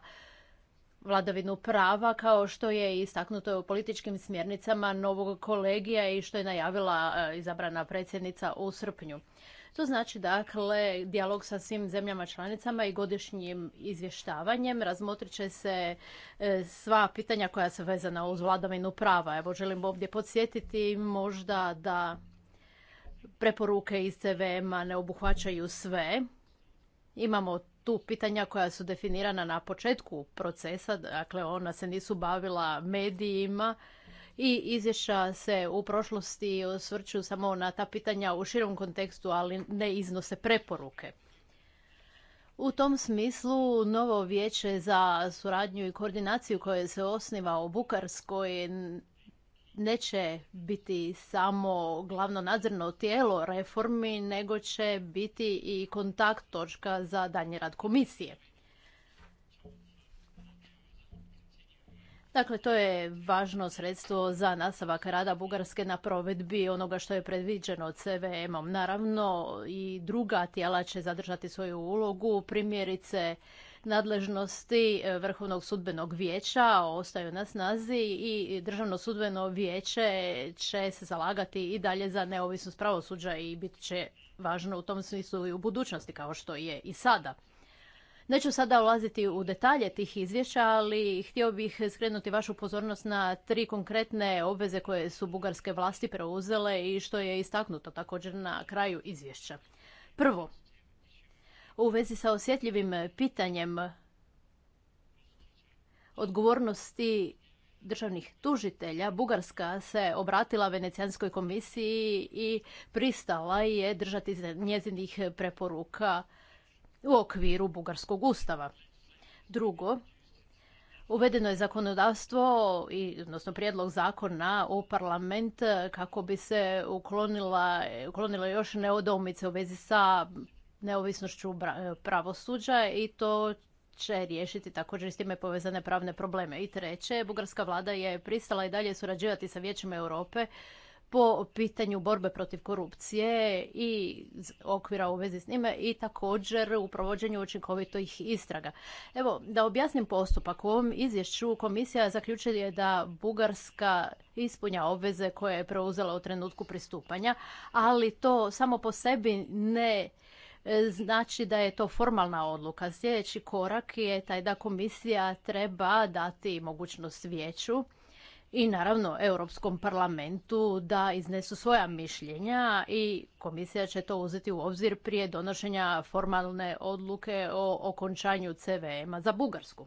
vladavinu prava kao što je istaknuto u političkim smjernicama novog kolegija i što je najavila e, izabrana predsjednica u srpnju. To znači dakle dijalog sa svim zemljama članicama i godišnjim izvještavanjem razmotrit će se e, sva pitanja koja su vezana uz vladavinu prava. Evo želim ovdje podsjetiti možda da preporuke iz CVM-a ne obuhvaćaju sve. Imamo tu pitanja koja su definirana na početku procesa, dakle ona se nisu bavila medijima i izvješća se u prošlosti osvrću samo na ta pitanja u širom kontekstu, ali ne iznose preporuke. U tom smislu novo vijeće za suradnju i koordinaciju koje se osniva u Bukarskoj neće biti samo glavno nadzorno tijelo reformi, nego će biti i kontakt točka za danji rad komisije. Dakle, to je važno sredstvo za nastavak rada Bugarske na provedbi onoga što je predviđeno CVM-om. Naravno, i druga tijela će zadržati svoju ulogu, primjerice nadležnosti e, Vrhovnog sudbenog vijeća ostaju na snazi i Državno sudbeno vijeće će se zalagati i dalje za neovisnost pravosuđa i bit će važno u tom smislu i u budućnosti kao što je i sada. Neću sada ulaziti u detalje tih izvješća, ali htio bih skrenuti vašu pozornost na tri konkretne obveze koje su bugarske vlasti preuzele i što je istaknuto također na kraju izvješća. Prvo, u vezi sa osjetljivim e, pitanjem odgovornosti državnih tužitelja, Bugarska se obratila Venecijanskoj komisiji i pristala je držati njezinih preporuka u okviru Bugarskog ustava. Drugo, uvedeno je zakonodavstvo, odnosno prijedlog zakona u parlament e, kako bi se uklonila, e, još neodomice u vezi sa neovisnošću e, pravosuđa i to će riješiti također s time povezane pravne probleme. I treće, bugarska vlada je pristala i dalje surađivati sa vijećima Europe po pitanju borbe protiv korupcije i okvira u vezi s njime i također u provođenju učinkovitih istraga. Evo, da objasnim postupak. U ovom izvješću komisija je da Bugarska ispunja obveze koje je preuzela u trenutku pristupanja, ali to samo po sebi ne E, znači da je to formalna odluka. Sljedeći korak je taj da komisija treba dati mogućnost vijeću i naravno Europskom parlamentu da iznesu svoja mišljenja i komisija će to uzeti u obzir prije donošenja formalne odluke o okončanju CVM-a za Bugarsku.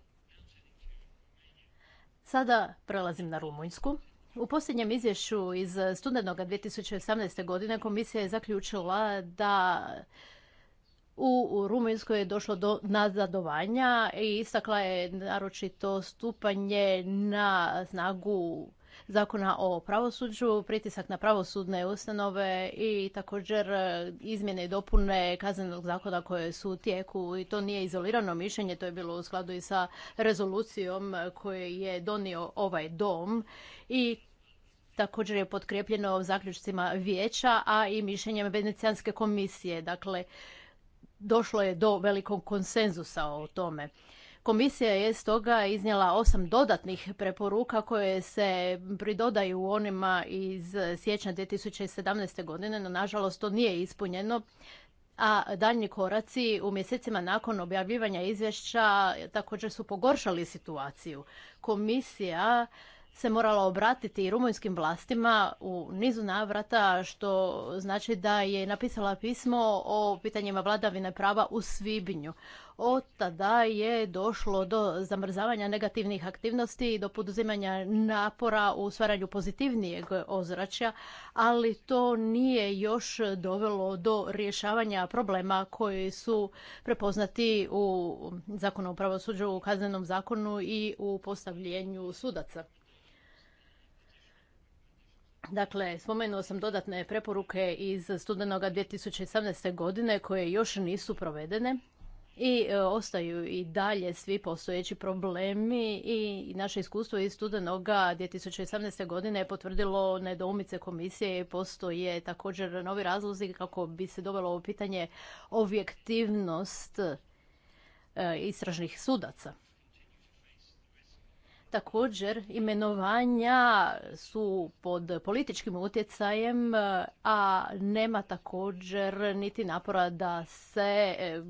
Sada prelazim na Rumunjsku. U posljednjem izvješću iz studenoga 2018. godine komisija je zaključila da u Rumunjskoj je došlo do nazadovanja i istakla je naročito stupanje na snagu zakona o pravosuđu, pritisak na pravosudne ustanove i također e, izmjene i dopune kaznenog zakona koje su u tijeku i to nije izolirano mišljenje, to je bilo u skladu i sa rezolucijom koje je donio ovaj dom i također je potkrijepljeno zaključcima vijeća, a i mišljenjem Venecijanske komisije. Dakle, došlo je do velikog konsenzusa o tome. Komisija je stoga iznijela osam dodatnih preporuka koje se pridodaju onima iz siječnja 2017. godine, no nažalost to nije ispunjeno, a daljnji koraci u mjesecima nakon objavljivanja izvješća također su pogoršali situaciju. Komisija se morala obratiti rumunjskim vlastima u nizu navrata, što znači da je napisala pismo o pitanjima vladavine prava u Svibnju. Od tada je došlo do zamrzavanja negativnih aktivnosti i do poduzimanja napora u stvaranju pozitivnijeg ozračja, ali to nije još dovelo do rješavanja problema koji su prepoznati u zakonu o pravosuđu, u kaznenom zakonu i u postavljenju sudaca. Dakle, spomenuo sam dodatne preporuke iz studenoga 2017. godine koje još nisu provedene i e, ostaju i dalje svi postojeći problemi i naše iskustvo iz studenoga 2018. godine je potvrdilo nedoumice komisije i postoje također novi razlozi kako bi se dovelo u pitanje objektivnost e, istražnih sudaca. Također, imenovanja su pod političkim utjecajem, a nema također niti napora da se e,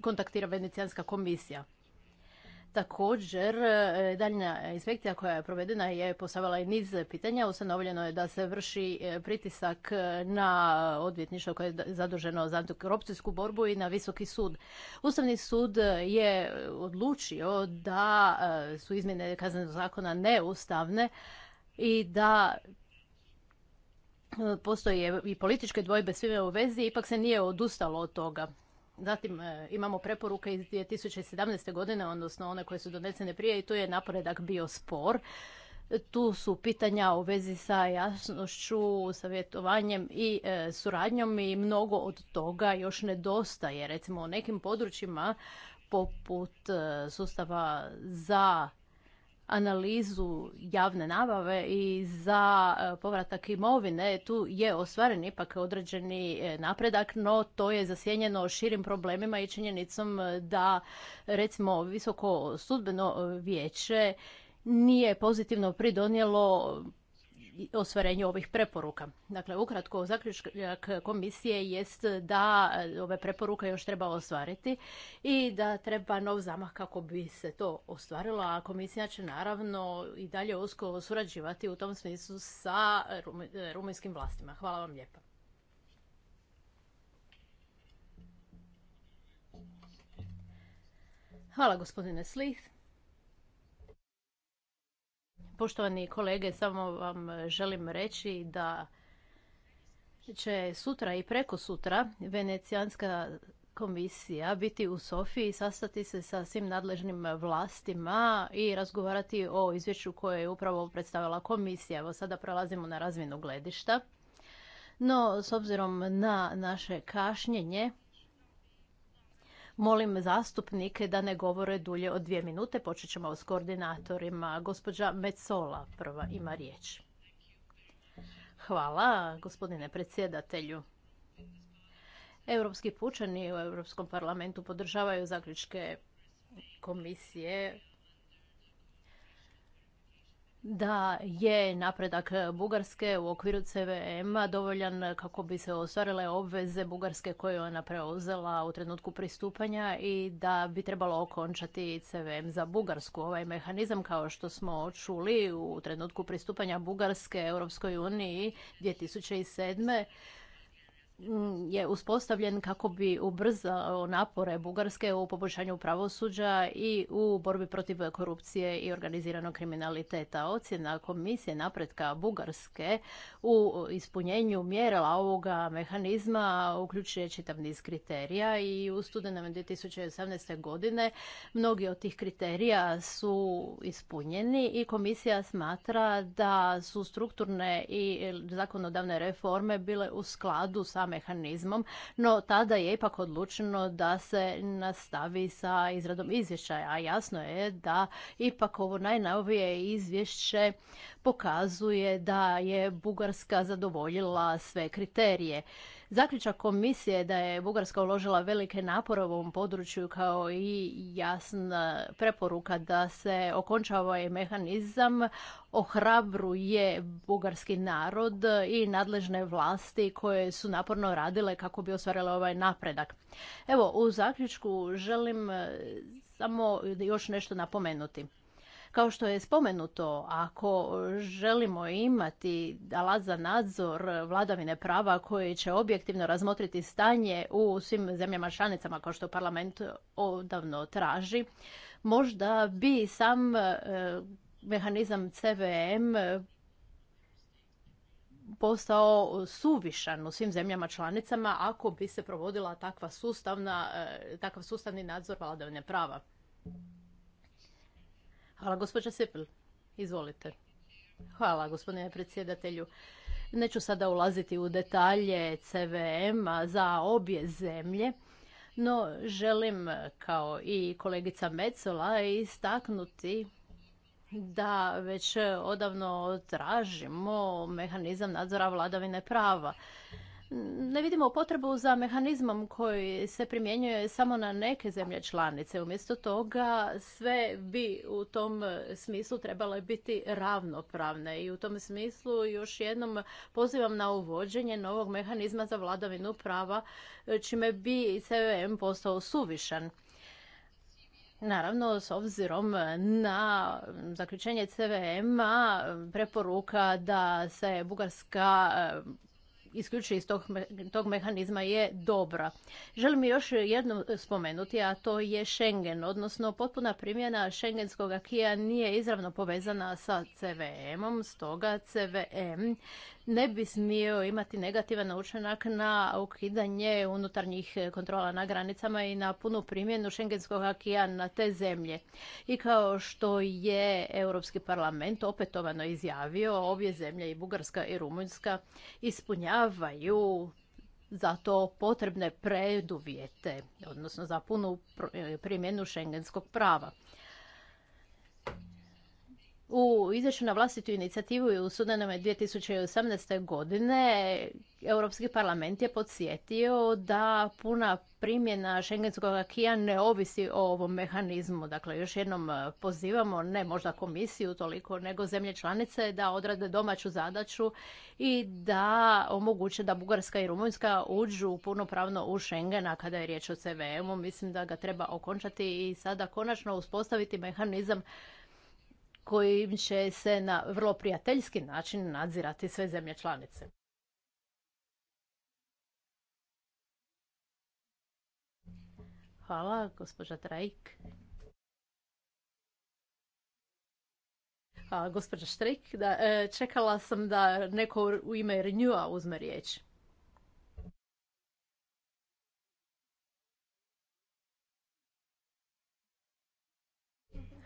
kontaktira Venecijanska komisija. Također, e, daljnja inspekcija koja je provedena je postavila i niz pitanja. Ustanovljeno je da se vrši e, pritisak e, na odvjetništvo koje je zaduženo za antikorupcijsku borbu i na Visoki sud. Ustavni sud je odlučio da su izmjene kaznenog zakona neustavne i da postoje i političke dvojbe svime u vezi, ipak se nije odustalo od toga. Zatim e, imamo preporuke iz 2017. godine, odnosno one koje su donesene prije i tu je naporedak bio spor. Tu su pitanja u vezi sa jasnošću, savjetovanjem i e, suradnjom i mnogo od toga još nedostaje. Recimo u nekim područjima poput e, sustava za analizu javne nabave i za e, povratak imovine. Tu je ostvaren ipak određeni e, napredak, no to je zasjenjeno širim problemima i činjenicom e, da recimo visoko sudbeno vijeće nije pozitivno pridonijelo osvarenju ovih preporuka. Dakle, ukratko, zaključak komisije jest da ove preporuke još treba ostvariti i da treba nov zamah kako bi se to ostvarilo, a komisija će naravno i dalje usko surađivati u tom smislu sa rumunjskim vlastima. Hvala vam lijepo. Hvala gospodine Slih. Poštovani kolege, samo vam želim reći da će sutra i preko sutra Venecijanska komisija biti u Sofiji i sastati se sa svim nadležnim vlastima i razgovarati o izvješću koje je upravo predstavila komisija. Evo sada prelazimo na razvinu gledišta. No, s obzirom na naše kašnjenje, Molim zastupnike da ne govore dulje od dvije minute. Počet ćemo s koordinatorima. Gospođa Mecola prva ima riječ. Hvala, gospodine predsjedatelju. Europski pučani u Europskom parlamentu podržavaju zaključke komisije da je napredak Bugarske u okviru CVM-a dovoljan kako bi se ostvarile obveze Bugarske koje je ona preuzela u trenutku pristupanja i da bi trebalo okončati CVM za Bugarsku. Ovaj mehanizam, kao što smo čuli u trenutku pristupanja Bugarske Europskoj uniji 2007 je uspostavljen kako bi ubrzao napore Bugarske u poboljšanju pravosuđa i u borbi protiv korupcije i organiziranog kriminaliteta. Ocjena komisije napretka Bugarske u ispunjenju mjera ovoga mehanizma uključuje čitav niz kriterija i u studenom 2018. godine mnogi od tih kriterija su ispunjeni i komisija smatra da su strukturne i zakonodavne reforme bile u skladu sa mehanizmom, no tada je ipak odlučeno da se nastavi sa izradom izvješća, a jasno je da ipak ovo najnovije izvješće pokazuje da je Bugarska zadovoljila sve kriterije. Zaključak komisije da je Bugarska uložila velike napore u ovom području kao i jasna preporuka da se okonča ovaj mehanizam ohrabruje bugarski narod i nadležne vlasti koje su naporno radile kako bi ostvarile ovaj napredak. Evo, u zaključku želim eh, samo još nešto napomenuti. Kao što je spomenuto, ako želimo imati alat za nadzor vladavine prava koji će objektivno razmotriti stanje u svim zemljama članicama kao što parlament odavno traži, možda bi sam e, mehanizam CVM postao suvišan u svim zemljama članicama ako bi se provodila takva sustavna, e, takav sustavni nadzor vladavine prava. Hvala, gospođa Izvolite. Hvala, gospodine predsjedatelju. Neću sada ulaziti u detalje CVM-a za obje zemlje, no želim, kao i kolegica Mecola, istaknuti da već odavno tražimo mehanizam nadzora vladavine prava ne vidimo potrebu za mehanizmom koji se primjenjuje samo na neke zemlje članice. Umjesto toga sve bi u tom smislu trebale biti ravnopravne i u tom smislu još jednom pozivam na uvođenje novog mehanizma za vladavinu prava čime bi CVM e postao suvišan. Naravno, s obzirom na zaključenje CVM-a, e preporuka da se Bugarska isključi iz tog, tog mehanizma je dobra. Želim još jednu spomenuti, a to je Schengen, odnosno potpuna primjena Schengenskog akija nije izravno povezana sa CVM-om, stoga CVM ne bi smio imati negativan učinak na ukidanje unutarnjih kontrola na granicama i na punu primjenu šengenskog akija na te zemlje. I kao što je Europski parlament opetovano izjavio, obje zemlje i Bugarska i Rumunjska ispunjavaju za to potrebne preduvjete, odnosno za punu primjenu šengenskog prava. U izvješću na vlastitu inicijativu i u sudanome 2018. godine Europski parlament je podsjetio da puna primjena šengenskog akija ne ovisi o ovom mehanizmu. Dakle, još jednom e, pozivamo, ne možda komisiju toliko, nego zemlje članice da odrade domaću zadaću i da omoguće da Bugarska i Rumunjska uđu punopravno u Schengena kada je riječ o CVM-u. Mislim da ga treba okončati i sada konačno uspostaviti mehanizam kojim će se na vrlo prijateljski način nadzirati sve zemlje članice. Hvala, gospođa Trajk. A, gospođa Štrik, da, e, čekala sam da neko u ime Renewa uzme riječ.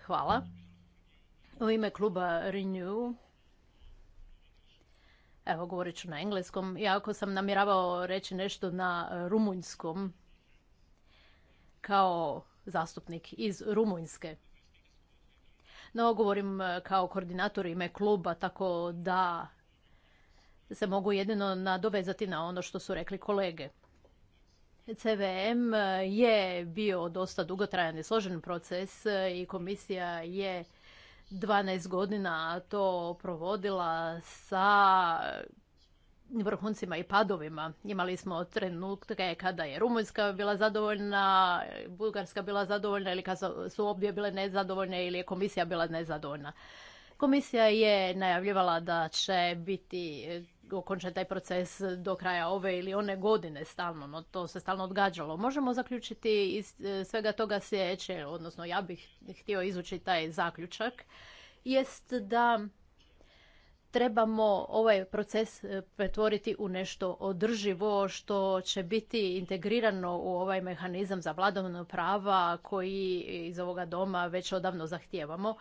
Hvala. U ime kluba Renew, evo govorit ću na engleskom, ako sam namjeravao reći nešto na rumunjskom kao zastupnik iz Rumunjske. No, govorim e, kao koordinator ime kluba, tako da se mogu jedino nadovezati na ono što su rekli kolege. CVM e, je bio dosta dugotrajan i složen proces e, i komisija je 12 godina to provodila sa vrhuncima i padovima. Imali smo trenutke kada je Rumunjska bila zadovoljna, Bulgarska bila zadovoljna ili kada su obje bile nezadovoljne ili je komisija bila nezadovoljna. Komisija je najavljivala da će biti okonča taj proces do kraja ove ili one godine stalno, no to se stalno odgađalo. Možemo zaključiti iz e, svega toga sljedeće, odnosno ja bih htio izući taj zaključak, jest da trebamo ovaj proces e, pretvoriti u nešto održivo što će biti integrirano u ovaj mehanizam za vladavinu prava koji iz ovoga doma već odavno zahtijevamo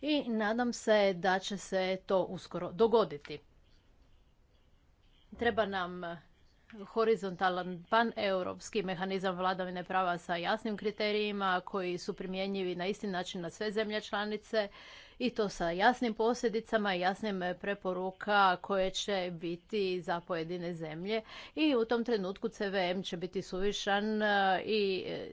i nadam se da će se to uskoro dogoditi. Treba nam horizontalan paneuropski mehanizam vladavine prava sa jasnim kriterijima koji su primjenjivi na isti način na sve zemlje članice i to sa jasnim posljedicama i jasnim preporuka koje će biti za pojedine zemlje i u tom trenutku CVM će biti suvišan e, i e,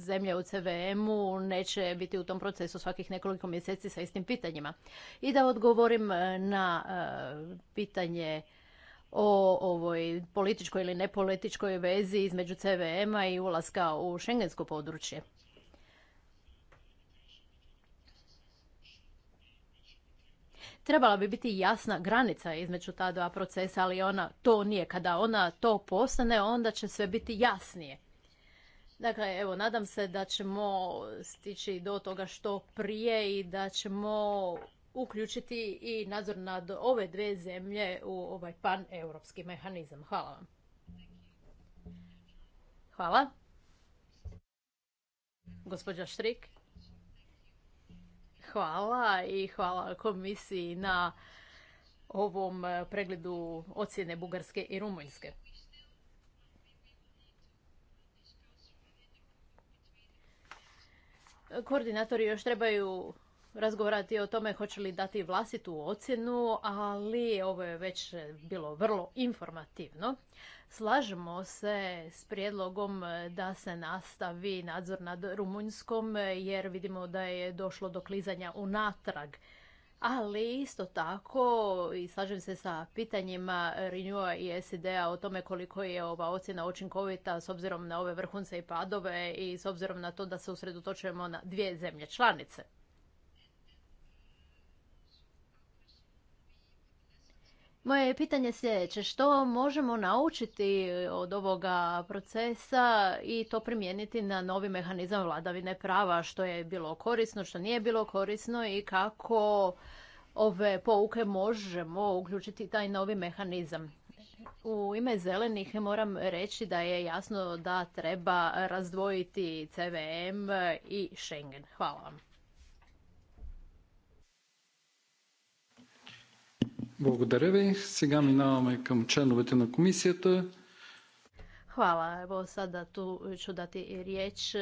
zemlje u CVM-u neće biti u tom procesu svakih nekoliko mjeseci sa istim pitanjima. I da odgovorim e, na e, pitanje o ovoj političkoj ili nepolitičkoj vezi između CVM-a i ulaska u šengensko područje. Trebala bi biti jasna granica između ta dva procesa, ali ona to nije. Kada ona to postane, onda će sve biti jasnije. Dakle, evo, nadam se da ćemo stići do toga što prije i da ćemo uključiti i nadzor nad ove dve zemlje u ovaj pan-europski mehanizam. Hvala vam. Hvala. Gospođa Štrik. Hvala i hvala komisiji na ovom pregledu ocjene Bugarske i Rumunjske. Koordinatori još trebaju razgovarati o tome hoće li dati vlastitu ocjenu, ali ovo je već bilo vrlo informativno. Slažemo se s prijedlogom da se nastavi nadzor nad Rumunjskom jer vidimo da je došlo do klizanja unatrag ali isto tako i slažem se sa pitanjima Rinjua i SID-a o tome koliko je ova ocjena učinkovita s obzirom na ove vrhunce i padove i s obzirom na to da se usredotočujemo na dvije zemlje članice. Moje pitanje je sljedeće. Što možemo naučiti od ovoga procesa i to primijeniti na novi mehanizam vladavine prava? Što je bilo korisno, što nije bilo korisno i kako ove pouke možemo uključiti taj novi mehanizam? U ime zelenih moram reći da je jasno da treba razdvojiti CVM i Schengen. Hvala vam. Благодаря ви. Сега минаваме към членовете на комисията. Hvala. Evo sada tu ću dati riječ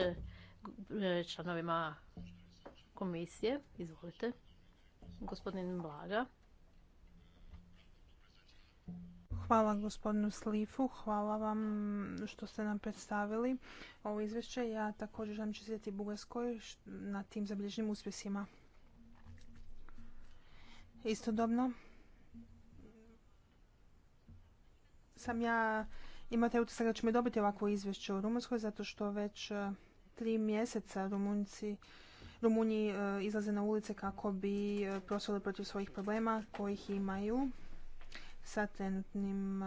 članovima komisije. Izvolite. Gospodin Blaga. Hvala gospodinu Slifu, hvala vam što ste nam predstavili ovo izvješće. Ja također želim čestitati Bugarskoj na tim zabilježnim uspjesima. Istodobno sam ja imao taj utisak da ćemo dobiti ovako izvješće u Rumunskoj zato što već e, tri mjeseca Rumunci Rumunji e, izlaze na ulice kako bi e, prosvjeli protiv svojih problema kojih imaju sa trenutnim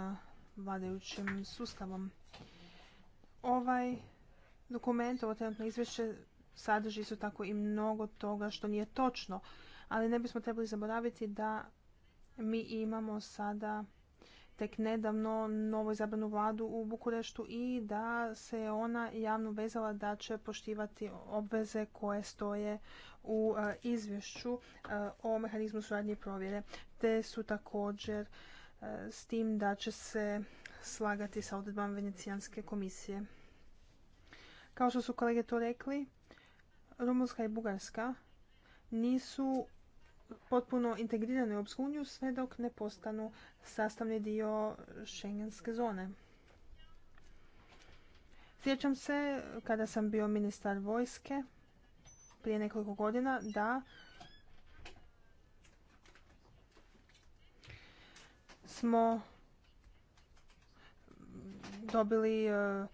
vladajućim sustavom. Ovaj dokument, ovo trenutno izvješće sadrži su tako i mnogo toga što nije točno, ali ne bismo trebali zaboraviti da mi imamo sada tek nedavno novo izabranu vladu u Bukureštu i da se je ona javno vezala da će poštivati obveze koje stoje u e, izvješću e, o mehanizmu suradnje i provjere, te su također e, s tim da će se slagati sa odredbama Venecijanske komisije. Kao što su kolege to rekli, Rumunska i Bugarska nisu potpuno integrirane u Europsku uniju sve dok ne postanu sastavni dio šengenske zone. Sjećam se kada sam bio ministar vojske prije nekoliko godina da smo dobili eh,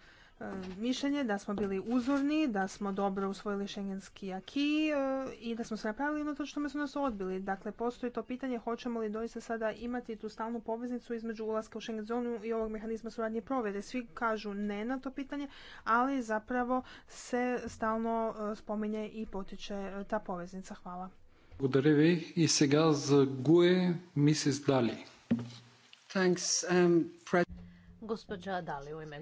E, mišljenje da smo bili uzorni, da smo dobro usvojili šengenski aki e, i da smo se napravili na to što me su nas odbili. Dakle, postoji to pitanje hoćemo li doista sada imati tu stalnu poveznicu između ulaska u Schengen zonu i ovog mehanizma suradnje provede. Svi kažu ne na to pitanje, ali zapravo se stalno e, spominje i potiče ta poveznica. Hvala. Благодаря Dali u ime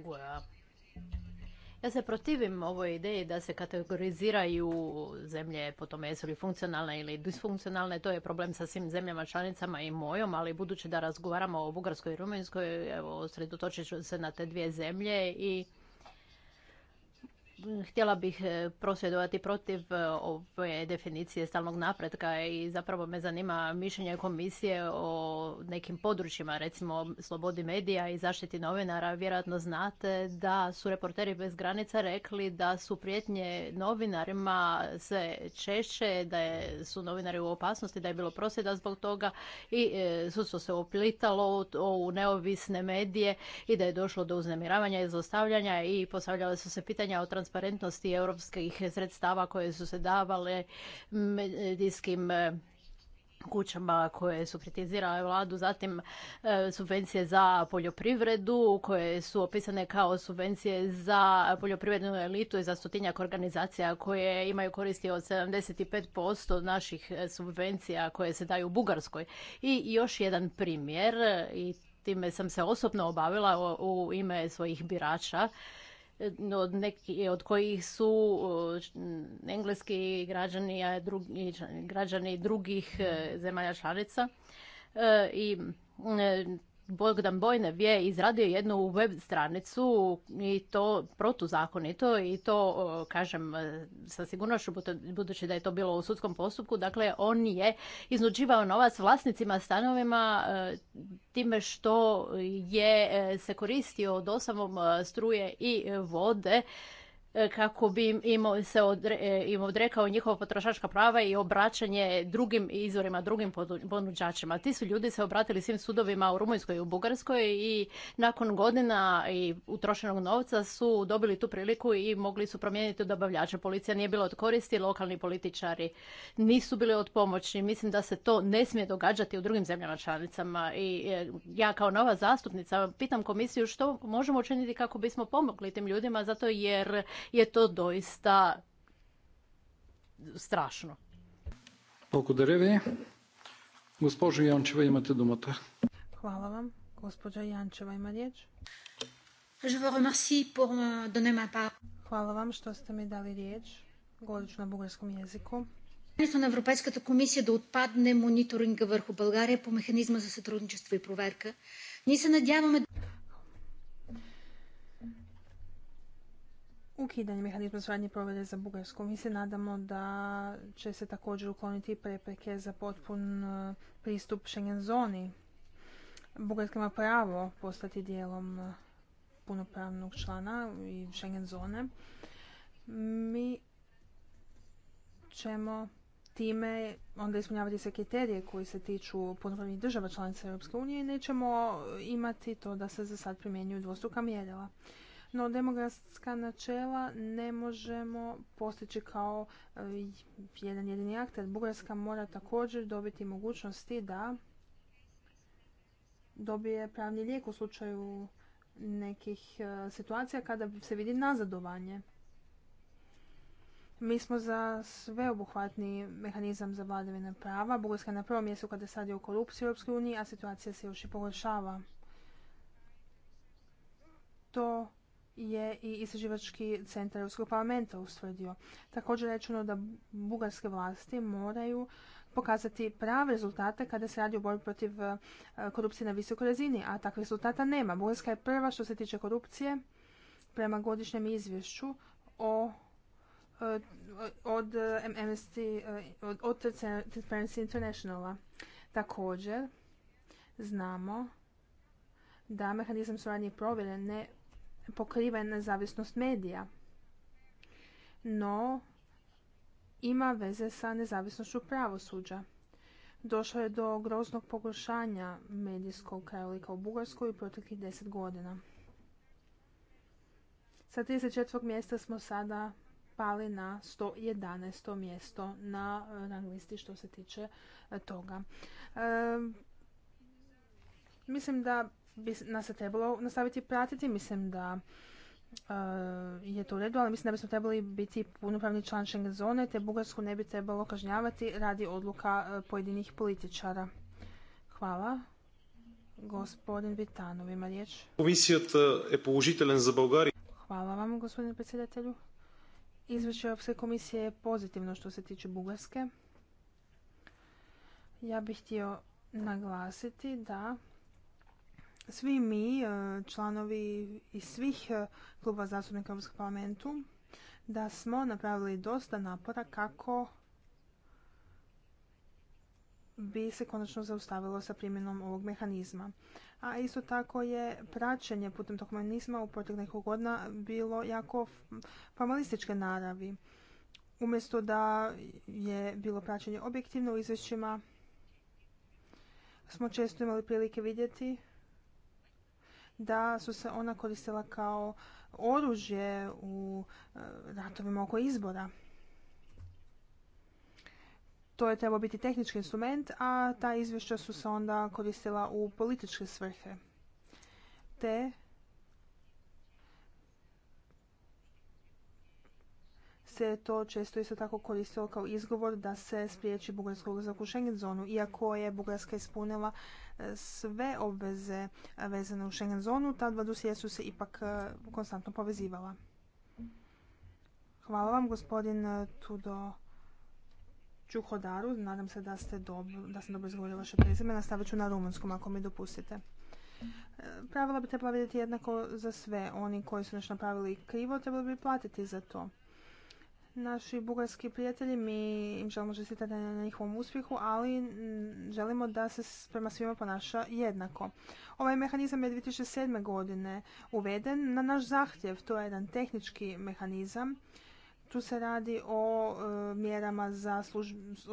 ja se protivim ovoj ideji da se kategoriziraju zemlje po tome jesu li funkcionalne ili disfunkcionalne. To je problem sa svim zemljama članicama i mojom, ali budući da razgovaramo o Bugarskoj i Rumunjskoj, evo, sredotočit ću se na te dvije zemlje i Htjela bih e, prosvjedovati protiv e, ove definicije stalnog napretka i zapravo me zanima mišljenje komisije o nekim područjima, recimo slobodi medija i zaštiti novinara. Vjerojatno znate da su reporteri bez granica rekli da su prijetnje novinarima sve češće, da je, su novinari u opasnosti, da je bilo prosvjeda zbog toga i e, sudstvo se oplitalo u neovisne medije i da je došlo do uznemiravanja i zlostavljanja i postavljale su se pitanja o transparentnosti transparentnosti europskih sredstava koje su se davale medijskim eh, kućama koje su kritizirale vladu, zatim eh, subvencije za poljoprivredu koje su opisane kao subvencije za poljoprivrednu elitu i za stotinjak organizacija koje imaju koristi od 75% naših eh, subvencija koje se daju u Bugarskoj. I još jedan primjer i time sam se osobno obavila u ime svojih birača od, neki, od kojih su engleski građani, a drugi, građani drugih e, zemalja članica e, i e, Bogdan Bojnev je izradio jednu web stranicu i to protuzakonito i to kažem e, sa sigurnošću budući da je to bilo u sudskom postupku. Dakle, on je iznuđivao novac vlasnicima stanovima e, time što je e, se koristio dosavom struje i vode kako bi im se e, im odrekao njihova potrošačka prava i obraćanje drugim izvorima, drugim ponuđačima. Ti su ljudi se obratili svim sudovima u Rumunjskoj i u Bugarskoj i nakon godina i utrošenog novca su dobili tu priliku i mogli su promijeniti dobavljače. Policija nije bila od koristi, lokalni političari nisu bili od pomoći. Mislim da se to ne smije događati u drugim zemljama članicama i e, ja kao nova zastupnica pitam komisiju što možemo učiniti kako bismo pomogli tim ljudima zato jer je to doista strašno. Благодаря ви. Госпожо Янчева, имате думата. Хвала вам. Госпожа Янчева има реч. Je vous remercie pour me donner ma part. Хвала вам, що сте ми дали реч. Govorit на българском языку. Решението на Европейската комисия да отпадне мониторинга върху България по механизма за сътрудничество и проверка. Ние се надяваме... ukidanje mehanizma suradnje provede za Bugarsku. Mi se nadamo da će se također ukloniti prepreke za potpun e, pristup Schengen zoni. Bugarska ima pravo postati dijelom e, punopravnog člana i Schengen zone. Mi ćemo time onda ispunjavati se kriterije koji se tiču punopravnih država članica Europske unije i nećemo imati to da se za sad primjenjuju dvostruka mjerila no demografska načela ne možemo postići kao e, jedan jedini akter. Bugarska mora također dobiti mogućnosti da dobije pravni lijek u slučaju nekih e, situacija kada se vidi nazadovanje. Mi smo za sveobuhvatni mehanizam za vladavine prava. Bugarska je na prvom mjestu kada sad je o korupciji u Europskoj uniji, a situacija se još i pogoršava. To je i istraživački centar Europskog parlamenta ustvrdio. Također rečeno da bugarske vlasti moraju pokazati prave rezultate kada se radi o borbi protiv e, korupcije na visokoj razini, a takvih rezultata nema. Bugarska je prva što se tiče korupcije prema godišnjem izvješću o e, od e, MST, od, Transparency Internationala. Također, znamo da mehanizam suradnje provjere ne pokriva nezavisnost medija, no ima veze sa nezavisnošću pravosuđa. Došlo je do groznog pogoršanja medijskog krajolika u Bugarskoj u proteklih deset godina. Sa 34. mjesta smo sada pali na 111. mjesto na eh, rang listi što se tiče eh, toga. mislim da bi nas se trebalo nastaviti pratiti. Mislim da e, je to u redu, ali mislim da bismo trebali biti punopravni član Schengen zone, te Bugarsku ne bi trebalo kažnjavati radi odluka e, pojedinih političara. Hvala. Gospodin Vitanov ima riječ. Komisijat e, je použiteljen za Bulgariju. Hvala vam, gospodine predsjedatelju. Izvješće Europske komisije je pozitivno što se tiče Bugarske. Ja bih htio naglasiti da svi mi, e, članovi iz svih e, kluba zastupnika u Europskom parlamentu, da smo napravili dosta napora kako bi se konačno zaustavilo sa primjenom ovog mehanizma. A isto tako je praćenje putem tog mehanizma u proteklih nekog godina bilo jako formalističke naravi. Umjesto da je bilo praćenje objektivno u izvješćima, smo često imali prilike vidjeti da su se ona koristila kao oružje u e, ratovima oko izbora. To je trebao biti tehnički instrument, a ta izvješća su se onda koristila u političke svrhe. Te se to često isto tako koristilo kao izgovor da se spriječi Bugarsku ulazak u Schengen zonu, iako je Bugarska ispunila sve obveze vezane u Schengen zonu, ta dva dosije su se ipak e, konstantno povezivala. Hvala vam gospodin e, Tudo Čuhodaru. Nadam se da ste dobro, da sam dobro izgovorila vaše prezime. Nastavit ću na rumunskom ako mi dopustite. E, pravila bi trebala vidjeti jednako za sve. Oni koji su nešto napravili krivo trebali bi platiti za to naši bugarski prijatelji, mi im želimo čestitati na njihovom uspjehu, ali želimo da se prema svima ponaša jednako. Ovaj mehanizam je 2007. godine uveden na naš zahtjev, to je jedan tehnički mehanizam. Tu se radi o e, mjerama za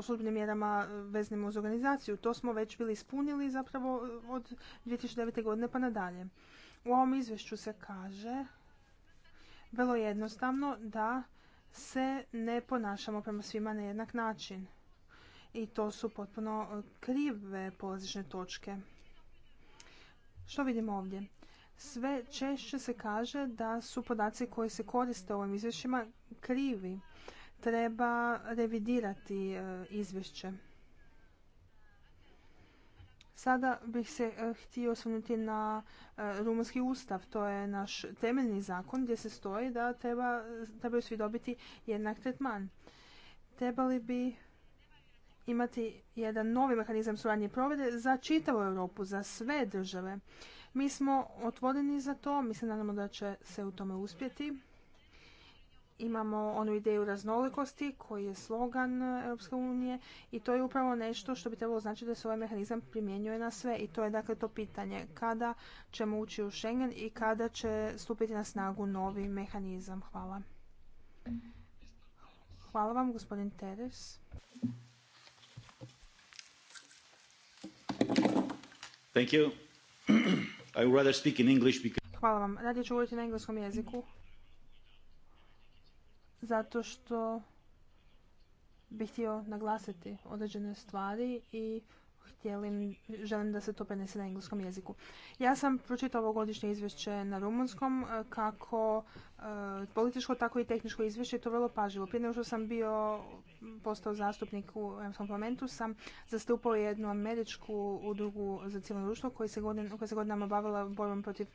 službenim mjerama veznim uz organizaciju. To smo već bili ispunili zapravo e, od 2009. godine pa nadalje. U ovom izvješću se kaže vrlo jednostavno da se ne ponašamo prema svima na jednak način. I to su potpuno e, krive polazične točke. Što vidimo ovdje? Sve češće se kaže da su podaci koji se koriste u ovim izvješćima krivi. Treba revidirati e, izvješće. Sada bih se e, htio osvrnuti na e, rumunski ustav. To je naš temeljni zakon gdje se stoji da trebaju svi dobiti jednak tretman. Trebali bi imati jedan novi mehanizam suradnje i provede za čitavu Europu, za sve države. Mi smo otvoreni za to, mi se nadamo da će se u tome uspjeti imamo onu ideju raznolikosti koji je slogan Europske unije i to je upravo nešto što bi trebalo značiti da se ovaj mehanizam primjenjuje na sve i to je dakle to pitanje kada ćemo ući u Schengen i kada će stupiti na snagu novi mehanizam. Hvala. Hvala vam gospodin Teres. Thank you. I rather speak in English because... Hvala vam. Radije ću govoriti na engleskom jeziku zato što bih htio naglasiti određene stvari i htjelim, želim da se to prenese na engleskom jeziku. Ja sam pročitao godišnje izvješće na rumunskom eh, kako E, političko, tako i tehničko izvješće je to vrlo pažljivo. Prije nego što sam bio postao zastupnik u Europskom parlamentu, sam zastupao jednu američku udrugu za civilno društvo koja se, godinama bavila borbom protiv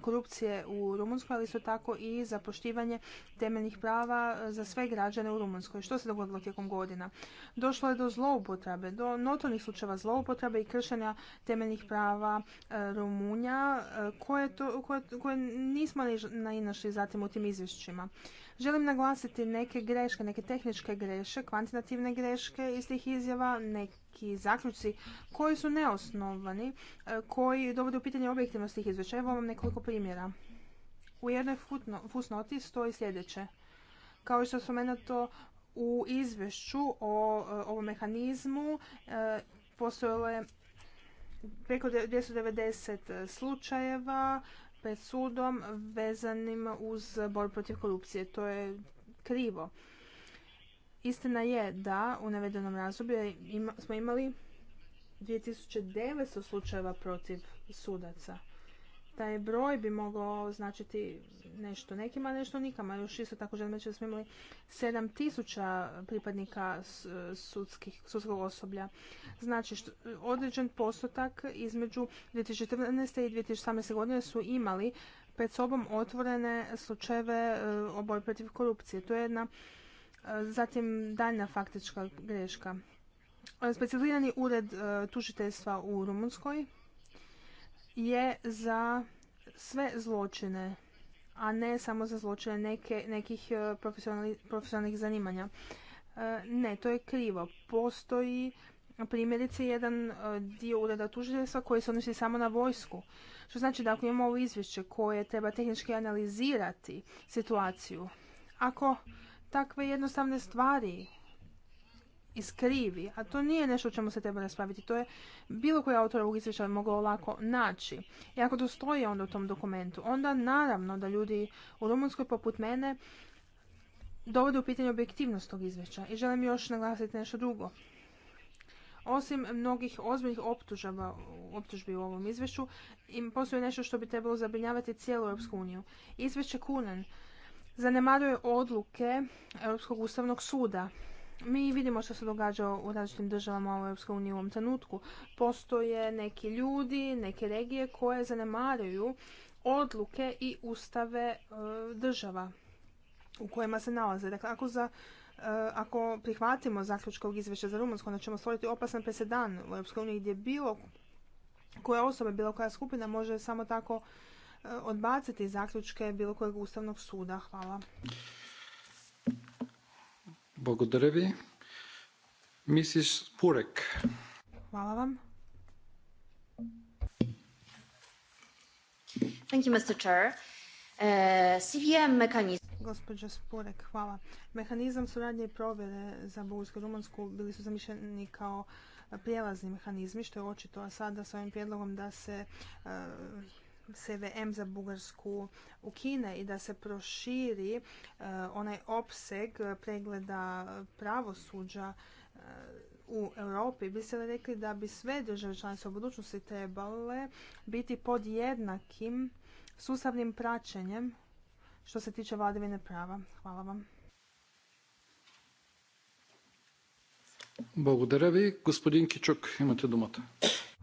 korupcije u Rumunskoj, ali isto tako i za poštivanje temeljnih prava za sve građane u Rumunskoj. Što se dogodilo tijekom godina? Došlo je do zloupotrebe, do notornih slučajeva zloupotrebe i kršenja temeljnih prava e, Rumunja e, koje, nismo na zatim u tim izvješćima. Želim naglasiti neke greške, neke tehničke greške, kvantitativne greške iz tih izjava, neki zaključci koji su neosnovani, e, koji dovode u pitanje objektivnosti tih izvješća. Evo vam nekoliko primjera. U jednoj fusnoti stoji sljedeće. Kao što je spomenuto u izvješću o e, ovom mehanizmu e, postojalo je preko 290 slučajeva pred sudom vezanim uz bor protiv korupcije. To je krivo. Istina je da u navedenom razdoblju smo imali 2900 slučajeva protiv sudaca taj broj bi mogao značiti nešto nekima, nešto nikama. Još isto tako želim reći da smo imali 7000 pripadnika sudskih, sudskog osoblja. Znači, što, određen postotak između 2014. i 2018. godine su imali pred sobom otvorene slučajeve e, o protiv korupcije. To je jedna e, zatim daljna faktička greška. Specializirani ured e, tužiteljstva u Rumunskoj je za sve zločine, a ne samo za zločine neke, nekih e, profesionalnih zanimanja. E, ne, to je krivo. Postoji primjerice jedan e, dio ureda tužiteljstva koji se odnosi samo na vojsku. Što znači da ako imamo ovo izvješće koje treba tehnički analizirati situaciju, ako takve jednostavne stvari iskrivi, a to nije nešto o čemu se treba raspraviti. To je bilo koji autor ovog izvješća mogao lako naći. I ako to stoji onda u tom dokumentu, onda naravno da ljudi u Rumunskoj poput mene dovode u pitanje objektivnost tog izvješća. I želim još naglasiti nešto drugo. Osim mnogih ozbiljnih optužbi u ovom izvješću, im postoji nešto što bi trebalo zabrinjavati cijelu Europsku uniju. Izvješće Kunen zanemaruje odluke Europskog ustavnog suda mi vidimo što se događa u različitim državama u EU u ovom trenutku. Postoje neki ljudi, neke regije koje zanemaruju odluke i ustave e, država u kojima se nalaze. Dakle, ako za e, ako prihvatimo zaključke ovog izvješća za Rumunsko, onda ćemo stvoriti opasan presedan u EU gdje bilo koja osoba, bilo koja skupina može samo tako e, odbaciti zaključke bilo kojeg ustavnog suda. Hvala. Благодаря ви. Мисис Hvala vam. Thank you, Mr. Chair. Uh, spurek hvala. Mehanizam suradnje i provjere za Bugarsku i Rumunsku bili su zamišljeni kao prijelazni mehanizmi, što je očito, a sada s ovim prijedlogom da se uh, CVM za Bugarsku ukine i da se proširi e, onaj opseg pregleda pravosuđa e, u Europi, bi li rekli da bi sve države članice u budućnosti trebale biti pod jednakim sustavnim praćenjem što se tiče vladavine prava? Hvala vam.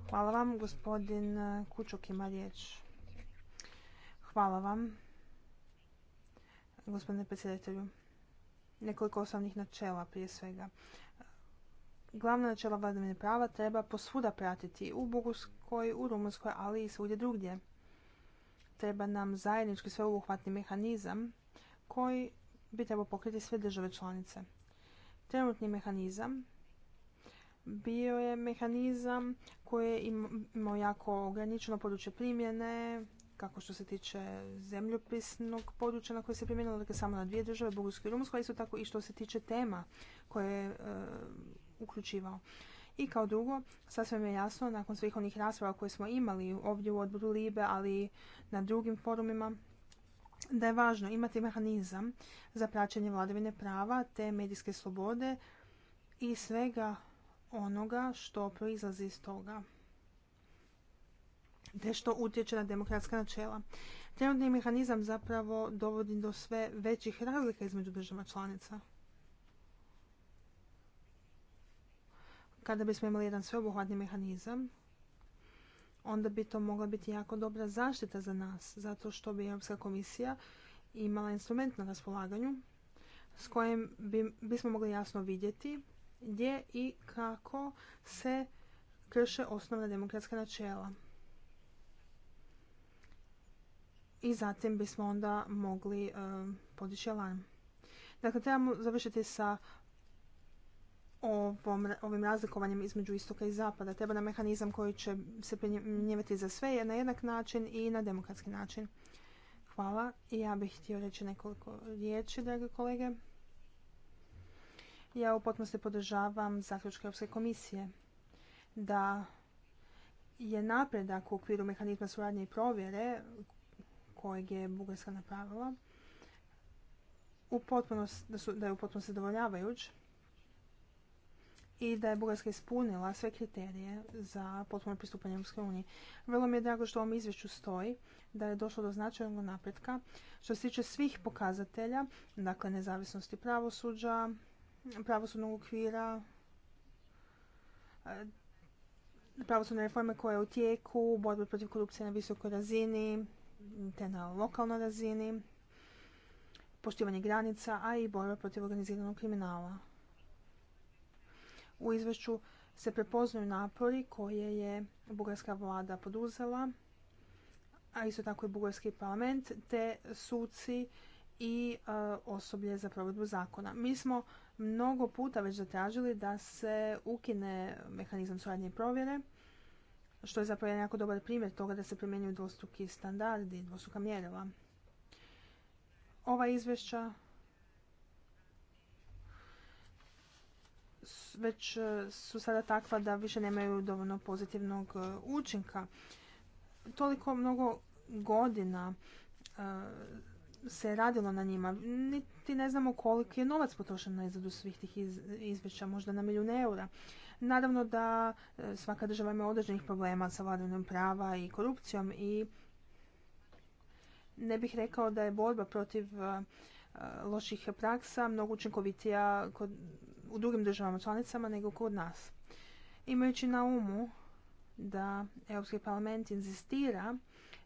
Hvala vam, gospodin Kučok ima riječ. Hvala vam, gospodine predsjedatelju. Nekoliko osnovnih načela prije svega. Glavna načela vladavine prava treba posvuda pratiti u Bugarskoj, u Rumunskoj, ali i svugdje drugdje. Treba nam zajednički sveobuhvatni mehanizam koji bi trebao pokriti sve države članice. Trenutni mehanizam bio je mehanizam koji je imao jako ograničeno područje primjene, kako što se tiče zemljopisnog područja na koje se primijenilo, dakle samo na dvije države, Bugarsku i Rumunsku, a isto tako i što se tiče tema koje je uključivao. I kao drugo, sasvim je jasno, nakon svih onih rasprava koje smo imali ovdje u odboru Libe, ali i na drugim forumima, da je važno imati mehanizam za praćenje vladavine prava te medijske slobode i svega onoga što proizlazi iz toga te što utječe na demokratska načela. Trenutni mehanizam zapravo dovodi do sve većih razlika između država članica. Kada bismo imali jedan sveobuhvatni mehanizam, onda bi to mogla biti jako dobra zaštita za nas, zato što bi Europska komisija imala instrument na raspolaganju s kojim bismo mogli jasno vidjeti gdje i kako se krše osnovna demokratska načela. i zatim bismo onda mogli e, podići alarm. Dakle, trebamo završiti sa ovim razlikovanjem između istoka i zapada. Treba na mehanizam koji će se primjenjivati za sve na jednak način i na demokratski način. Hvala. I ja bih htio reći nekoliko riječi, drage kolege. Ja u potpunosti podržavam zaključke Europske komisije da je napredak u okviru mehanizma suradnje i provjere kojeg je Bugarska napravila u da, je u potpunosti zadovoljavajuć i da je Bugarska ispunila sve kriterije za potpuno pristupanje Europske uniji. Vrlo mi je drago što u ovom izvješću stoji da je došlo do značajnog napretka što se tiče svih pokazatelja, dakle nezavisnosti pravosuđa, pravosudnog okvira, eh, pravosudne reforme koja je u tijeku, borbe protiv korupcije na visokoj razini, te na lokalnoj razini, poštivanje granica, a i borba protiv organiziranog kriminala. U izvešću se prepoznaju napori koje je bugarska vlada poduzela, a isto tako i bugarski parlament, te suci i e, osoblje za provedbu zakona. Mi smo mnogo puta već zatražili da se ukine mehanizam suradnje i provjere, što je zapravo jedan jako dobar primjer toga da se primjenjuju dvostruki standardi, dvostruka mjerila. Ova izvješća već e, su sada takva da više nemaju dovoljno pozitivnog e, učinka. Toliko mnogo godina e, se radilo na njima. Niti ne znamo koliko je novac potrošen na izradu svih tih izvješća, možda na milijun eura. Naravno da e, svaka država ima određenih problema sa vladavinom prava i korupcijom i ne bih rekao da je borba protiv e, loših praksa mnogo učinkovitija u drugim državama članicama nego kod nas. Imajući na umu da Europski parlament inzistira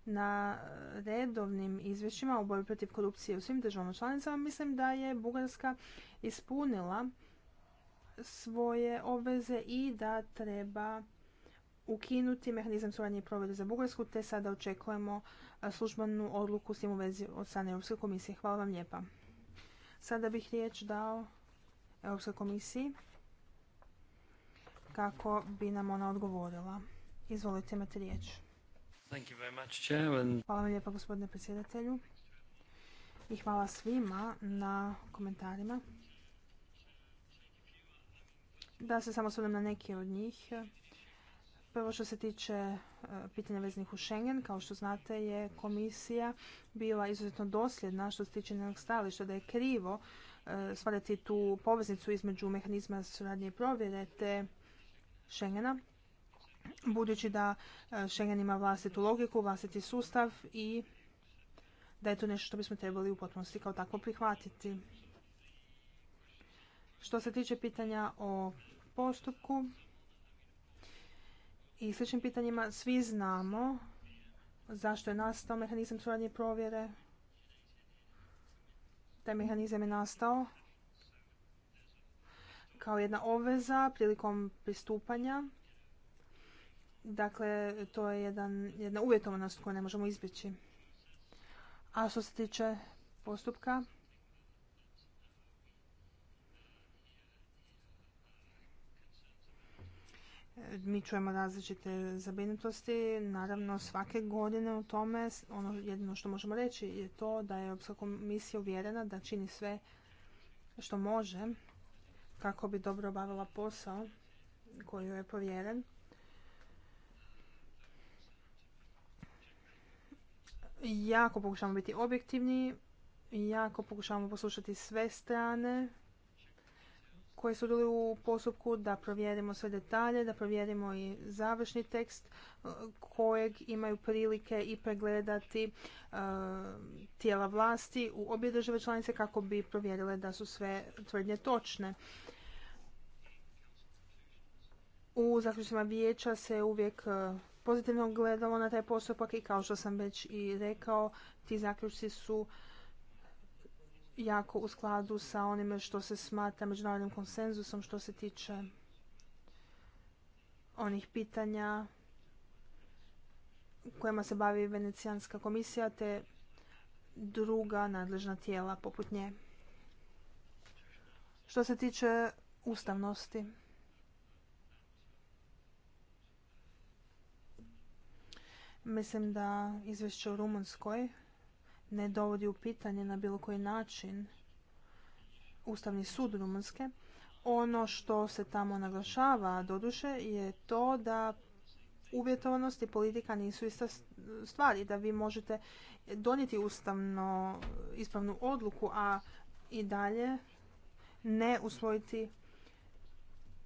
na redovnim izvješćima o borbi protiv korupcije u svim državama članicama, mislim da je Bugarska ispunila svoje obveze i da treba ukinuti mehanizam suradnje i provjere za Bugarsku, te sada očekujemo službenu odluku s tim u vezi od strane Europske komisije. Hvala vam lijepa. Sada bih riječ dao Europskoj komisiji kako bi nam ona odgovorila. Izvolite, imate riječ. Hvala vam lijepa gospodine predsjedatelju i hvala svima na komentarima da se samo sudem na neke od njih. Prvo što se tiče e, pitanja veznih u Schengen, kao što znate je komisija bila izuzetno dosljedna što se tiče njenog stajališta da je krivo e, stvarati tu poveznicu između mehanizma suradnje i provjere te Schengena, budući da e, Schengen ima vlastitu logiku, vlastiti sustav i da je to nešto što bismo trebali u potpunosti kao takvo prihvatiti. Što se tiče pitanja o postupku i sličnim pitanjima svi znamo zašto je nastao mehanizam suradnje provjere. Taj mehanizam je nastao kao jedna obveza prilikom pristupanja. Dakle, to je jedan, jedna uvjetovanost koju ne možemo izbjeći. A što se tiče postupka, mi čujemo različite zabrinutosti, naravno svake godine o tome. Ono jedino što možemo reći je to da je Europska komisija uvjerena da čini sve što može kako bi dobro obavila posao koji je povjeren. Jako pokušavamo biti objektivni, jako pokušavamo poslušati sve strane koji su bili u postupku, da provjerimo sve detalje, da provjerimo i završni tekst e, kojeg imaju prilike i pregledati e, tijela vlasti u obje države članice kako bi provjerile da su sve tvrdnje točne. U zaključima vijeća se uvijek e, pozitivno gledalo na taj postupak i kao što sam već i rekao, ti zaključci su jako u skladu sa onime što se smatra međunarodnim konsenzusom što se tiče onih pitanja kojima se bavi Venecijanska komisija te druga nadležna tijela poput nje. Što se tiče ustavnosti, mislim da izvješće u Rumunskoj ne dovodi u pitanje na bilo koji način Ustavni sud Rumunske. Ono što se tamo naglašava, doduše, je to da uvjetovanost i politika nisu ista stvar i da vi možete donijeti ustavno ispravnu odluku, a i dalje ne usvojiti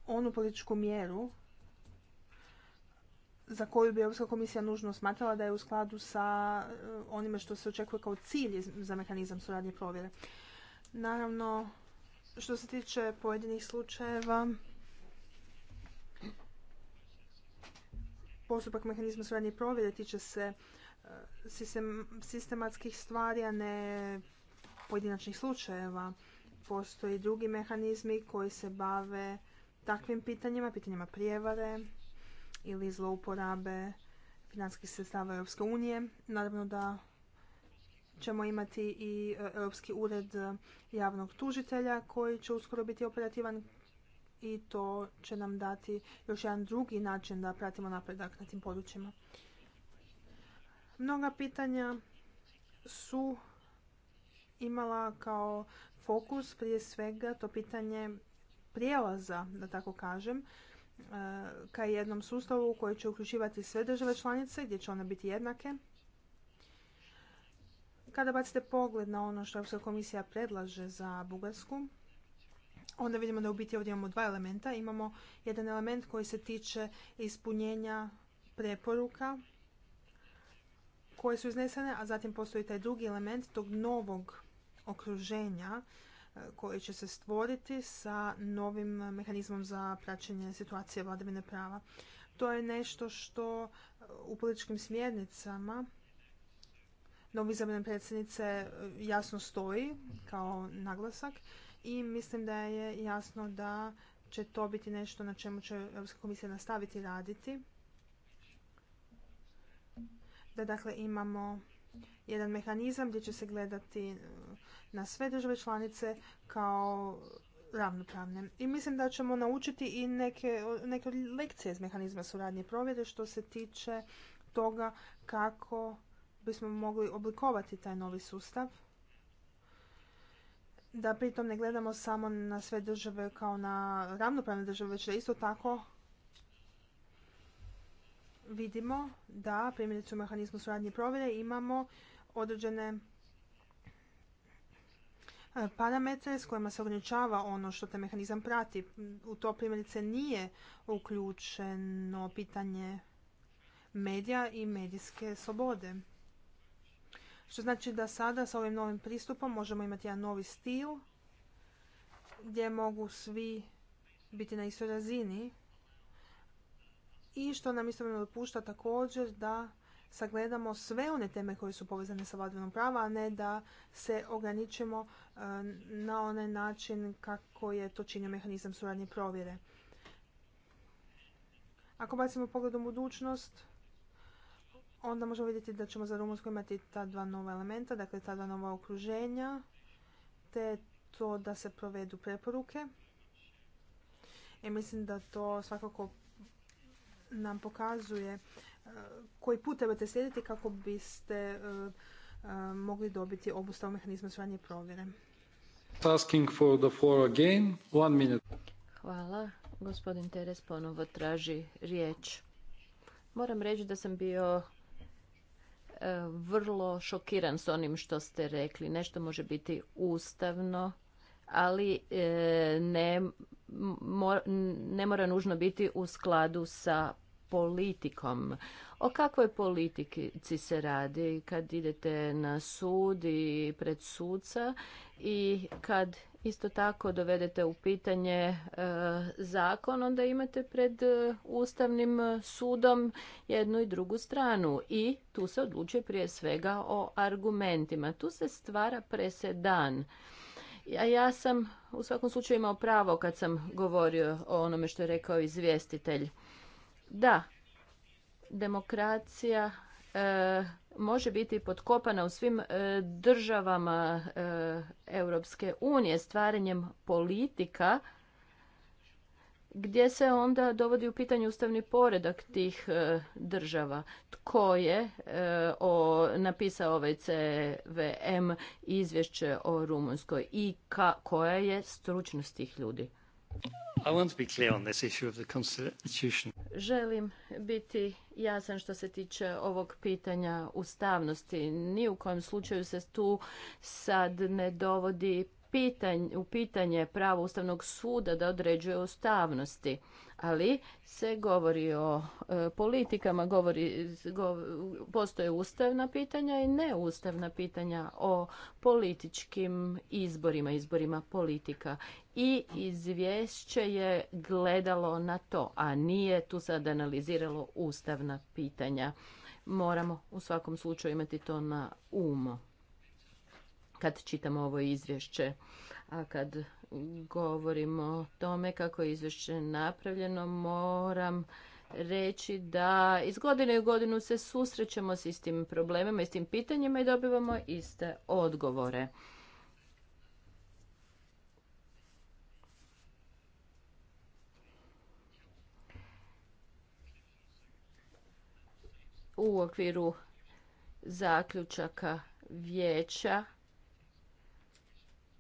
onu političku mjeru za koju bi Europska komisija nužno smatrala da je u skladu sa eh, onime što se očekuje kao cilj za mehanizam suradnje provjere. Naravno, što se tiče pojedinih slučajeva, postupak mehanizma suradnje provjere tiče se eh, sistematskih stvari, a ne pojedinačnih slučajeva. Postoji drugi mehanizmi koji se bave takvim pitanjima, pitanjima prijevare, ili zlouporabe financijskih sredstava Europske unije. Naravno da ćemo imati i e, Europski ured e, javnog tužitelja koji će uskoro biti operativan i to će nam dati još jedan drugi način da pratimo napredak na tim područjima. Mnoga pitanja su imala kao fokus prije svega to pitanje prijelaza, da tako kažem, ka jednom sustavu koji će uključivati sve države članice, gdje će one biti jednake. Kada bacite pogled na ono što Europska komisija predlaže za Bugarsku, onda vidimo da u biti ovdje imamo dva elementa. Imamo jedan element koji se tiče ispunjenja preporuka koje su iznesene, a zatim postoji taj drugi element tog novog okruženja koji će se stvoriti sa novim mehanizmom za praćenje situacije vladavine prava. To je nešto što uh, u političkim smjernicama novi izabrane predsjednice uh, jasno stoji kao naglasak i mislim da je jasno da će to biti nešto na čemu će Europska komisija nastaviti raditi. Da dakle imamo jedan mehanizam gdje će se gledati e, na sve države članice kao ravnopravne. I mislim da ćemo naučiti i neke, neke lekcije iz mehanizma suradnje provjere što se tiče toga kako bismo mogli oblikovati taj novi sustav da pritom ne gledamo samo na sve države kao na ravnopravne države, već da isto tako vidimo da primjerice u mehanizmu suradnje provjere imamo određene e, parametre s kojima se ograničava ono što te mehanizam prati. U to primjerice nije uključeno pitanje medija i medijske slobode. Što znači da sada sa ovim novim pristupom možemo imati jedan novi stil gdje mogu svi biti na istoj razini i što nam istovremeno dopušta također da sagledamo sve one teme koje su povezane sa vladavinom prava, a ne da se ograničimo e, na onaj način kako je to činio mehanizam suradnje provjere. Ako bacimo pogled u budućnost, onda možemo vidjeti da ćemo za Rumunsku imati ta dva nova elementa, dakle ta dva nova okruženja, te to da se provedu preporuke. I e, mislim da to svakako nam pokazuje e, koji put trebate slijediti kako biste e, e, mogli dobiti obustavu mehanizma suradnje provjere. Hvala. Gospodin Teres ponovo traži riječ. Moram reći da sam bio vrlo šokiran s onim što ste rekli. Nešto može biti ustavno, ali ne, ne mora nužno biti u skladu sa politikom. O kakvoj politici se radi kad idete na sud i pred suca i kad isto tako dovedete u pitanje e, zakon, onda imate pred e, Ustavnim sudom jednu i drugu stranu i tu se odlučuje prije svega o argumentima. Tu se stvara presedan. Ja, ja sam u svakom slučaju imao pravo kad sam govorio o onome što je rekao izvjestitelj. Da, demokracija e, može biti podkopana u svim e, državama e, Europske unije stvaranjem politika gdje se onda dovodi u pitanje ustavni poredak tih e, država. Tko je napisao ovaj CVM izvješće o Rumunskoj i ka, koja je stručnost tih ljudi? Želim biti jasan što se tiče ovog pitanja ustavnosti. Ni u kojem slučaju se tu sad ne dovodi u pitanje pravo Ustavnog suda da određuje ustavnosti, ali se govori o e, politikama, govori, postoje ustavna pitanja i neustavna pitanja o političkim izborima, izborima politika. I izvješće je gledalo na to, a nije tu sad analiziralo ustavna pitanja. Moramo u svakom slučaju imati to na umu kad čitamo ovo izvješće. A kad govorimo o tome kako je izvješće napravljeno, moram reći da iz godine u godinu se susrećemo s istim problemima, istim pitanjima i dobivamo iste odgovore. U okviru zaključaka vijeća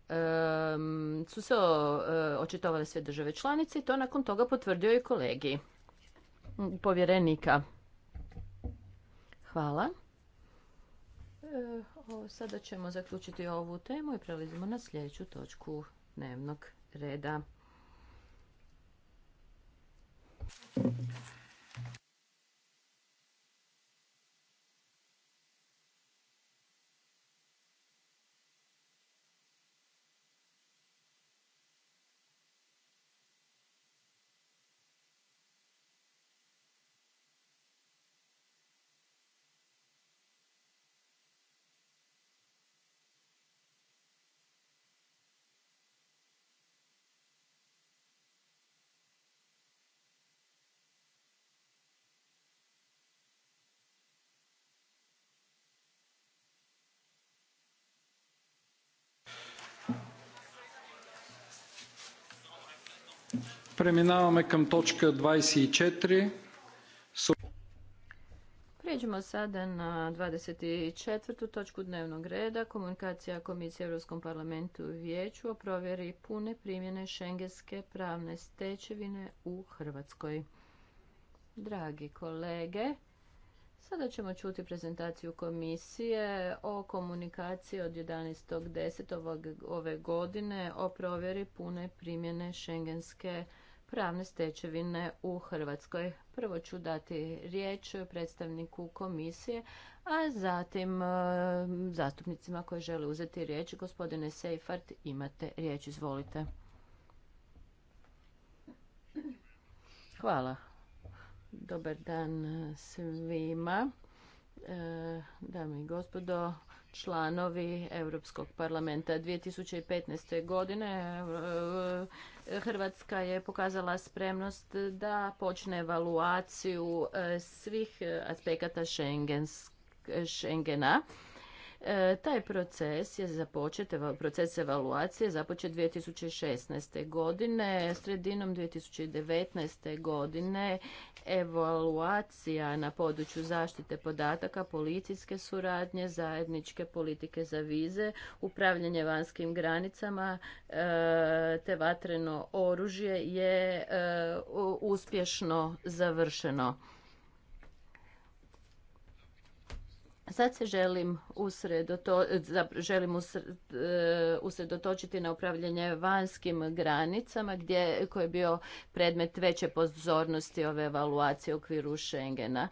su se e, očitovale sve države članice i to nakon toga potvrdio i kolegi povjerenika. Hvala. E, sada ćemo zaključiti ovu temu i prelazimo na sljedeću točku dnevnog reda. Преминаваме към точка 24. Prijeđemo sada na 24. točku dnevnog reda, komunikacija Komisije Europskom parlamentu i vijeću o provjeri pune primjene šengenske pravne stečevine u Hrvatskoj. Dragi kolege, sada ćemo čuti prezentaciju komisije o komunikaciji od 11.10. ove godine o provjeri pune primjene šengenske pravne pravne stečevine u Hrvatskoj. Prvo ću dati riječ predstavniku komisije, a zatim e, zastupnicima koji žele uzeti riječ. Gospodine Seifert, imate riječ, izvolite. Hvala. Dobar dan svima. E, dame i gospodo, članovi Europskog parlamenta. 2015. godine eh, Hrvatska je pokazala spremnost da počne evaluaciju eh, svih aspekata Schengena. Eh, taj proces je započet, proces evaluacije započet 2016. godine. Sredinom 2019. godine evaluacija na području zaštite podataka, policijske suradnje, zajedničke politike za vize, upravljanje vanjskim granicama e, te vatreno oružje je e, uspješno završeno. Sad se želim, usredoto, želim e, usredotočiti na upravljanje vanjskim granicama gdje, koji je bio predmet veće pozornosti ove evaluacije u okviru Schengena.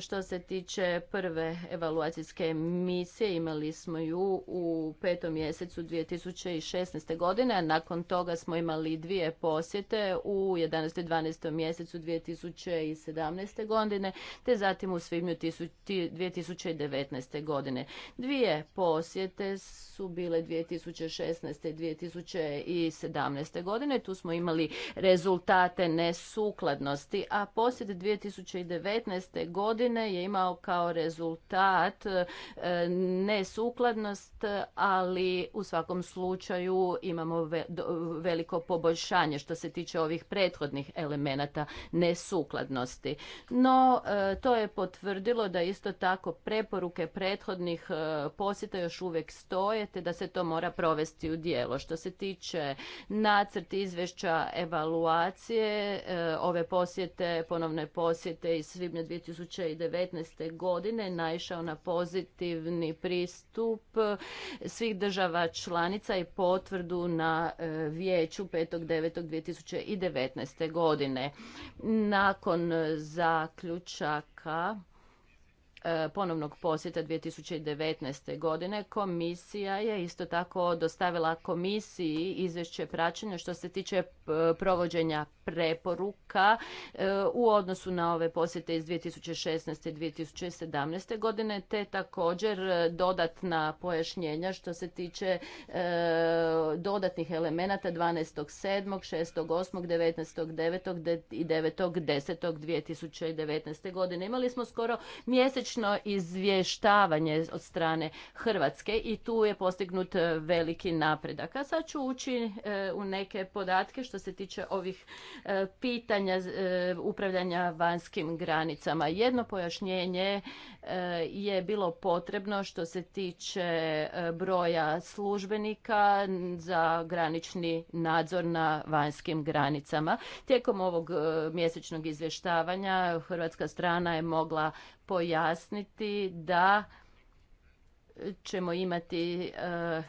Što se tiče prve evaluacijske misije, imali smo ju u petom mjesecu 2016. godine, nakon toga smo imali dvije posjete u 11. i 12. mjesecu 2017. godine, te zatim u svibnju 2019. godine. Dvije posjete su bile 2016. i 2017. godine. Tu smo imali rezultate nesukladnosti, a posjet 2019. godine godine je imao kao rezultat e, nesukladnost, ali u svakom slučaju imamo veliko poboljšanje što se tiče ovih prethodnih elemenata nesukladnosti. No, e, to je potvrdilo da isto tako preporuke prethodnih e, posjeta još uvijek stoje, te da se to mora provesti u dijelo. Što se tiče nacrt izvješća evaluacije, ove posjete, ponovne posjete iz svibnja 2000 2019. godine naišao na pozitivni pristup svih država članica i potvrdu na e, vijeću 5.9.2019. godine. Nakon e, zaključaka E, ponovnog posjeta 2019. godine komisija je isto tako dostavila komisiji izvješće praćenja što se tiče e, provođenja preporuka e, u odnosu na ove posjete iz 2016. i 2017. godine te također dodatna pojašnjenja što se tiče dodatnih elemenata 12.7., 6.8., 19.9. i 9.10. 2019. godine. Imali smo skoro mjesec izvještavanje od strane Hrvatske i tu je postignut e, veliki napredak. A sad ću ući e, u neke podatke što se tiče ovih e, pitanja upravljanja vanjskim granicama. Jedno pojašnjenje je bilo potrebno što se tiče broja službenika za granični nadzor na vanjskim granicama. Tijekom ovog mjesečnog izvještavanja hrvatska strana je mogla pojasniti da ćemo imati eh,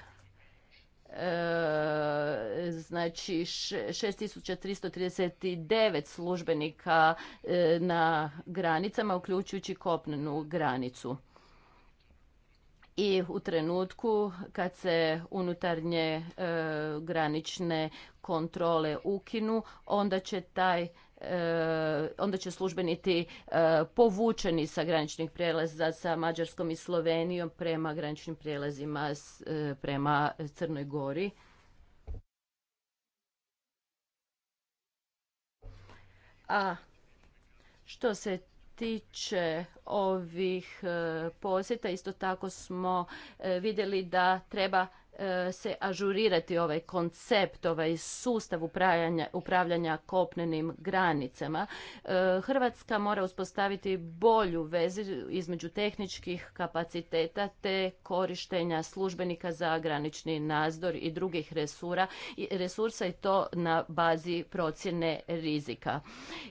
eh, znači 6339 službenika eh, na granicama uključujući kopnenu granicu. I u trenutku kad se unutarnje granične kontrole ukinu, onda će taj onda će službeniti e, povučeni sa graničnih prijelaza sa Mađarskom i Slovenijom prema graničnim prijelazima e, prema Crnoj Gori. A što se tiče ovih e, posjeta, isto tako smo vidjeli da treba E, se ažurirati ovaj koncept, ovaj sustav upravljanja kopnenim granicama. E, Hrvatska mora uspostaviti bolju vezu između tehničkih kapaciteta te korištenja službenika za granični nadzor i drugih resura, resursa i to na bazi procjene rizika.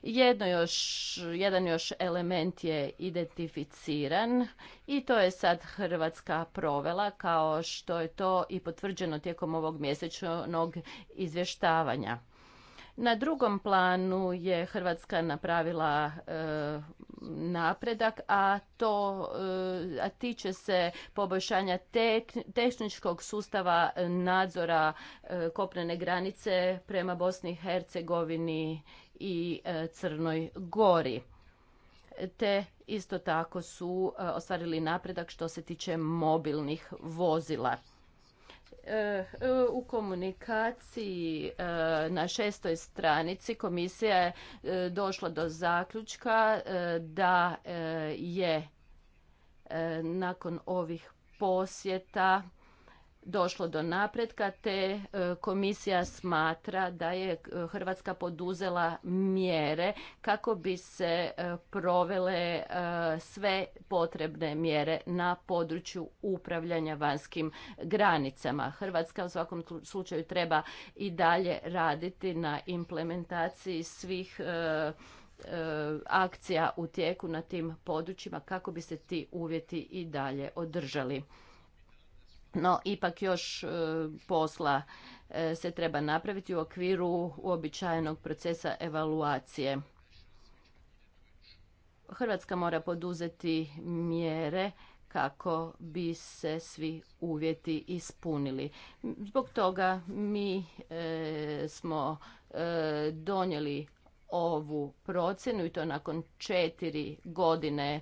Jedno još, jedan još element je identificiran i to je sad Hrvatska provela kao što je to i potvrđeno tijekom ovog mjesečnog izvještavanja. Na drugom planu je Hrvatska napravila e, napredak, a to e, a tiče se poboljšanja tehničkog sustava nadzora e, kopnene granice prema Bosni i Hercegovini i Crnoj Gori. Te Isto tako su e, ostvarili napredak što se tiče mobilnih vozila. E, e, u komunikaciji na šestoj stranici komisija je došla do zaključka da je nakon ovih posjeta došlo do napretka te e, komisija smatra da je e, Hrvatska poduzela mjere kako bi se e, provele sve potrebne mjere na području upravljanja vanjskim granicama. Hrvatska u svakom slučaju treba i dalje raditi na implementaciji svih akcija u tijeku na tim područjima kako bi se ti uvjeti i dalje održali no ipak još e, posla e, se treba napraviti u okviru uobičajenog procesa evaluacije. Hrvatska mora poduzeti mjere kako bi se svi uvjeti ispunili. Zbog toga mi e, smo donijeli ovu procjenu i to nakon četiri godine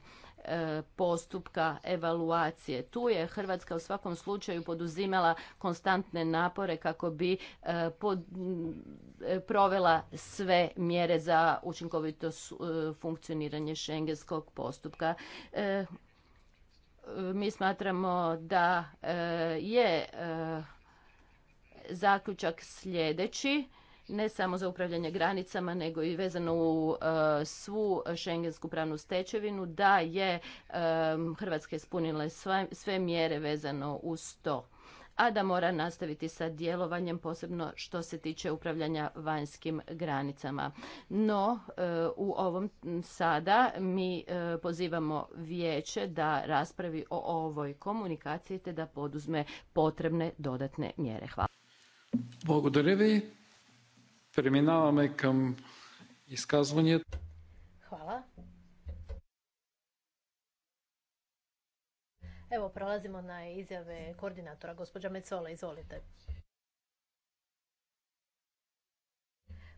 postupka evaluacije. Tu je Hrvatska u svakom slučaju poduzimala konstantne napore kako bi e, pod, e, provela sve mjere za učinkovito e, funkcioniranje šengenskog postupka mi smatramo da je zaključak sljedeći ne samo za upravljanje granicama, nego i vezano u e, svu šengensku pravnu stečevinu, da je e, Hrvatska ispunila sve, sve mjere vezano uz to a da mora nastaviti sa djelovanjem posebno što se tiče upravljanja vanjskim granicama. No, e, u ovom sada mi pozivamo vijeće da raspravi o ovoj komunikaciji te da poduzme potrebne dodatne mjere. Hvala. Преминаваме към изказванията. Hvala. Evo, prelazimo na izjave koordinatora. Gospođa Mecola, izvolite.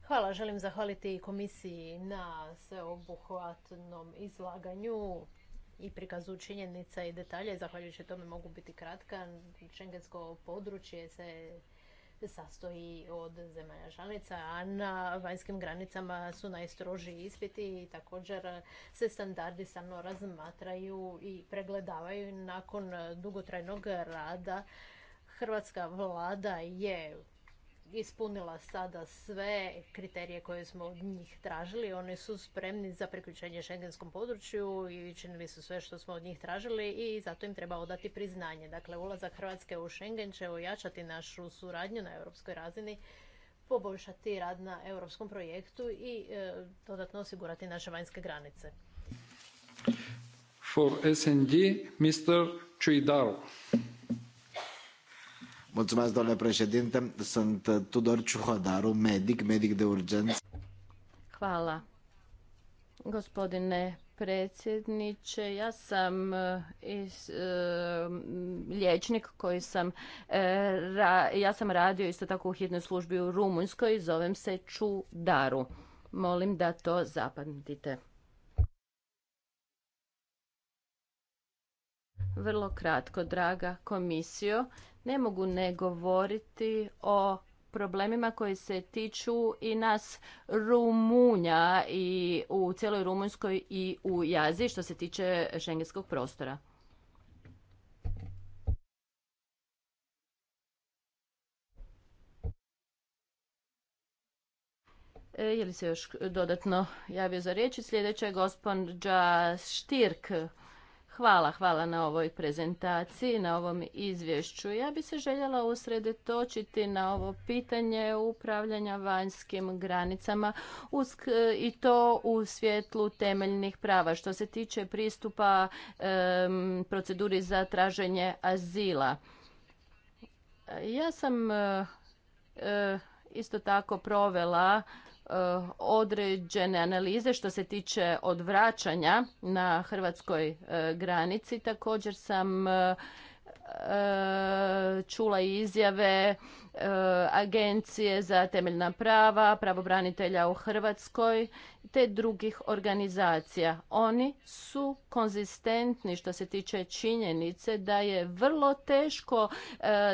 Hvala, želim zahvaliti komisiji na sveobuhvatnom izlaganju i prikazu činjenica i detalje. Zahvaljujući tome mogu biti kratka. Šengensko područje se sastoji od zemalja članica, a na vanjskim granicama su najstrožiji ispiti i također se standardi samo razmatraju i pregledavaju nakon dugotrajnog rada. Hrvatska vlada je ispunila sada sve kriterije koje smo od njih tražili. Oni su spremni za priključenje šengenskom području i učinili su sve što smo od njih tražili i zato im treba odati priznanje. Dakle, ulazak Hrvatske u Schengen će ojačati našu suradnju na europskoj razini, poboljšati rad na europskom projektu i e, dodatno osigurati naše vanjske granice. For SND, Mr domnule președinte sunt tudor Ciuhodaru, medic medic de urgență hvala gospodine predsjedniče ja sam eh, eh, liječnik koji sam eh, ja sam radio isto tako u hitnoj službi u rumunjskoj zovem se čudaru molim da to zapamtite Vrlo kratko, draga komisijo, ne mogu ne govoriti o problemima koji se tiču i nas Rumunja i u cijeloj Rumunjskoj i u Jazi što se tiče šengenskog prostora. E, je li se još dodatno javio za riječ? Sljedeća je gospođa Štirk. Hvala, hvala na ovoj prezentaciji, na ovom izvješću. Ja bi se željela usredetočiti na ovo pitanje upravljanja vanjskim granicama i to u svjetlu temeljnih prava. Što se tiče pristupa proceduri za traženje azila. Ja sam eh, eh, isto tako provela Eh, određene analize što se tiče odvraćanja na hrvatskoj eh, granici. Također sam eh, čula izjave Agencije za temeljna prava, pravobranitelja u Hrvatskoj te drugih organizacija. Oni su konzistentni što se tiče činjenice da je vrlo teško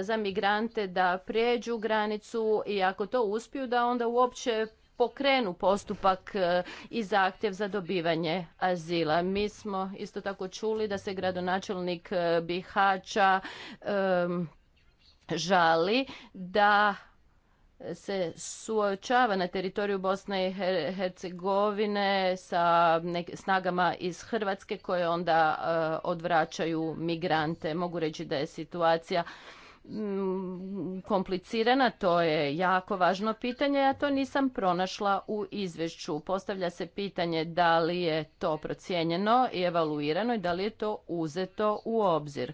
za migrante da prijeđu granicu i ako to uspiju da onda uopće pokrenu postupak e, i zahtjev za dobivanje azila. Mi smo isto tako čuli da se gradonačelnik e, Bihaća žali da se suočava na teritoriju Bosne i Hercegovine sa snagama iz Hrvatske koje onda e, odvraćaju migrante. Mogu reći da je situacija Mm, komplicirana, to je jako važno pitanje, ja to nisam pronašla u izvješću. Postavlja se pitanje da li je to procijenjeno i evaluirano i da li je to uzeto u obzir.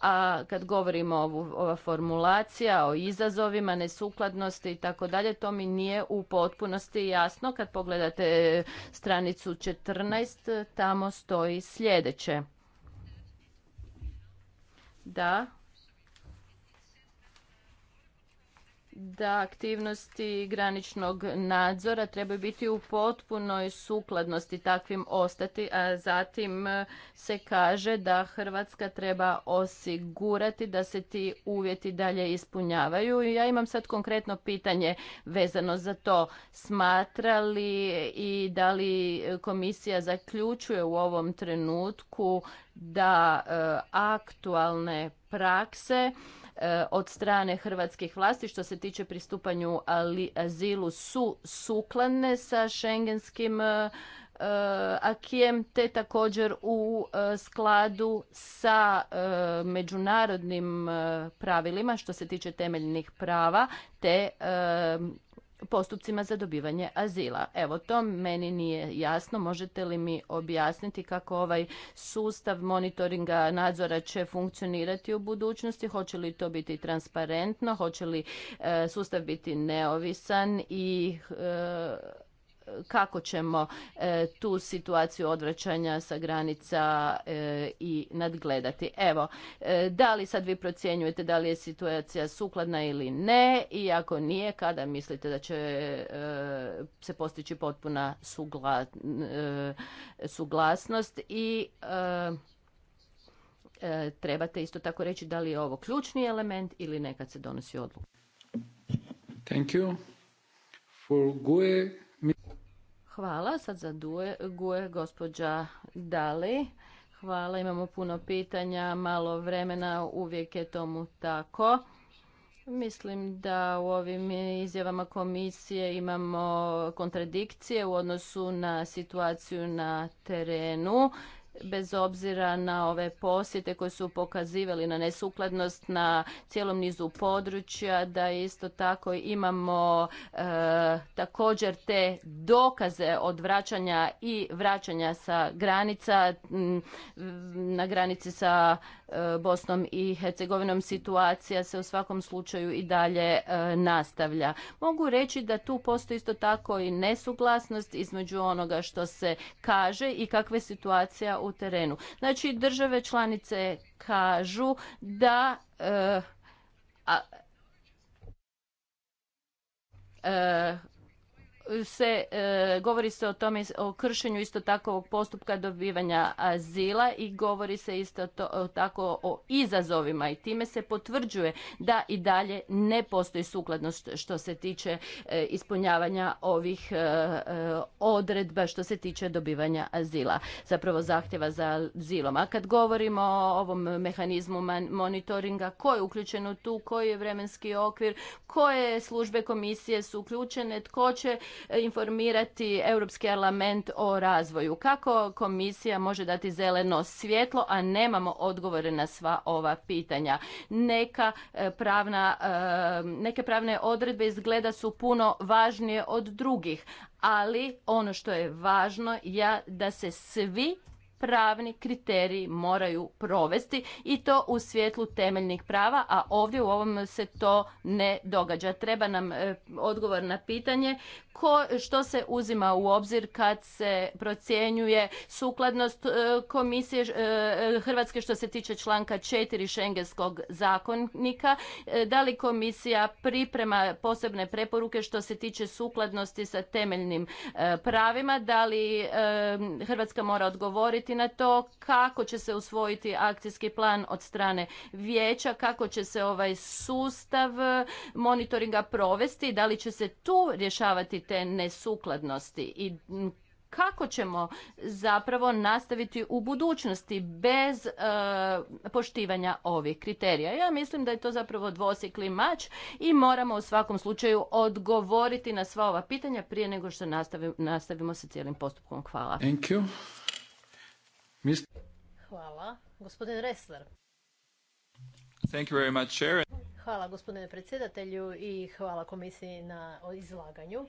A kad govorimo o ova formulacija, o izazovima, nesukladnosti i tako dalje, to mi nije u potpunosti jasno. Kad pogledate stranicu 14, tamo stoji sljedeće. Da, da aktivnosti graničnog nadzora trebaju biti u potpunoj sukladnosti takvim ostati, a zatim e, se kaže da Hrvatska treba osigurati da se ti uvjeti dalje ispunjavaju. ja imam sad konkretno pitanje vezano za to. Smatra li i da li komisija zaključuje u ovom trenutku da e, aktualne prakse E, od strane hrvatskih vlasti što se tiče pristupanju azilu su sukladne sa šengenskim e, e, akijem te također u skladu sa međunarodnim pravilima što se tiče temeljnih prava te postupcima za dobivanje azila. Evo, to meni nije jasno. Možete li mi objasniti kako ovaj sustav monitoringa nadzora će funkcionirati u budućnosti? Hoće li to biti transparentno? Hoće li e, sustav biti neovisan i e, kako ćemo e, tu situaciju odvraćanja sa granica e, i nadgledati. Evo, e, da li sad vi procjenjujete da li je situacija sukladna ili ne i ako nije, kada mislite da će se postići potpuna suglasnost i trebate isto tako reći da li je ovo ključni element ili nekad se donosi odluka. Thank Hvala. Sad za duje, guje gospođa Dali. Hvala, imamo puno pitanja, malo vremena, uvijek je tomu tako. Mislim da u ovim izjavama komisije imamo kontradikcije u odnosu na situaciju na terenu bez obzira na ove posjete koje su pokazivali na nesukladnost na cijelom nizu područja, da isto tako imamo e, također te dokaze od vraćanja i vraćanja sa granica, na granici sa Bosnom i Hercegovinom situacija se u svakom slučaju i dalje e, nastavlja. Mogu reći da tu postoji isto tako i nesuglasnost između onoga što se kaže i kakve situacija u terenu. Znači države članice kažu da e, e, se e, govori se o tome o kršenju isto tako postupka dobivanja azila i govori se isto tako o izazovima i time se potvrđuje da i dalje ne postoji sukladnost što se tiče e, ispunjavanja ovih e, odredba što se tiče dobivanja azila, zapravo zahtjeva za azilom. A kad govorimo o ovom mehanizmu monitoringa, ko je uključeno tu, koji je vremenski okvir, koje službe komisije su uključene, tko će informirati Europski parlament o razvoju. Kako komisija može dati zeleno svjetlo, a nemamo odgovore na sva ova pitanja? Neka e, pravna, e, neke pravne odredbe izgleda su puno važnije od drugih, ali ono što je važno je da se svi pravni kriteriji moraju provesti i to u svjetlu temeljnih prava, a ovdje u ovom se to ne događa. Treba nam e, odgovor na pitanje što se uzima u obzir kad se procjenjuje sukladnost e, komisije e, Hrvatske što se tiče članka 4 šengenskog zakonika, e, da li komisija priprema posebne preporuke što se tiče sukladnosti sa temeljnim pravima, da li Hrvatska mora odgovoriti na to, kako će se usvojiti akcijski plan od strane vijeća, kako će se ovaj sustav monitoringa provesti, da li će se tu rješavati te nesukladnosti i kako ćemo zapravo nastaviti u budućnosti bez e, poštivanja ovih kriterija. Ja mislim da je to zapravo dvosikli mač i moramo u svakom slučaju odgovoriti na sva ova pitanja prije nego što nastavimo, nastavimo sa cijelim postupkom. Hvala. Thank you. Hvala. Thank you very much, Hvala gospodine predsjedatelju i hvala komisiji na izlaganju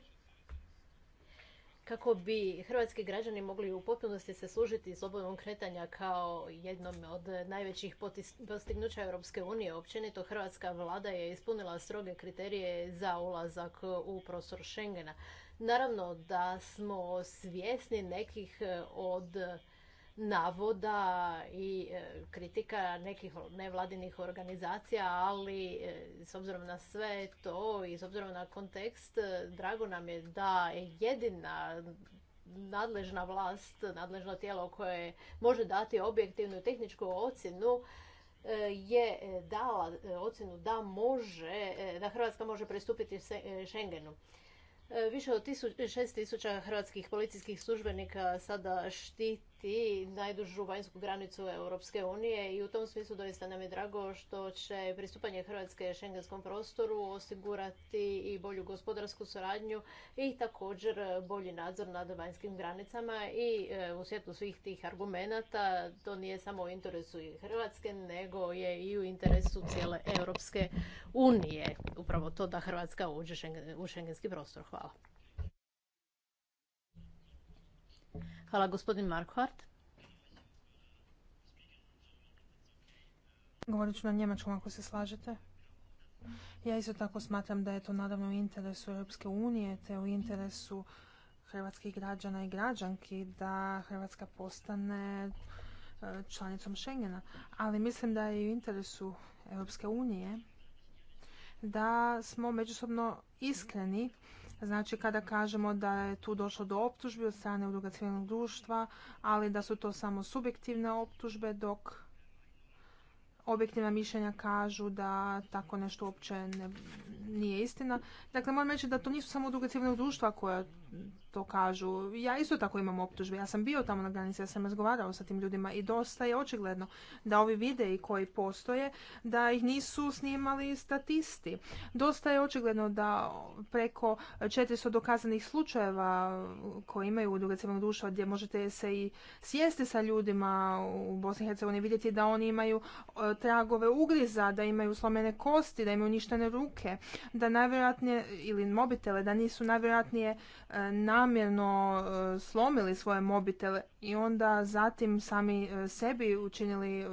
kako bi hrvatski građani mogli u potpunosti se služiti slobodom kretanja kao jednom od najvećih postignuća Europske unije. Općenito hrvatska vlada je ispunila stroge kriterije za ulazak u prostor Schengena. Naravno da smo svjesni nekih od navoda i e, kritika nekih nevladinih organizacija, ali e, s obzirom na sve to i s obzirom na kontekst, e, drago nam je da jedina nadležna vlast, nadležno tijelo koje može dati objektivnu tehničku ocjenu je dala ocjenu da može, da Hrvatska može pristupiti Schengenu. Više od 6.000 hrvatskih policijskih službenika sada štiti i najdužu vanjsku granicu Europske unije i u tom smislu doista nam je drago što će pristupanje Hrvatske šengenskom prostoru osigurati i bolju gospodarsku suradnju i također bolji nadzor nad vanjskim granicama i e, u svjetlu svih tih argumenata to nije samo u interesu Hrvatske nego je i u interesu cijele Europske unije upravo to da Hrvatska uđe u šengenski prostor. Hvala. Hvala gospodin Markvart. Govorit ću na njemačkom ako se slažete. Ja isto tako smatram da je to naravno u interesu Europske unije te u interesu hrvatskih građana i građanki da Hrvatska postane e, članicom Schengena. Ali mislim da je i u interesu Europske unije da smo međusobno iskreni Znači kada kažemo da je tu došlo do optužbi od strane udruga civilnog društva, ali da su to samo subjektivne optužbe, dok objektivna mišljenja kažu da tako nešto uopće ne, nije istina. Dakle, moram reći da to nisu samo udruge civilnog društva koja to kažu. Ja isto tako imam optužbe. Ja sam bio tamo na granici, ja sam razgovarao sa tim ljudima i dosta je očigledno da ovi videi koji postoje, da ih nisu snimali statisti. Dosta je očigledno da preko 400 dokazanih slučajeva koje imaju u civilnog društva gdje možete se i sjesti sa ljudima u Bosni i vidjeti da oni imaju e, tragove ugriza, da imaju slomene kosti, da imaju ništene ruke, da najvjerojatnije, ili mobitele, da nisu najvjerojatnije e, namjerno e, slomili svoje mobitele i onda zatim sami e, sebi učinili e,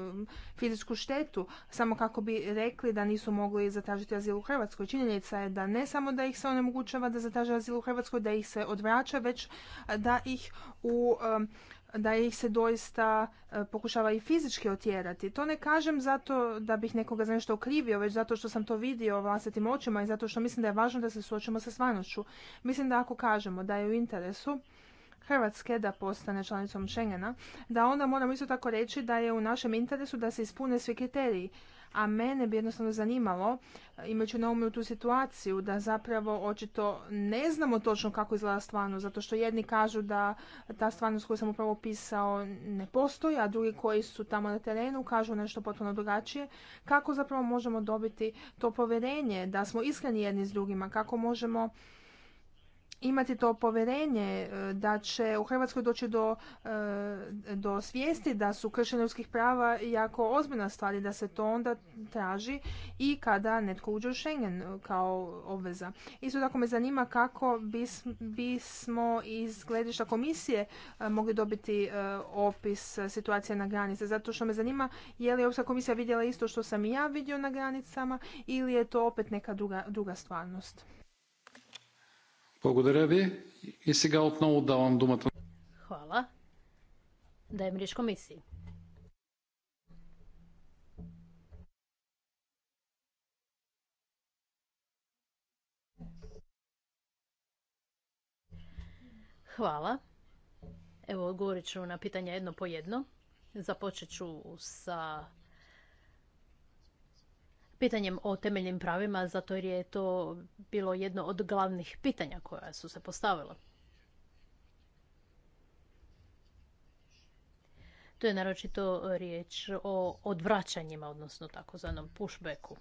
fizičku štetu samo kako bi rekli da nisu mogli zatražiti azil u Hrvatskoj. Činjenica je da ne samo da ih se onemogućava da zatraže azil u Hrvatskoj, da ih se odvraća, već da ih u da ih se doista e, pokušava i fizički otjerati. To ne kažem zato da bih nekoga za nešto okrivio, već zato što sam to vidio vlastitim očima i zato što mislim da je važno da se suočimo sa stvarnošću. Mislim da ako kažemo da je u interesu Hrvatske da postane članicom Schengena, da onda moramo isto tako reći da je u našem interesu da se ispune svi kriteriji a mene bi jednostavno zanimalo, e, imajući na umu tu situaciju, da zapravo očito ne znamo točno kako izgleda stvarnost, zato što jedni kažu da ta stvarnost koju sam upravo pisao ne postoji, a drugi koji su tamo na terenu kažu nešto potpuno drugačije. Kako zapravo možemo dobiti to povjerenje da smo iskreni jedni s drugima, kako možemo imati to povjerenje e, da će u Hrvatskoj doći do, e, do svijesti da su kršenje ljudskih prava jako ozbiljna stvar i da se to onda traži i kada netko uđe u Schengen kao obveza. Isto tako me zanima kako bismo iz gledišta komisije e, mogli dobiti opis situacije na granici. Zato što me zanima je li Europska komisija vidjela isto što sam i ja vidio na granicama ili je to opet neka druga, druga stvarnost. Благодаря ви. И сега отново давам думата. Hvala. Дай мриш komisiji. Hvala. Evo, odgovorit ću na pitanje jedno po jedno. Započet ću sa pitanjem o temeljnim pravima, zato jer je to bilo jedno od glavnih pitanja koja su se postavila. To je naročito riječ o odvraćanjima, odnosno takozvanom pushbacku.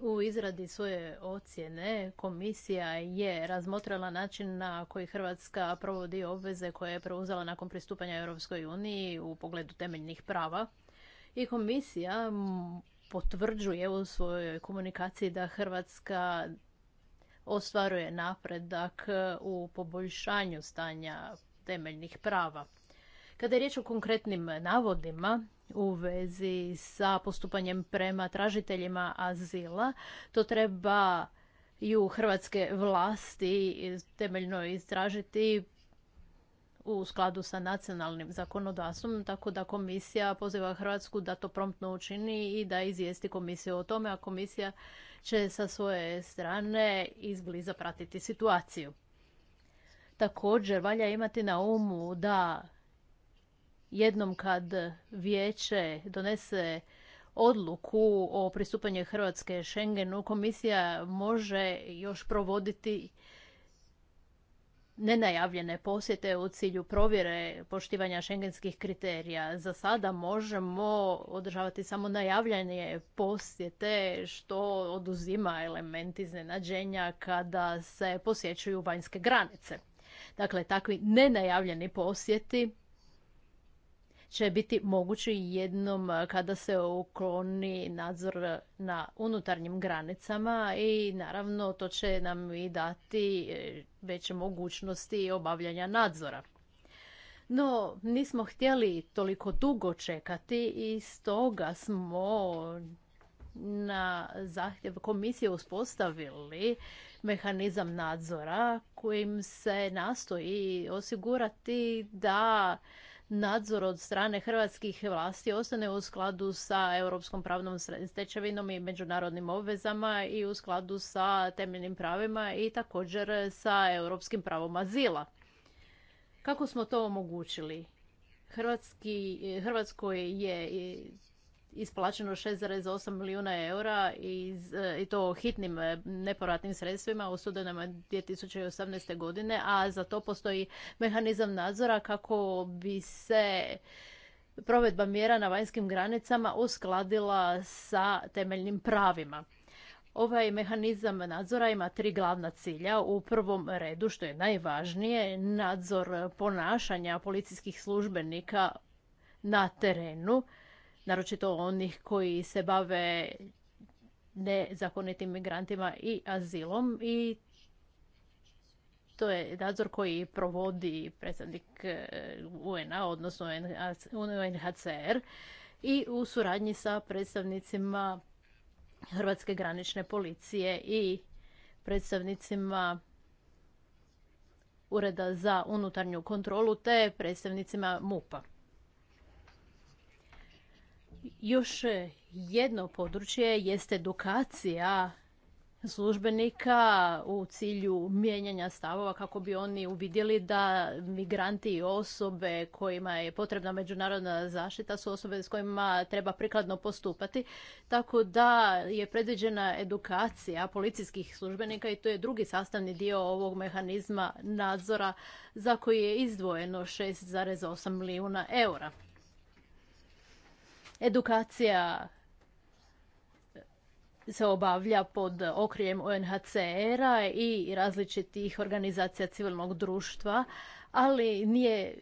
U izradi svoje ocjene komisija je razmotrila način na koji Hrvatska provodi obveze koje je preuzela nakon pristupanja Europskoj uniji u pogledu temeljnih prava. I komisija potvrđuje u svojoj komunikaciji da Hrvatska ostvaruje napredak e, u poboljšanju stanja temeljnih prava. Kada je riječ o konkretnim navodima u vezi sa postupanjem prema tražiteljima azila, to treba u hrvatske vlasti temeljno istražiti u skladu sa nacionalnim zakonodavstvom, tako da komisija poziva Hrvatsku da to promptno učini i da izvijesti komisiju o tome, a komisija će sa svoje strane izbliza pratiti situaciju. Također, valja imati na umu da jednom kad vijeće donese odluku o pristupanju Hrvatske Schengenu, komisija može još provoditi nenajavljene posjete u cilju provjere poštivanja šengenskih kriterija. Za sada možemo održavati samo najavljanje posjete što oduzima element iznenađenja kada se posjećuju vanjske granice. Dakle, takvi nenajavljeni posjeti će biti mogući jednom kada se ukloni nadzor na unutarnjim granicama i naravno to će nam i dati e, veće mogućnosti obavljanja nadzora. No, nismo htjeli toliko dugo čekati i stoga smo na zahtjev komisije uspostavili mehanizam nadzora kojim se nastoji osigurati da nadzor od strane hrvatskih vlasti ostane u skladu sa europskom pravnom stečevinom i međunarodnim obvezama i u skladu sa temeljnim pravima i također sa europskim pravom azila. Kako smo to omogućili? Hrvatski, Hrvatskoj je isplaćeno 6,8 milijuna eura e, i to hitnim e, nepovratnim sredstvima u sudanama 2018. godine, a za to postoji mehanizam nadzora kako bi se provedba mjera na vanjskim granicama uskladila sa temeljnim pravima. Ovaj mehanizam nadzora ima tri glavna cilja. U prvom redu, što je najvažnije, nadzor ponašanja policijskih službenika na terenu naročito onih koji se bave nezakonitim migrantima i azilom i to je nadzor koji provodi predstavnik e, una odnosno UNHCR i u suradnji sa predstavnicima Hrvatske granične policije i predstavnicima Ureda za unutarnju kontrolu te predstavnicima MUPA. Još jedno područje jeste edukacija službenika u cilju mijenjanja stavova kako bi oni uvidjeli da migranti i osobe kojima je potrebna međunarodna zaštita su osobe s kojima treba prikladno postupati. Tako da je predviđena edukacija policijskih službenika i to je drugi sastavni dio ovog mehanizma nadzora za koji je izdvojeno 6,8 milijuna eura. Edukacija se obavlja pod okrijem UNHCR-a i različitih organizacija civilnog društva, ali nije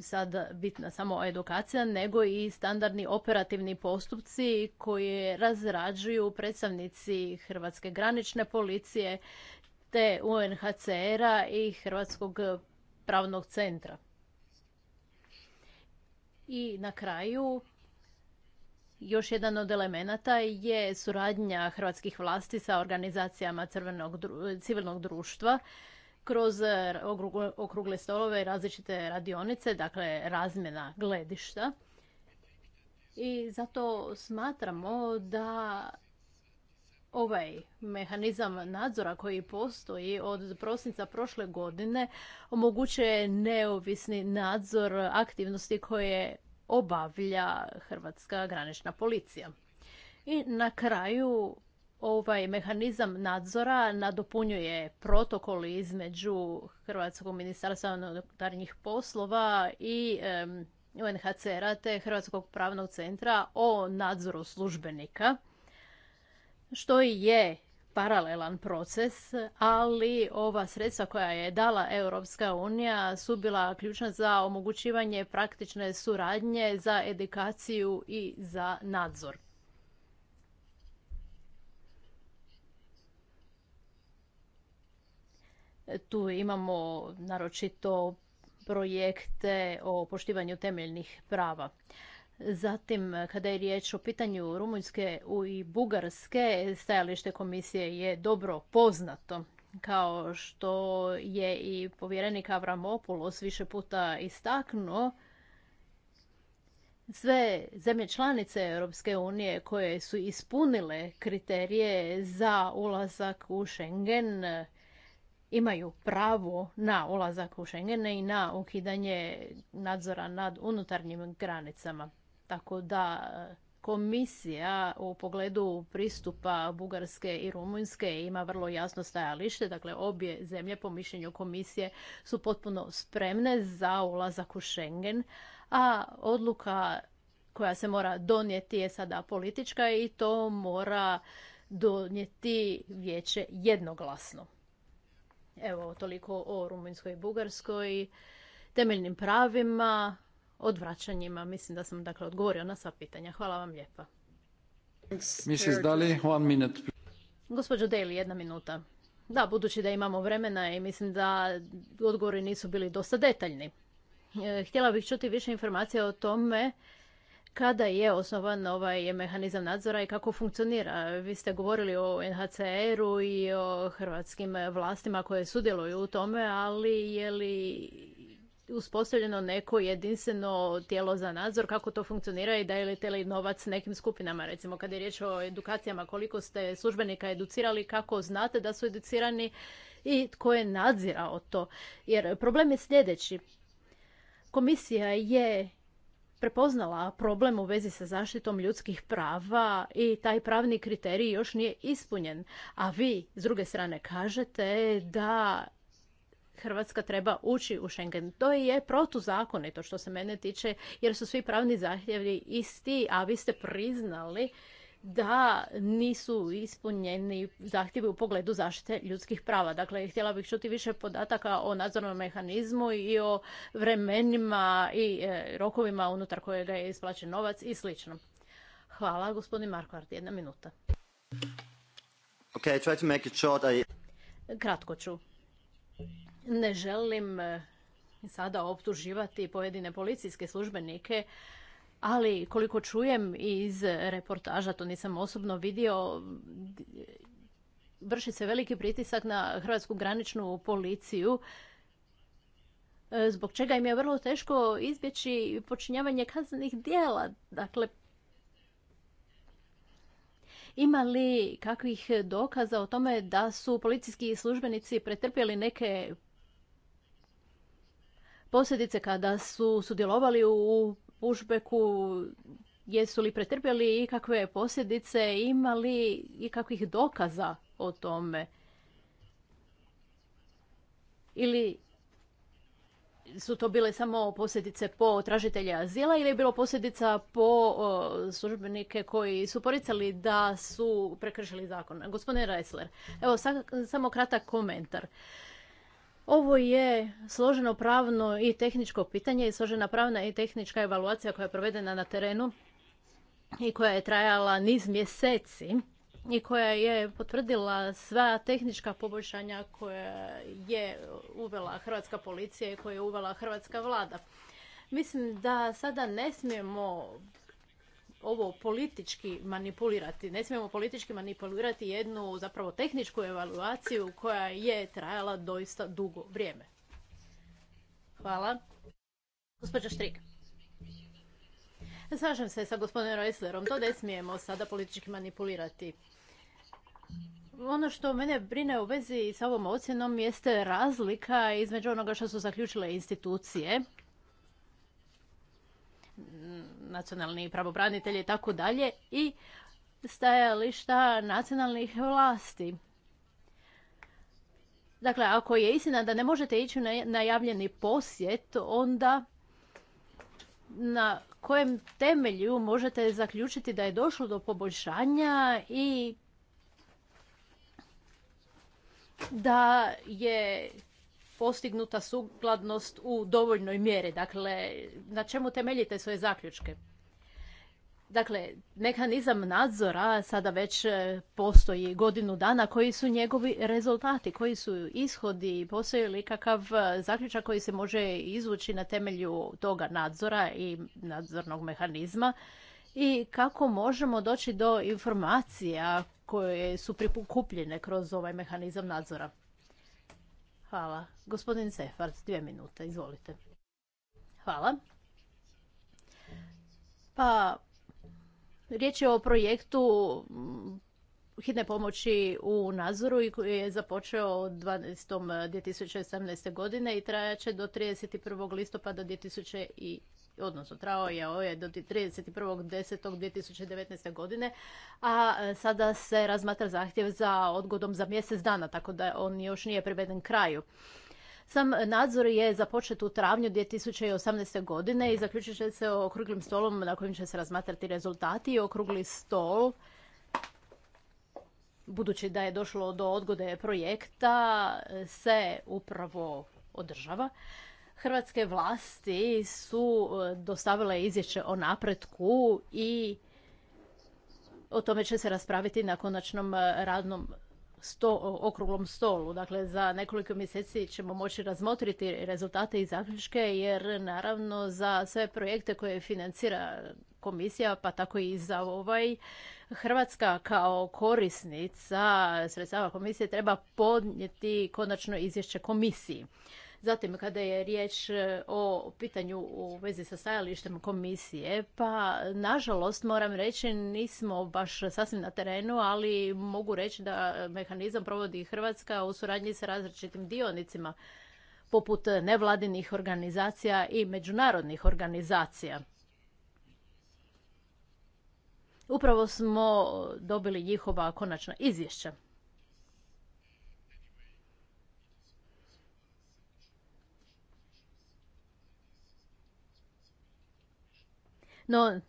sada bitna samo edukacija, nego i standardni operativni postupci koje razrađuju predstavnici Hrvatske granične policije te UNHCR-a i Hrvatskog pravnog centra. I na kraju još jedan od elemenata je suradnja hrvatskih vlasti sa organizacijama civilnog društva kroz e, okrugle stolove i različite radionice, dakle razmjena gledišta. I zato smatramo da ovaj mehanizam nadzora koji postoji od prosinca prošle godine omogućuje neovisni nadzor aktivnosti koje obavlja Hrvatska granična policija. I na kraju ovaj mehanizam nadzora nadopunjuje protokol između Hrvatskog ministarstva unutarnjih poslova i UNHCR-a te Hrvatskog pravnog centra o nadzoru službenika, što je paralelan proces, ali ova sredstva koja je dala Europska unija su bila ključna za omogućivanje praktične suradnje za edukaciju i za nadzor. Tu imamo naročito projekte o poštivanju temeljnih prava. Zatim, kada je riječ o pitanju Rumunjske i Bugarske, stajalište komisije je dobro poznato kao što je i povjerenik Avramopoulos više puta istaknuo, sve zemlje članice Europske unije koje su ispunile kriterije za ulazak u Schengen imaju pravo na ulazak u Schengen i na ukidanje nadzora nad unutarnjim granicama. Tako da e, komisija u pogledu pristupa Bugarske i Rumunjske ima vrlo jasno stajalište. Dakle, obje zemlje po mišljenju komisije su potpuno spremne za ulazak u Schengen, a odluka koja se mora donijeti je sada politička i to mora donijeti vijeće jednoglasno. Evo, toliko o Rumunjskoj i Bugarskoj, temeljnim pravima, odvraćanjima. Mislim da sam dakle odgovorio na sva pitanja. Hvala vam lijepa. Mrs. Daly, Gospođo Daly, jedna minuta. Da, budući da imamo vremena i mislim da odgovori nisu bili dosta detaljni. E, htjela bih čuti više informacija o tome kada je osnovan ovaj mehanizam nadzora i kako funkcionira. Vi ste govorili o NHCR-u i o hrvatskim vlastima koje sudjeluju u tome, ali je li uspostavljeno neko jedinstveno tijelo za nadzor, kako to funkcionira i daje li tele novac nekim skupinama. Recimo, kada je riječ o edukacijama, koliko ste službenika educirali, kako znate da su educirani i tko je nadzirao to. Jer problem je sljedeći. Komisija je prepoznala problem u vezi sa zaštitom ljudskih prava i taj pravni kriterij još nije ispunjen. A vi, s druge strane, kažete da Hrvatska treba ući u Schengen. To je protuzakonito što se mene tiče, jer su svi pravni zahtjevi isti, a vi ste priznali da nisu ispunjeni zahtjevi u pogledu zaštite ljudskih prava. Dakle, htjela bih čuti više podataka o nadzornom mehanizmu i o vremenima i e, rokovima unutar kojega je isplaćen novac i slično. Hvala, gospodin Markvart, jedna minuta. Kratko ću. Ne želim e, sada optuživati pojedine policijske službenike, ali koliko čujem iz reportaža, to nisam osobno vidio, vrši se veliki pritisak na hrvatsku graničnu policiju, e, zbog čega im je vrlo teško izbjeći počinjavanje kaznenih dijela. Dakle, ima li kakvih dokaza o tome da su policijski službenici pretrpjeli neke posljedice kada su sudjelovali u pushbacku, jesu li pretrpjeli ikakve posljedice, imali ikakvih dokaza o tome? Ili su to bile samo posljedice po tražitelja azila ili je bilo posljedica po službenike koji su poricali da su prekršili zakon? Gospodine Reisler, evo samo kratak komentar. Ovo je složeno pravno i tehničko pitanje i složena pravna i tehnička evaluacija koja je provedena na terenu i koja je trajala niz mjeseci i koja je potvrdila sva tehnička poboljšanja koja je uvela hrvatska policija i koja je uvela hrvatska vlada. Mislim da sada ne smijemo ovo politički manipulirati. Ne smijemo politički manipulirati jednu zapravo tehničku evaluaciju koja je trajala doista dugo vrijeme. Hvala. Gospođa Štrik. Slažem se sa gospodinom Reislerom, to ne smijemo sada politički manipulirati. Ono što mene brine u vezi sa ovom ocjenom jeste razlika između onoga što su zaključile institucije nacionalni pravobranitelji i tako dalje i stajališta nacionalnih vlasti. Dakle, ako je istina da ne možete ići na najavljeni posjet, onda na kojem temelju možete zaključiti da je došlo do poboljšanja i da je postignuta sukladnost u dovoljnoj mjeri? Dakle, na čemu temeljite svoje zaključke? Dakle, mehanizam nadzora sada već e, postoji godinu dana. Koji su njegovi rezultati? Koji su ishodi? Postoji li kakav e, zaključak koji se može izvući na temelju toga nadzora i nadzornog mehanizma? I kako možemo doći do informacija koje su prikupljene kroz ovaj mehanizam nadzora? Hvala. Gospodin Sefard, dvije minute, izvolite. Hvala. Pa, riječ je o projektu mm, hitne pomoći u nazoru i koji je započeo 12. 2017. godine i trajaće do 31. listopada 2018 odnosno trao je do 31.10.2019. godine, a e, sada se razmatra zahtjev za odgodom za mjesec dana, tako da on još nije priveden kraju. Sam nadzor je započet u travnju 2018. godine i zaključit će se okruglim stolom na kojim će se razmatrati rezultati i okrugli stol budući da je došlo do odgode projekta se upravo održava. Hrvatske vlasti su e, dostavile izvješće o napretku i o tome će se raspraviti na konačnom e, radnom sto, okruglom stolu. Dakle, za nekoliko mjeseci ćemo moći razmotriti rezultate i zaključke jer naravno za sve projekte koje financira komisija, pa tako i za ovaj, Hrvatska kao korisnica sredstava komisije treba podnijeti konačno izvješće komisiji. Zatim, kada je riječ e, o pitanju u vezi sa stajalištem komisije, pa nažalost moram reći nismo baš sasvim na terenu, ali mogu reći da mehanizam provodi Hrvatska u suradnji sa različitim dionicima poput nevladinih organizacija i međunarodnih organizacija. Upravo smo dobili njihova konačna izvješća. No,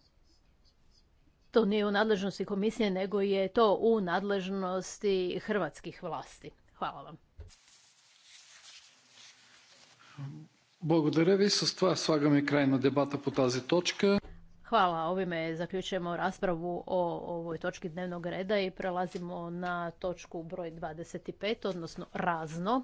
to nije u nadležnosti komisije, nego je to u nadležnosti hrvatskih vlasti. Hvala vam. Hvala, ovime zaključujemo raspravu o ovoj točki dnevnog reda i prelazimo na točku broj 25, odnosno razno.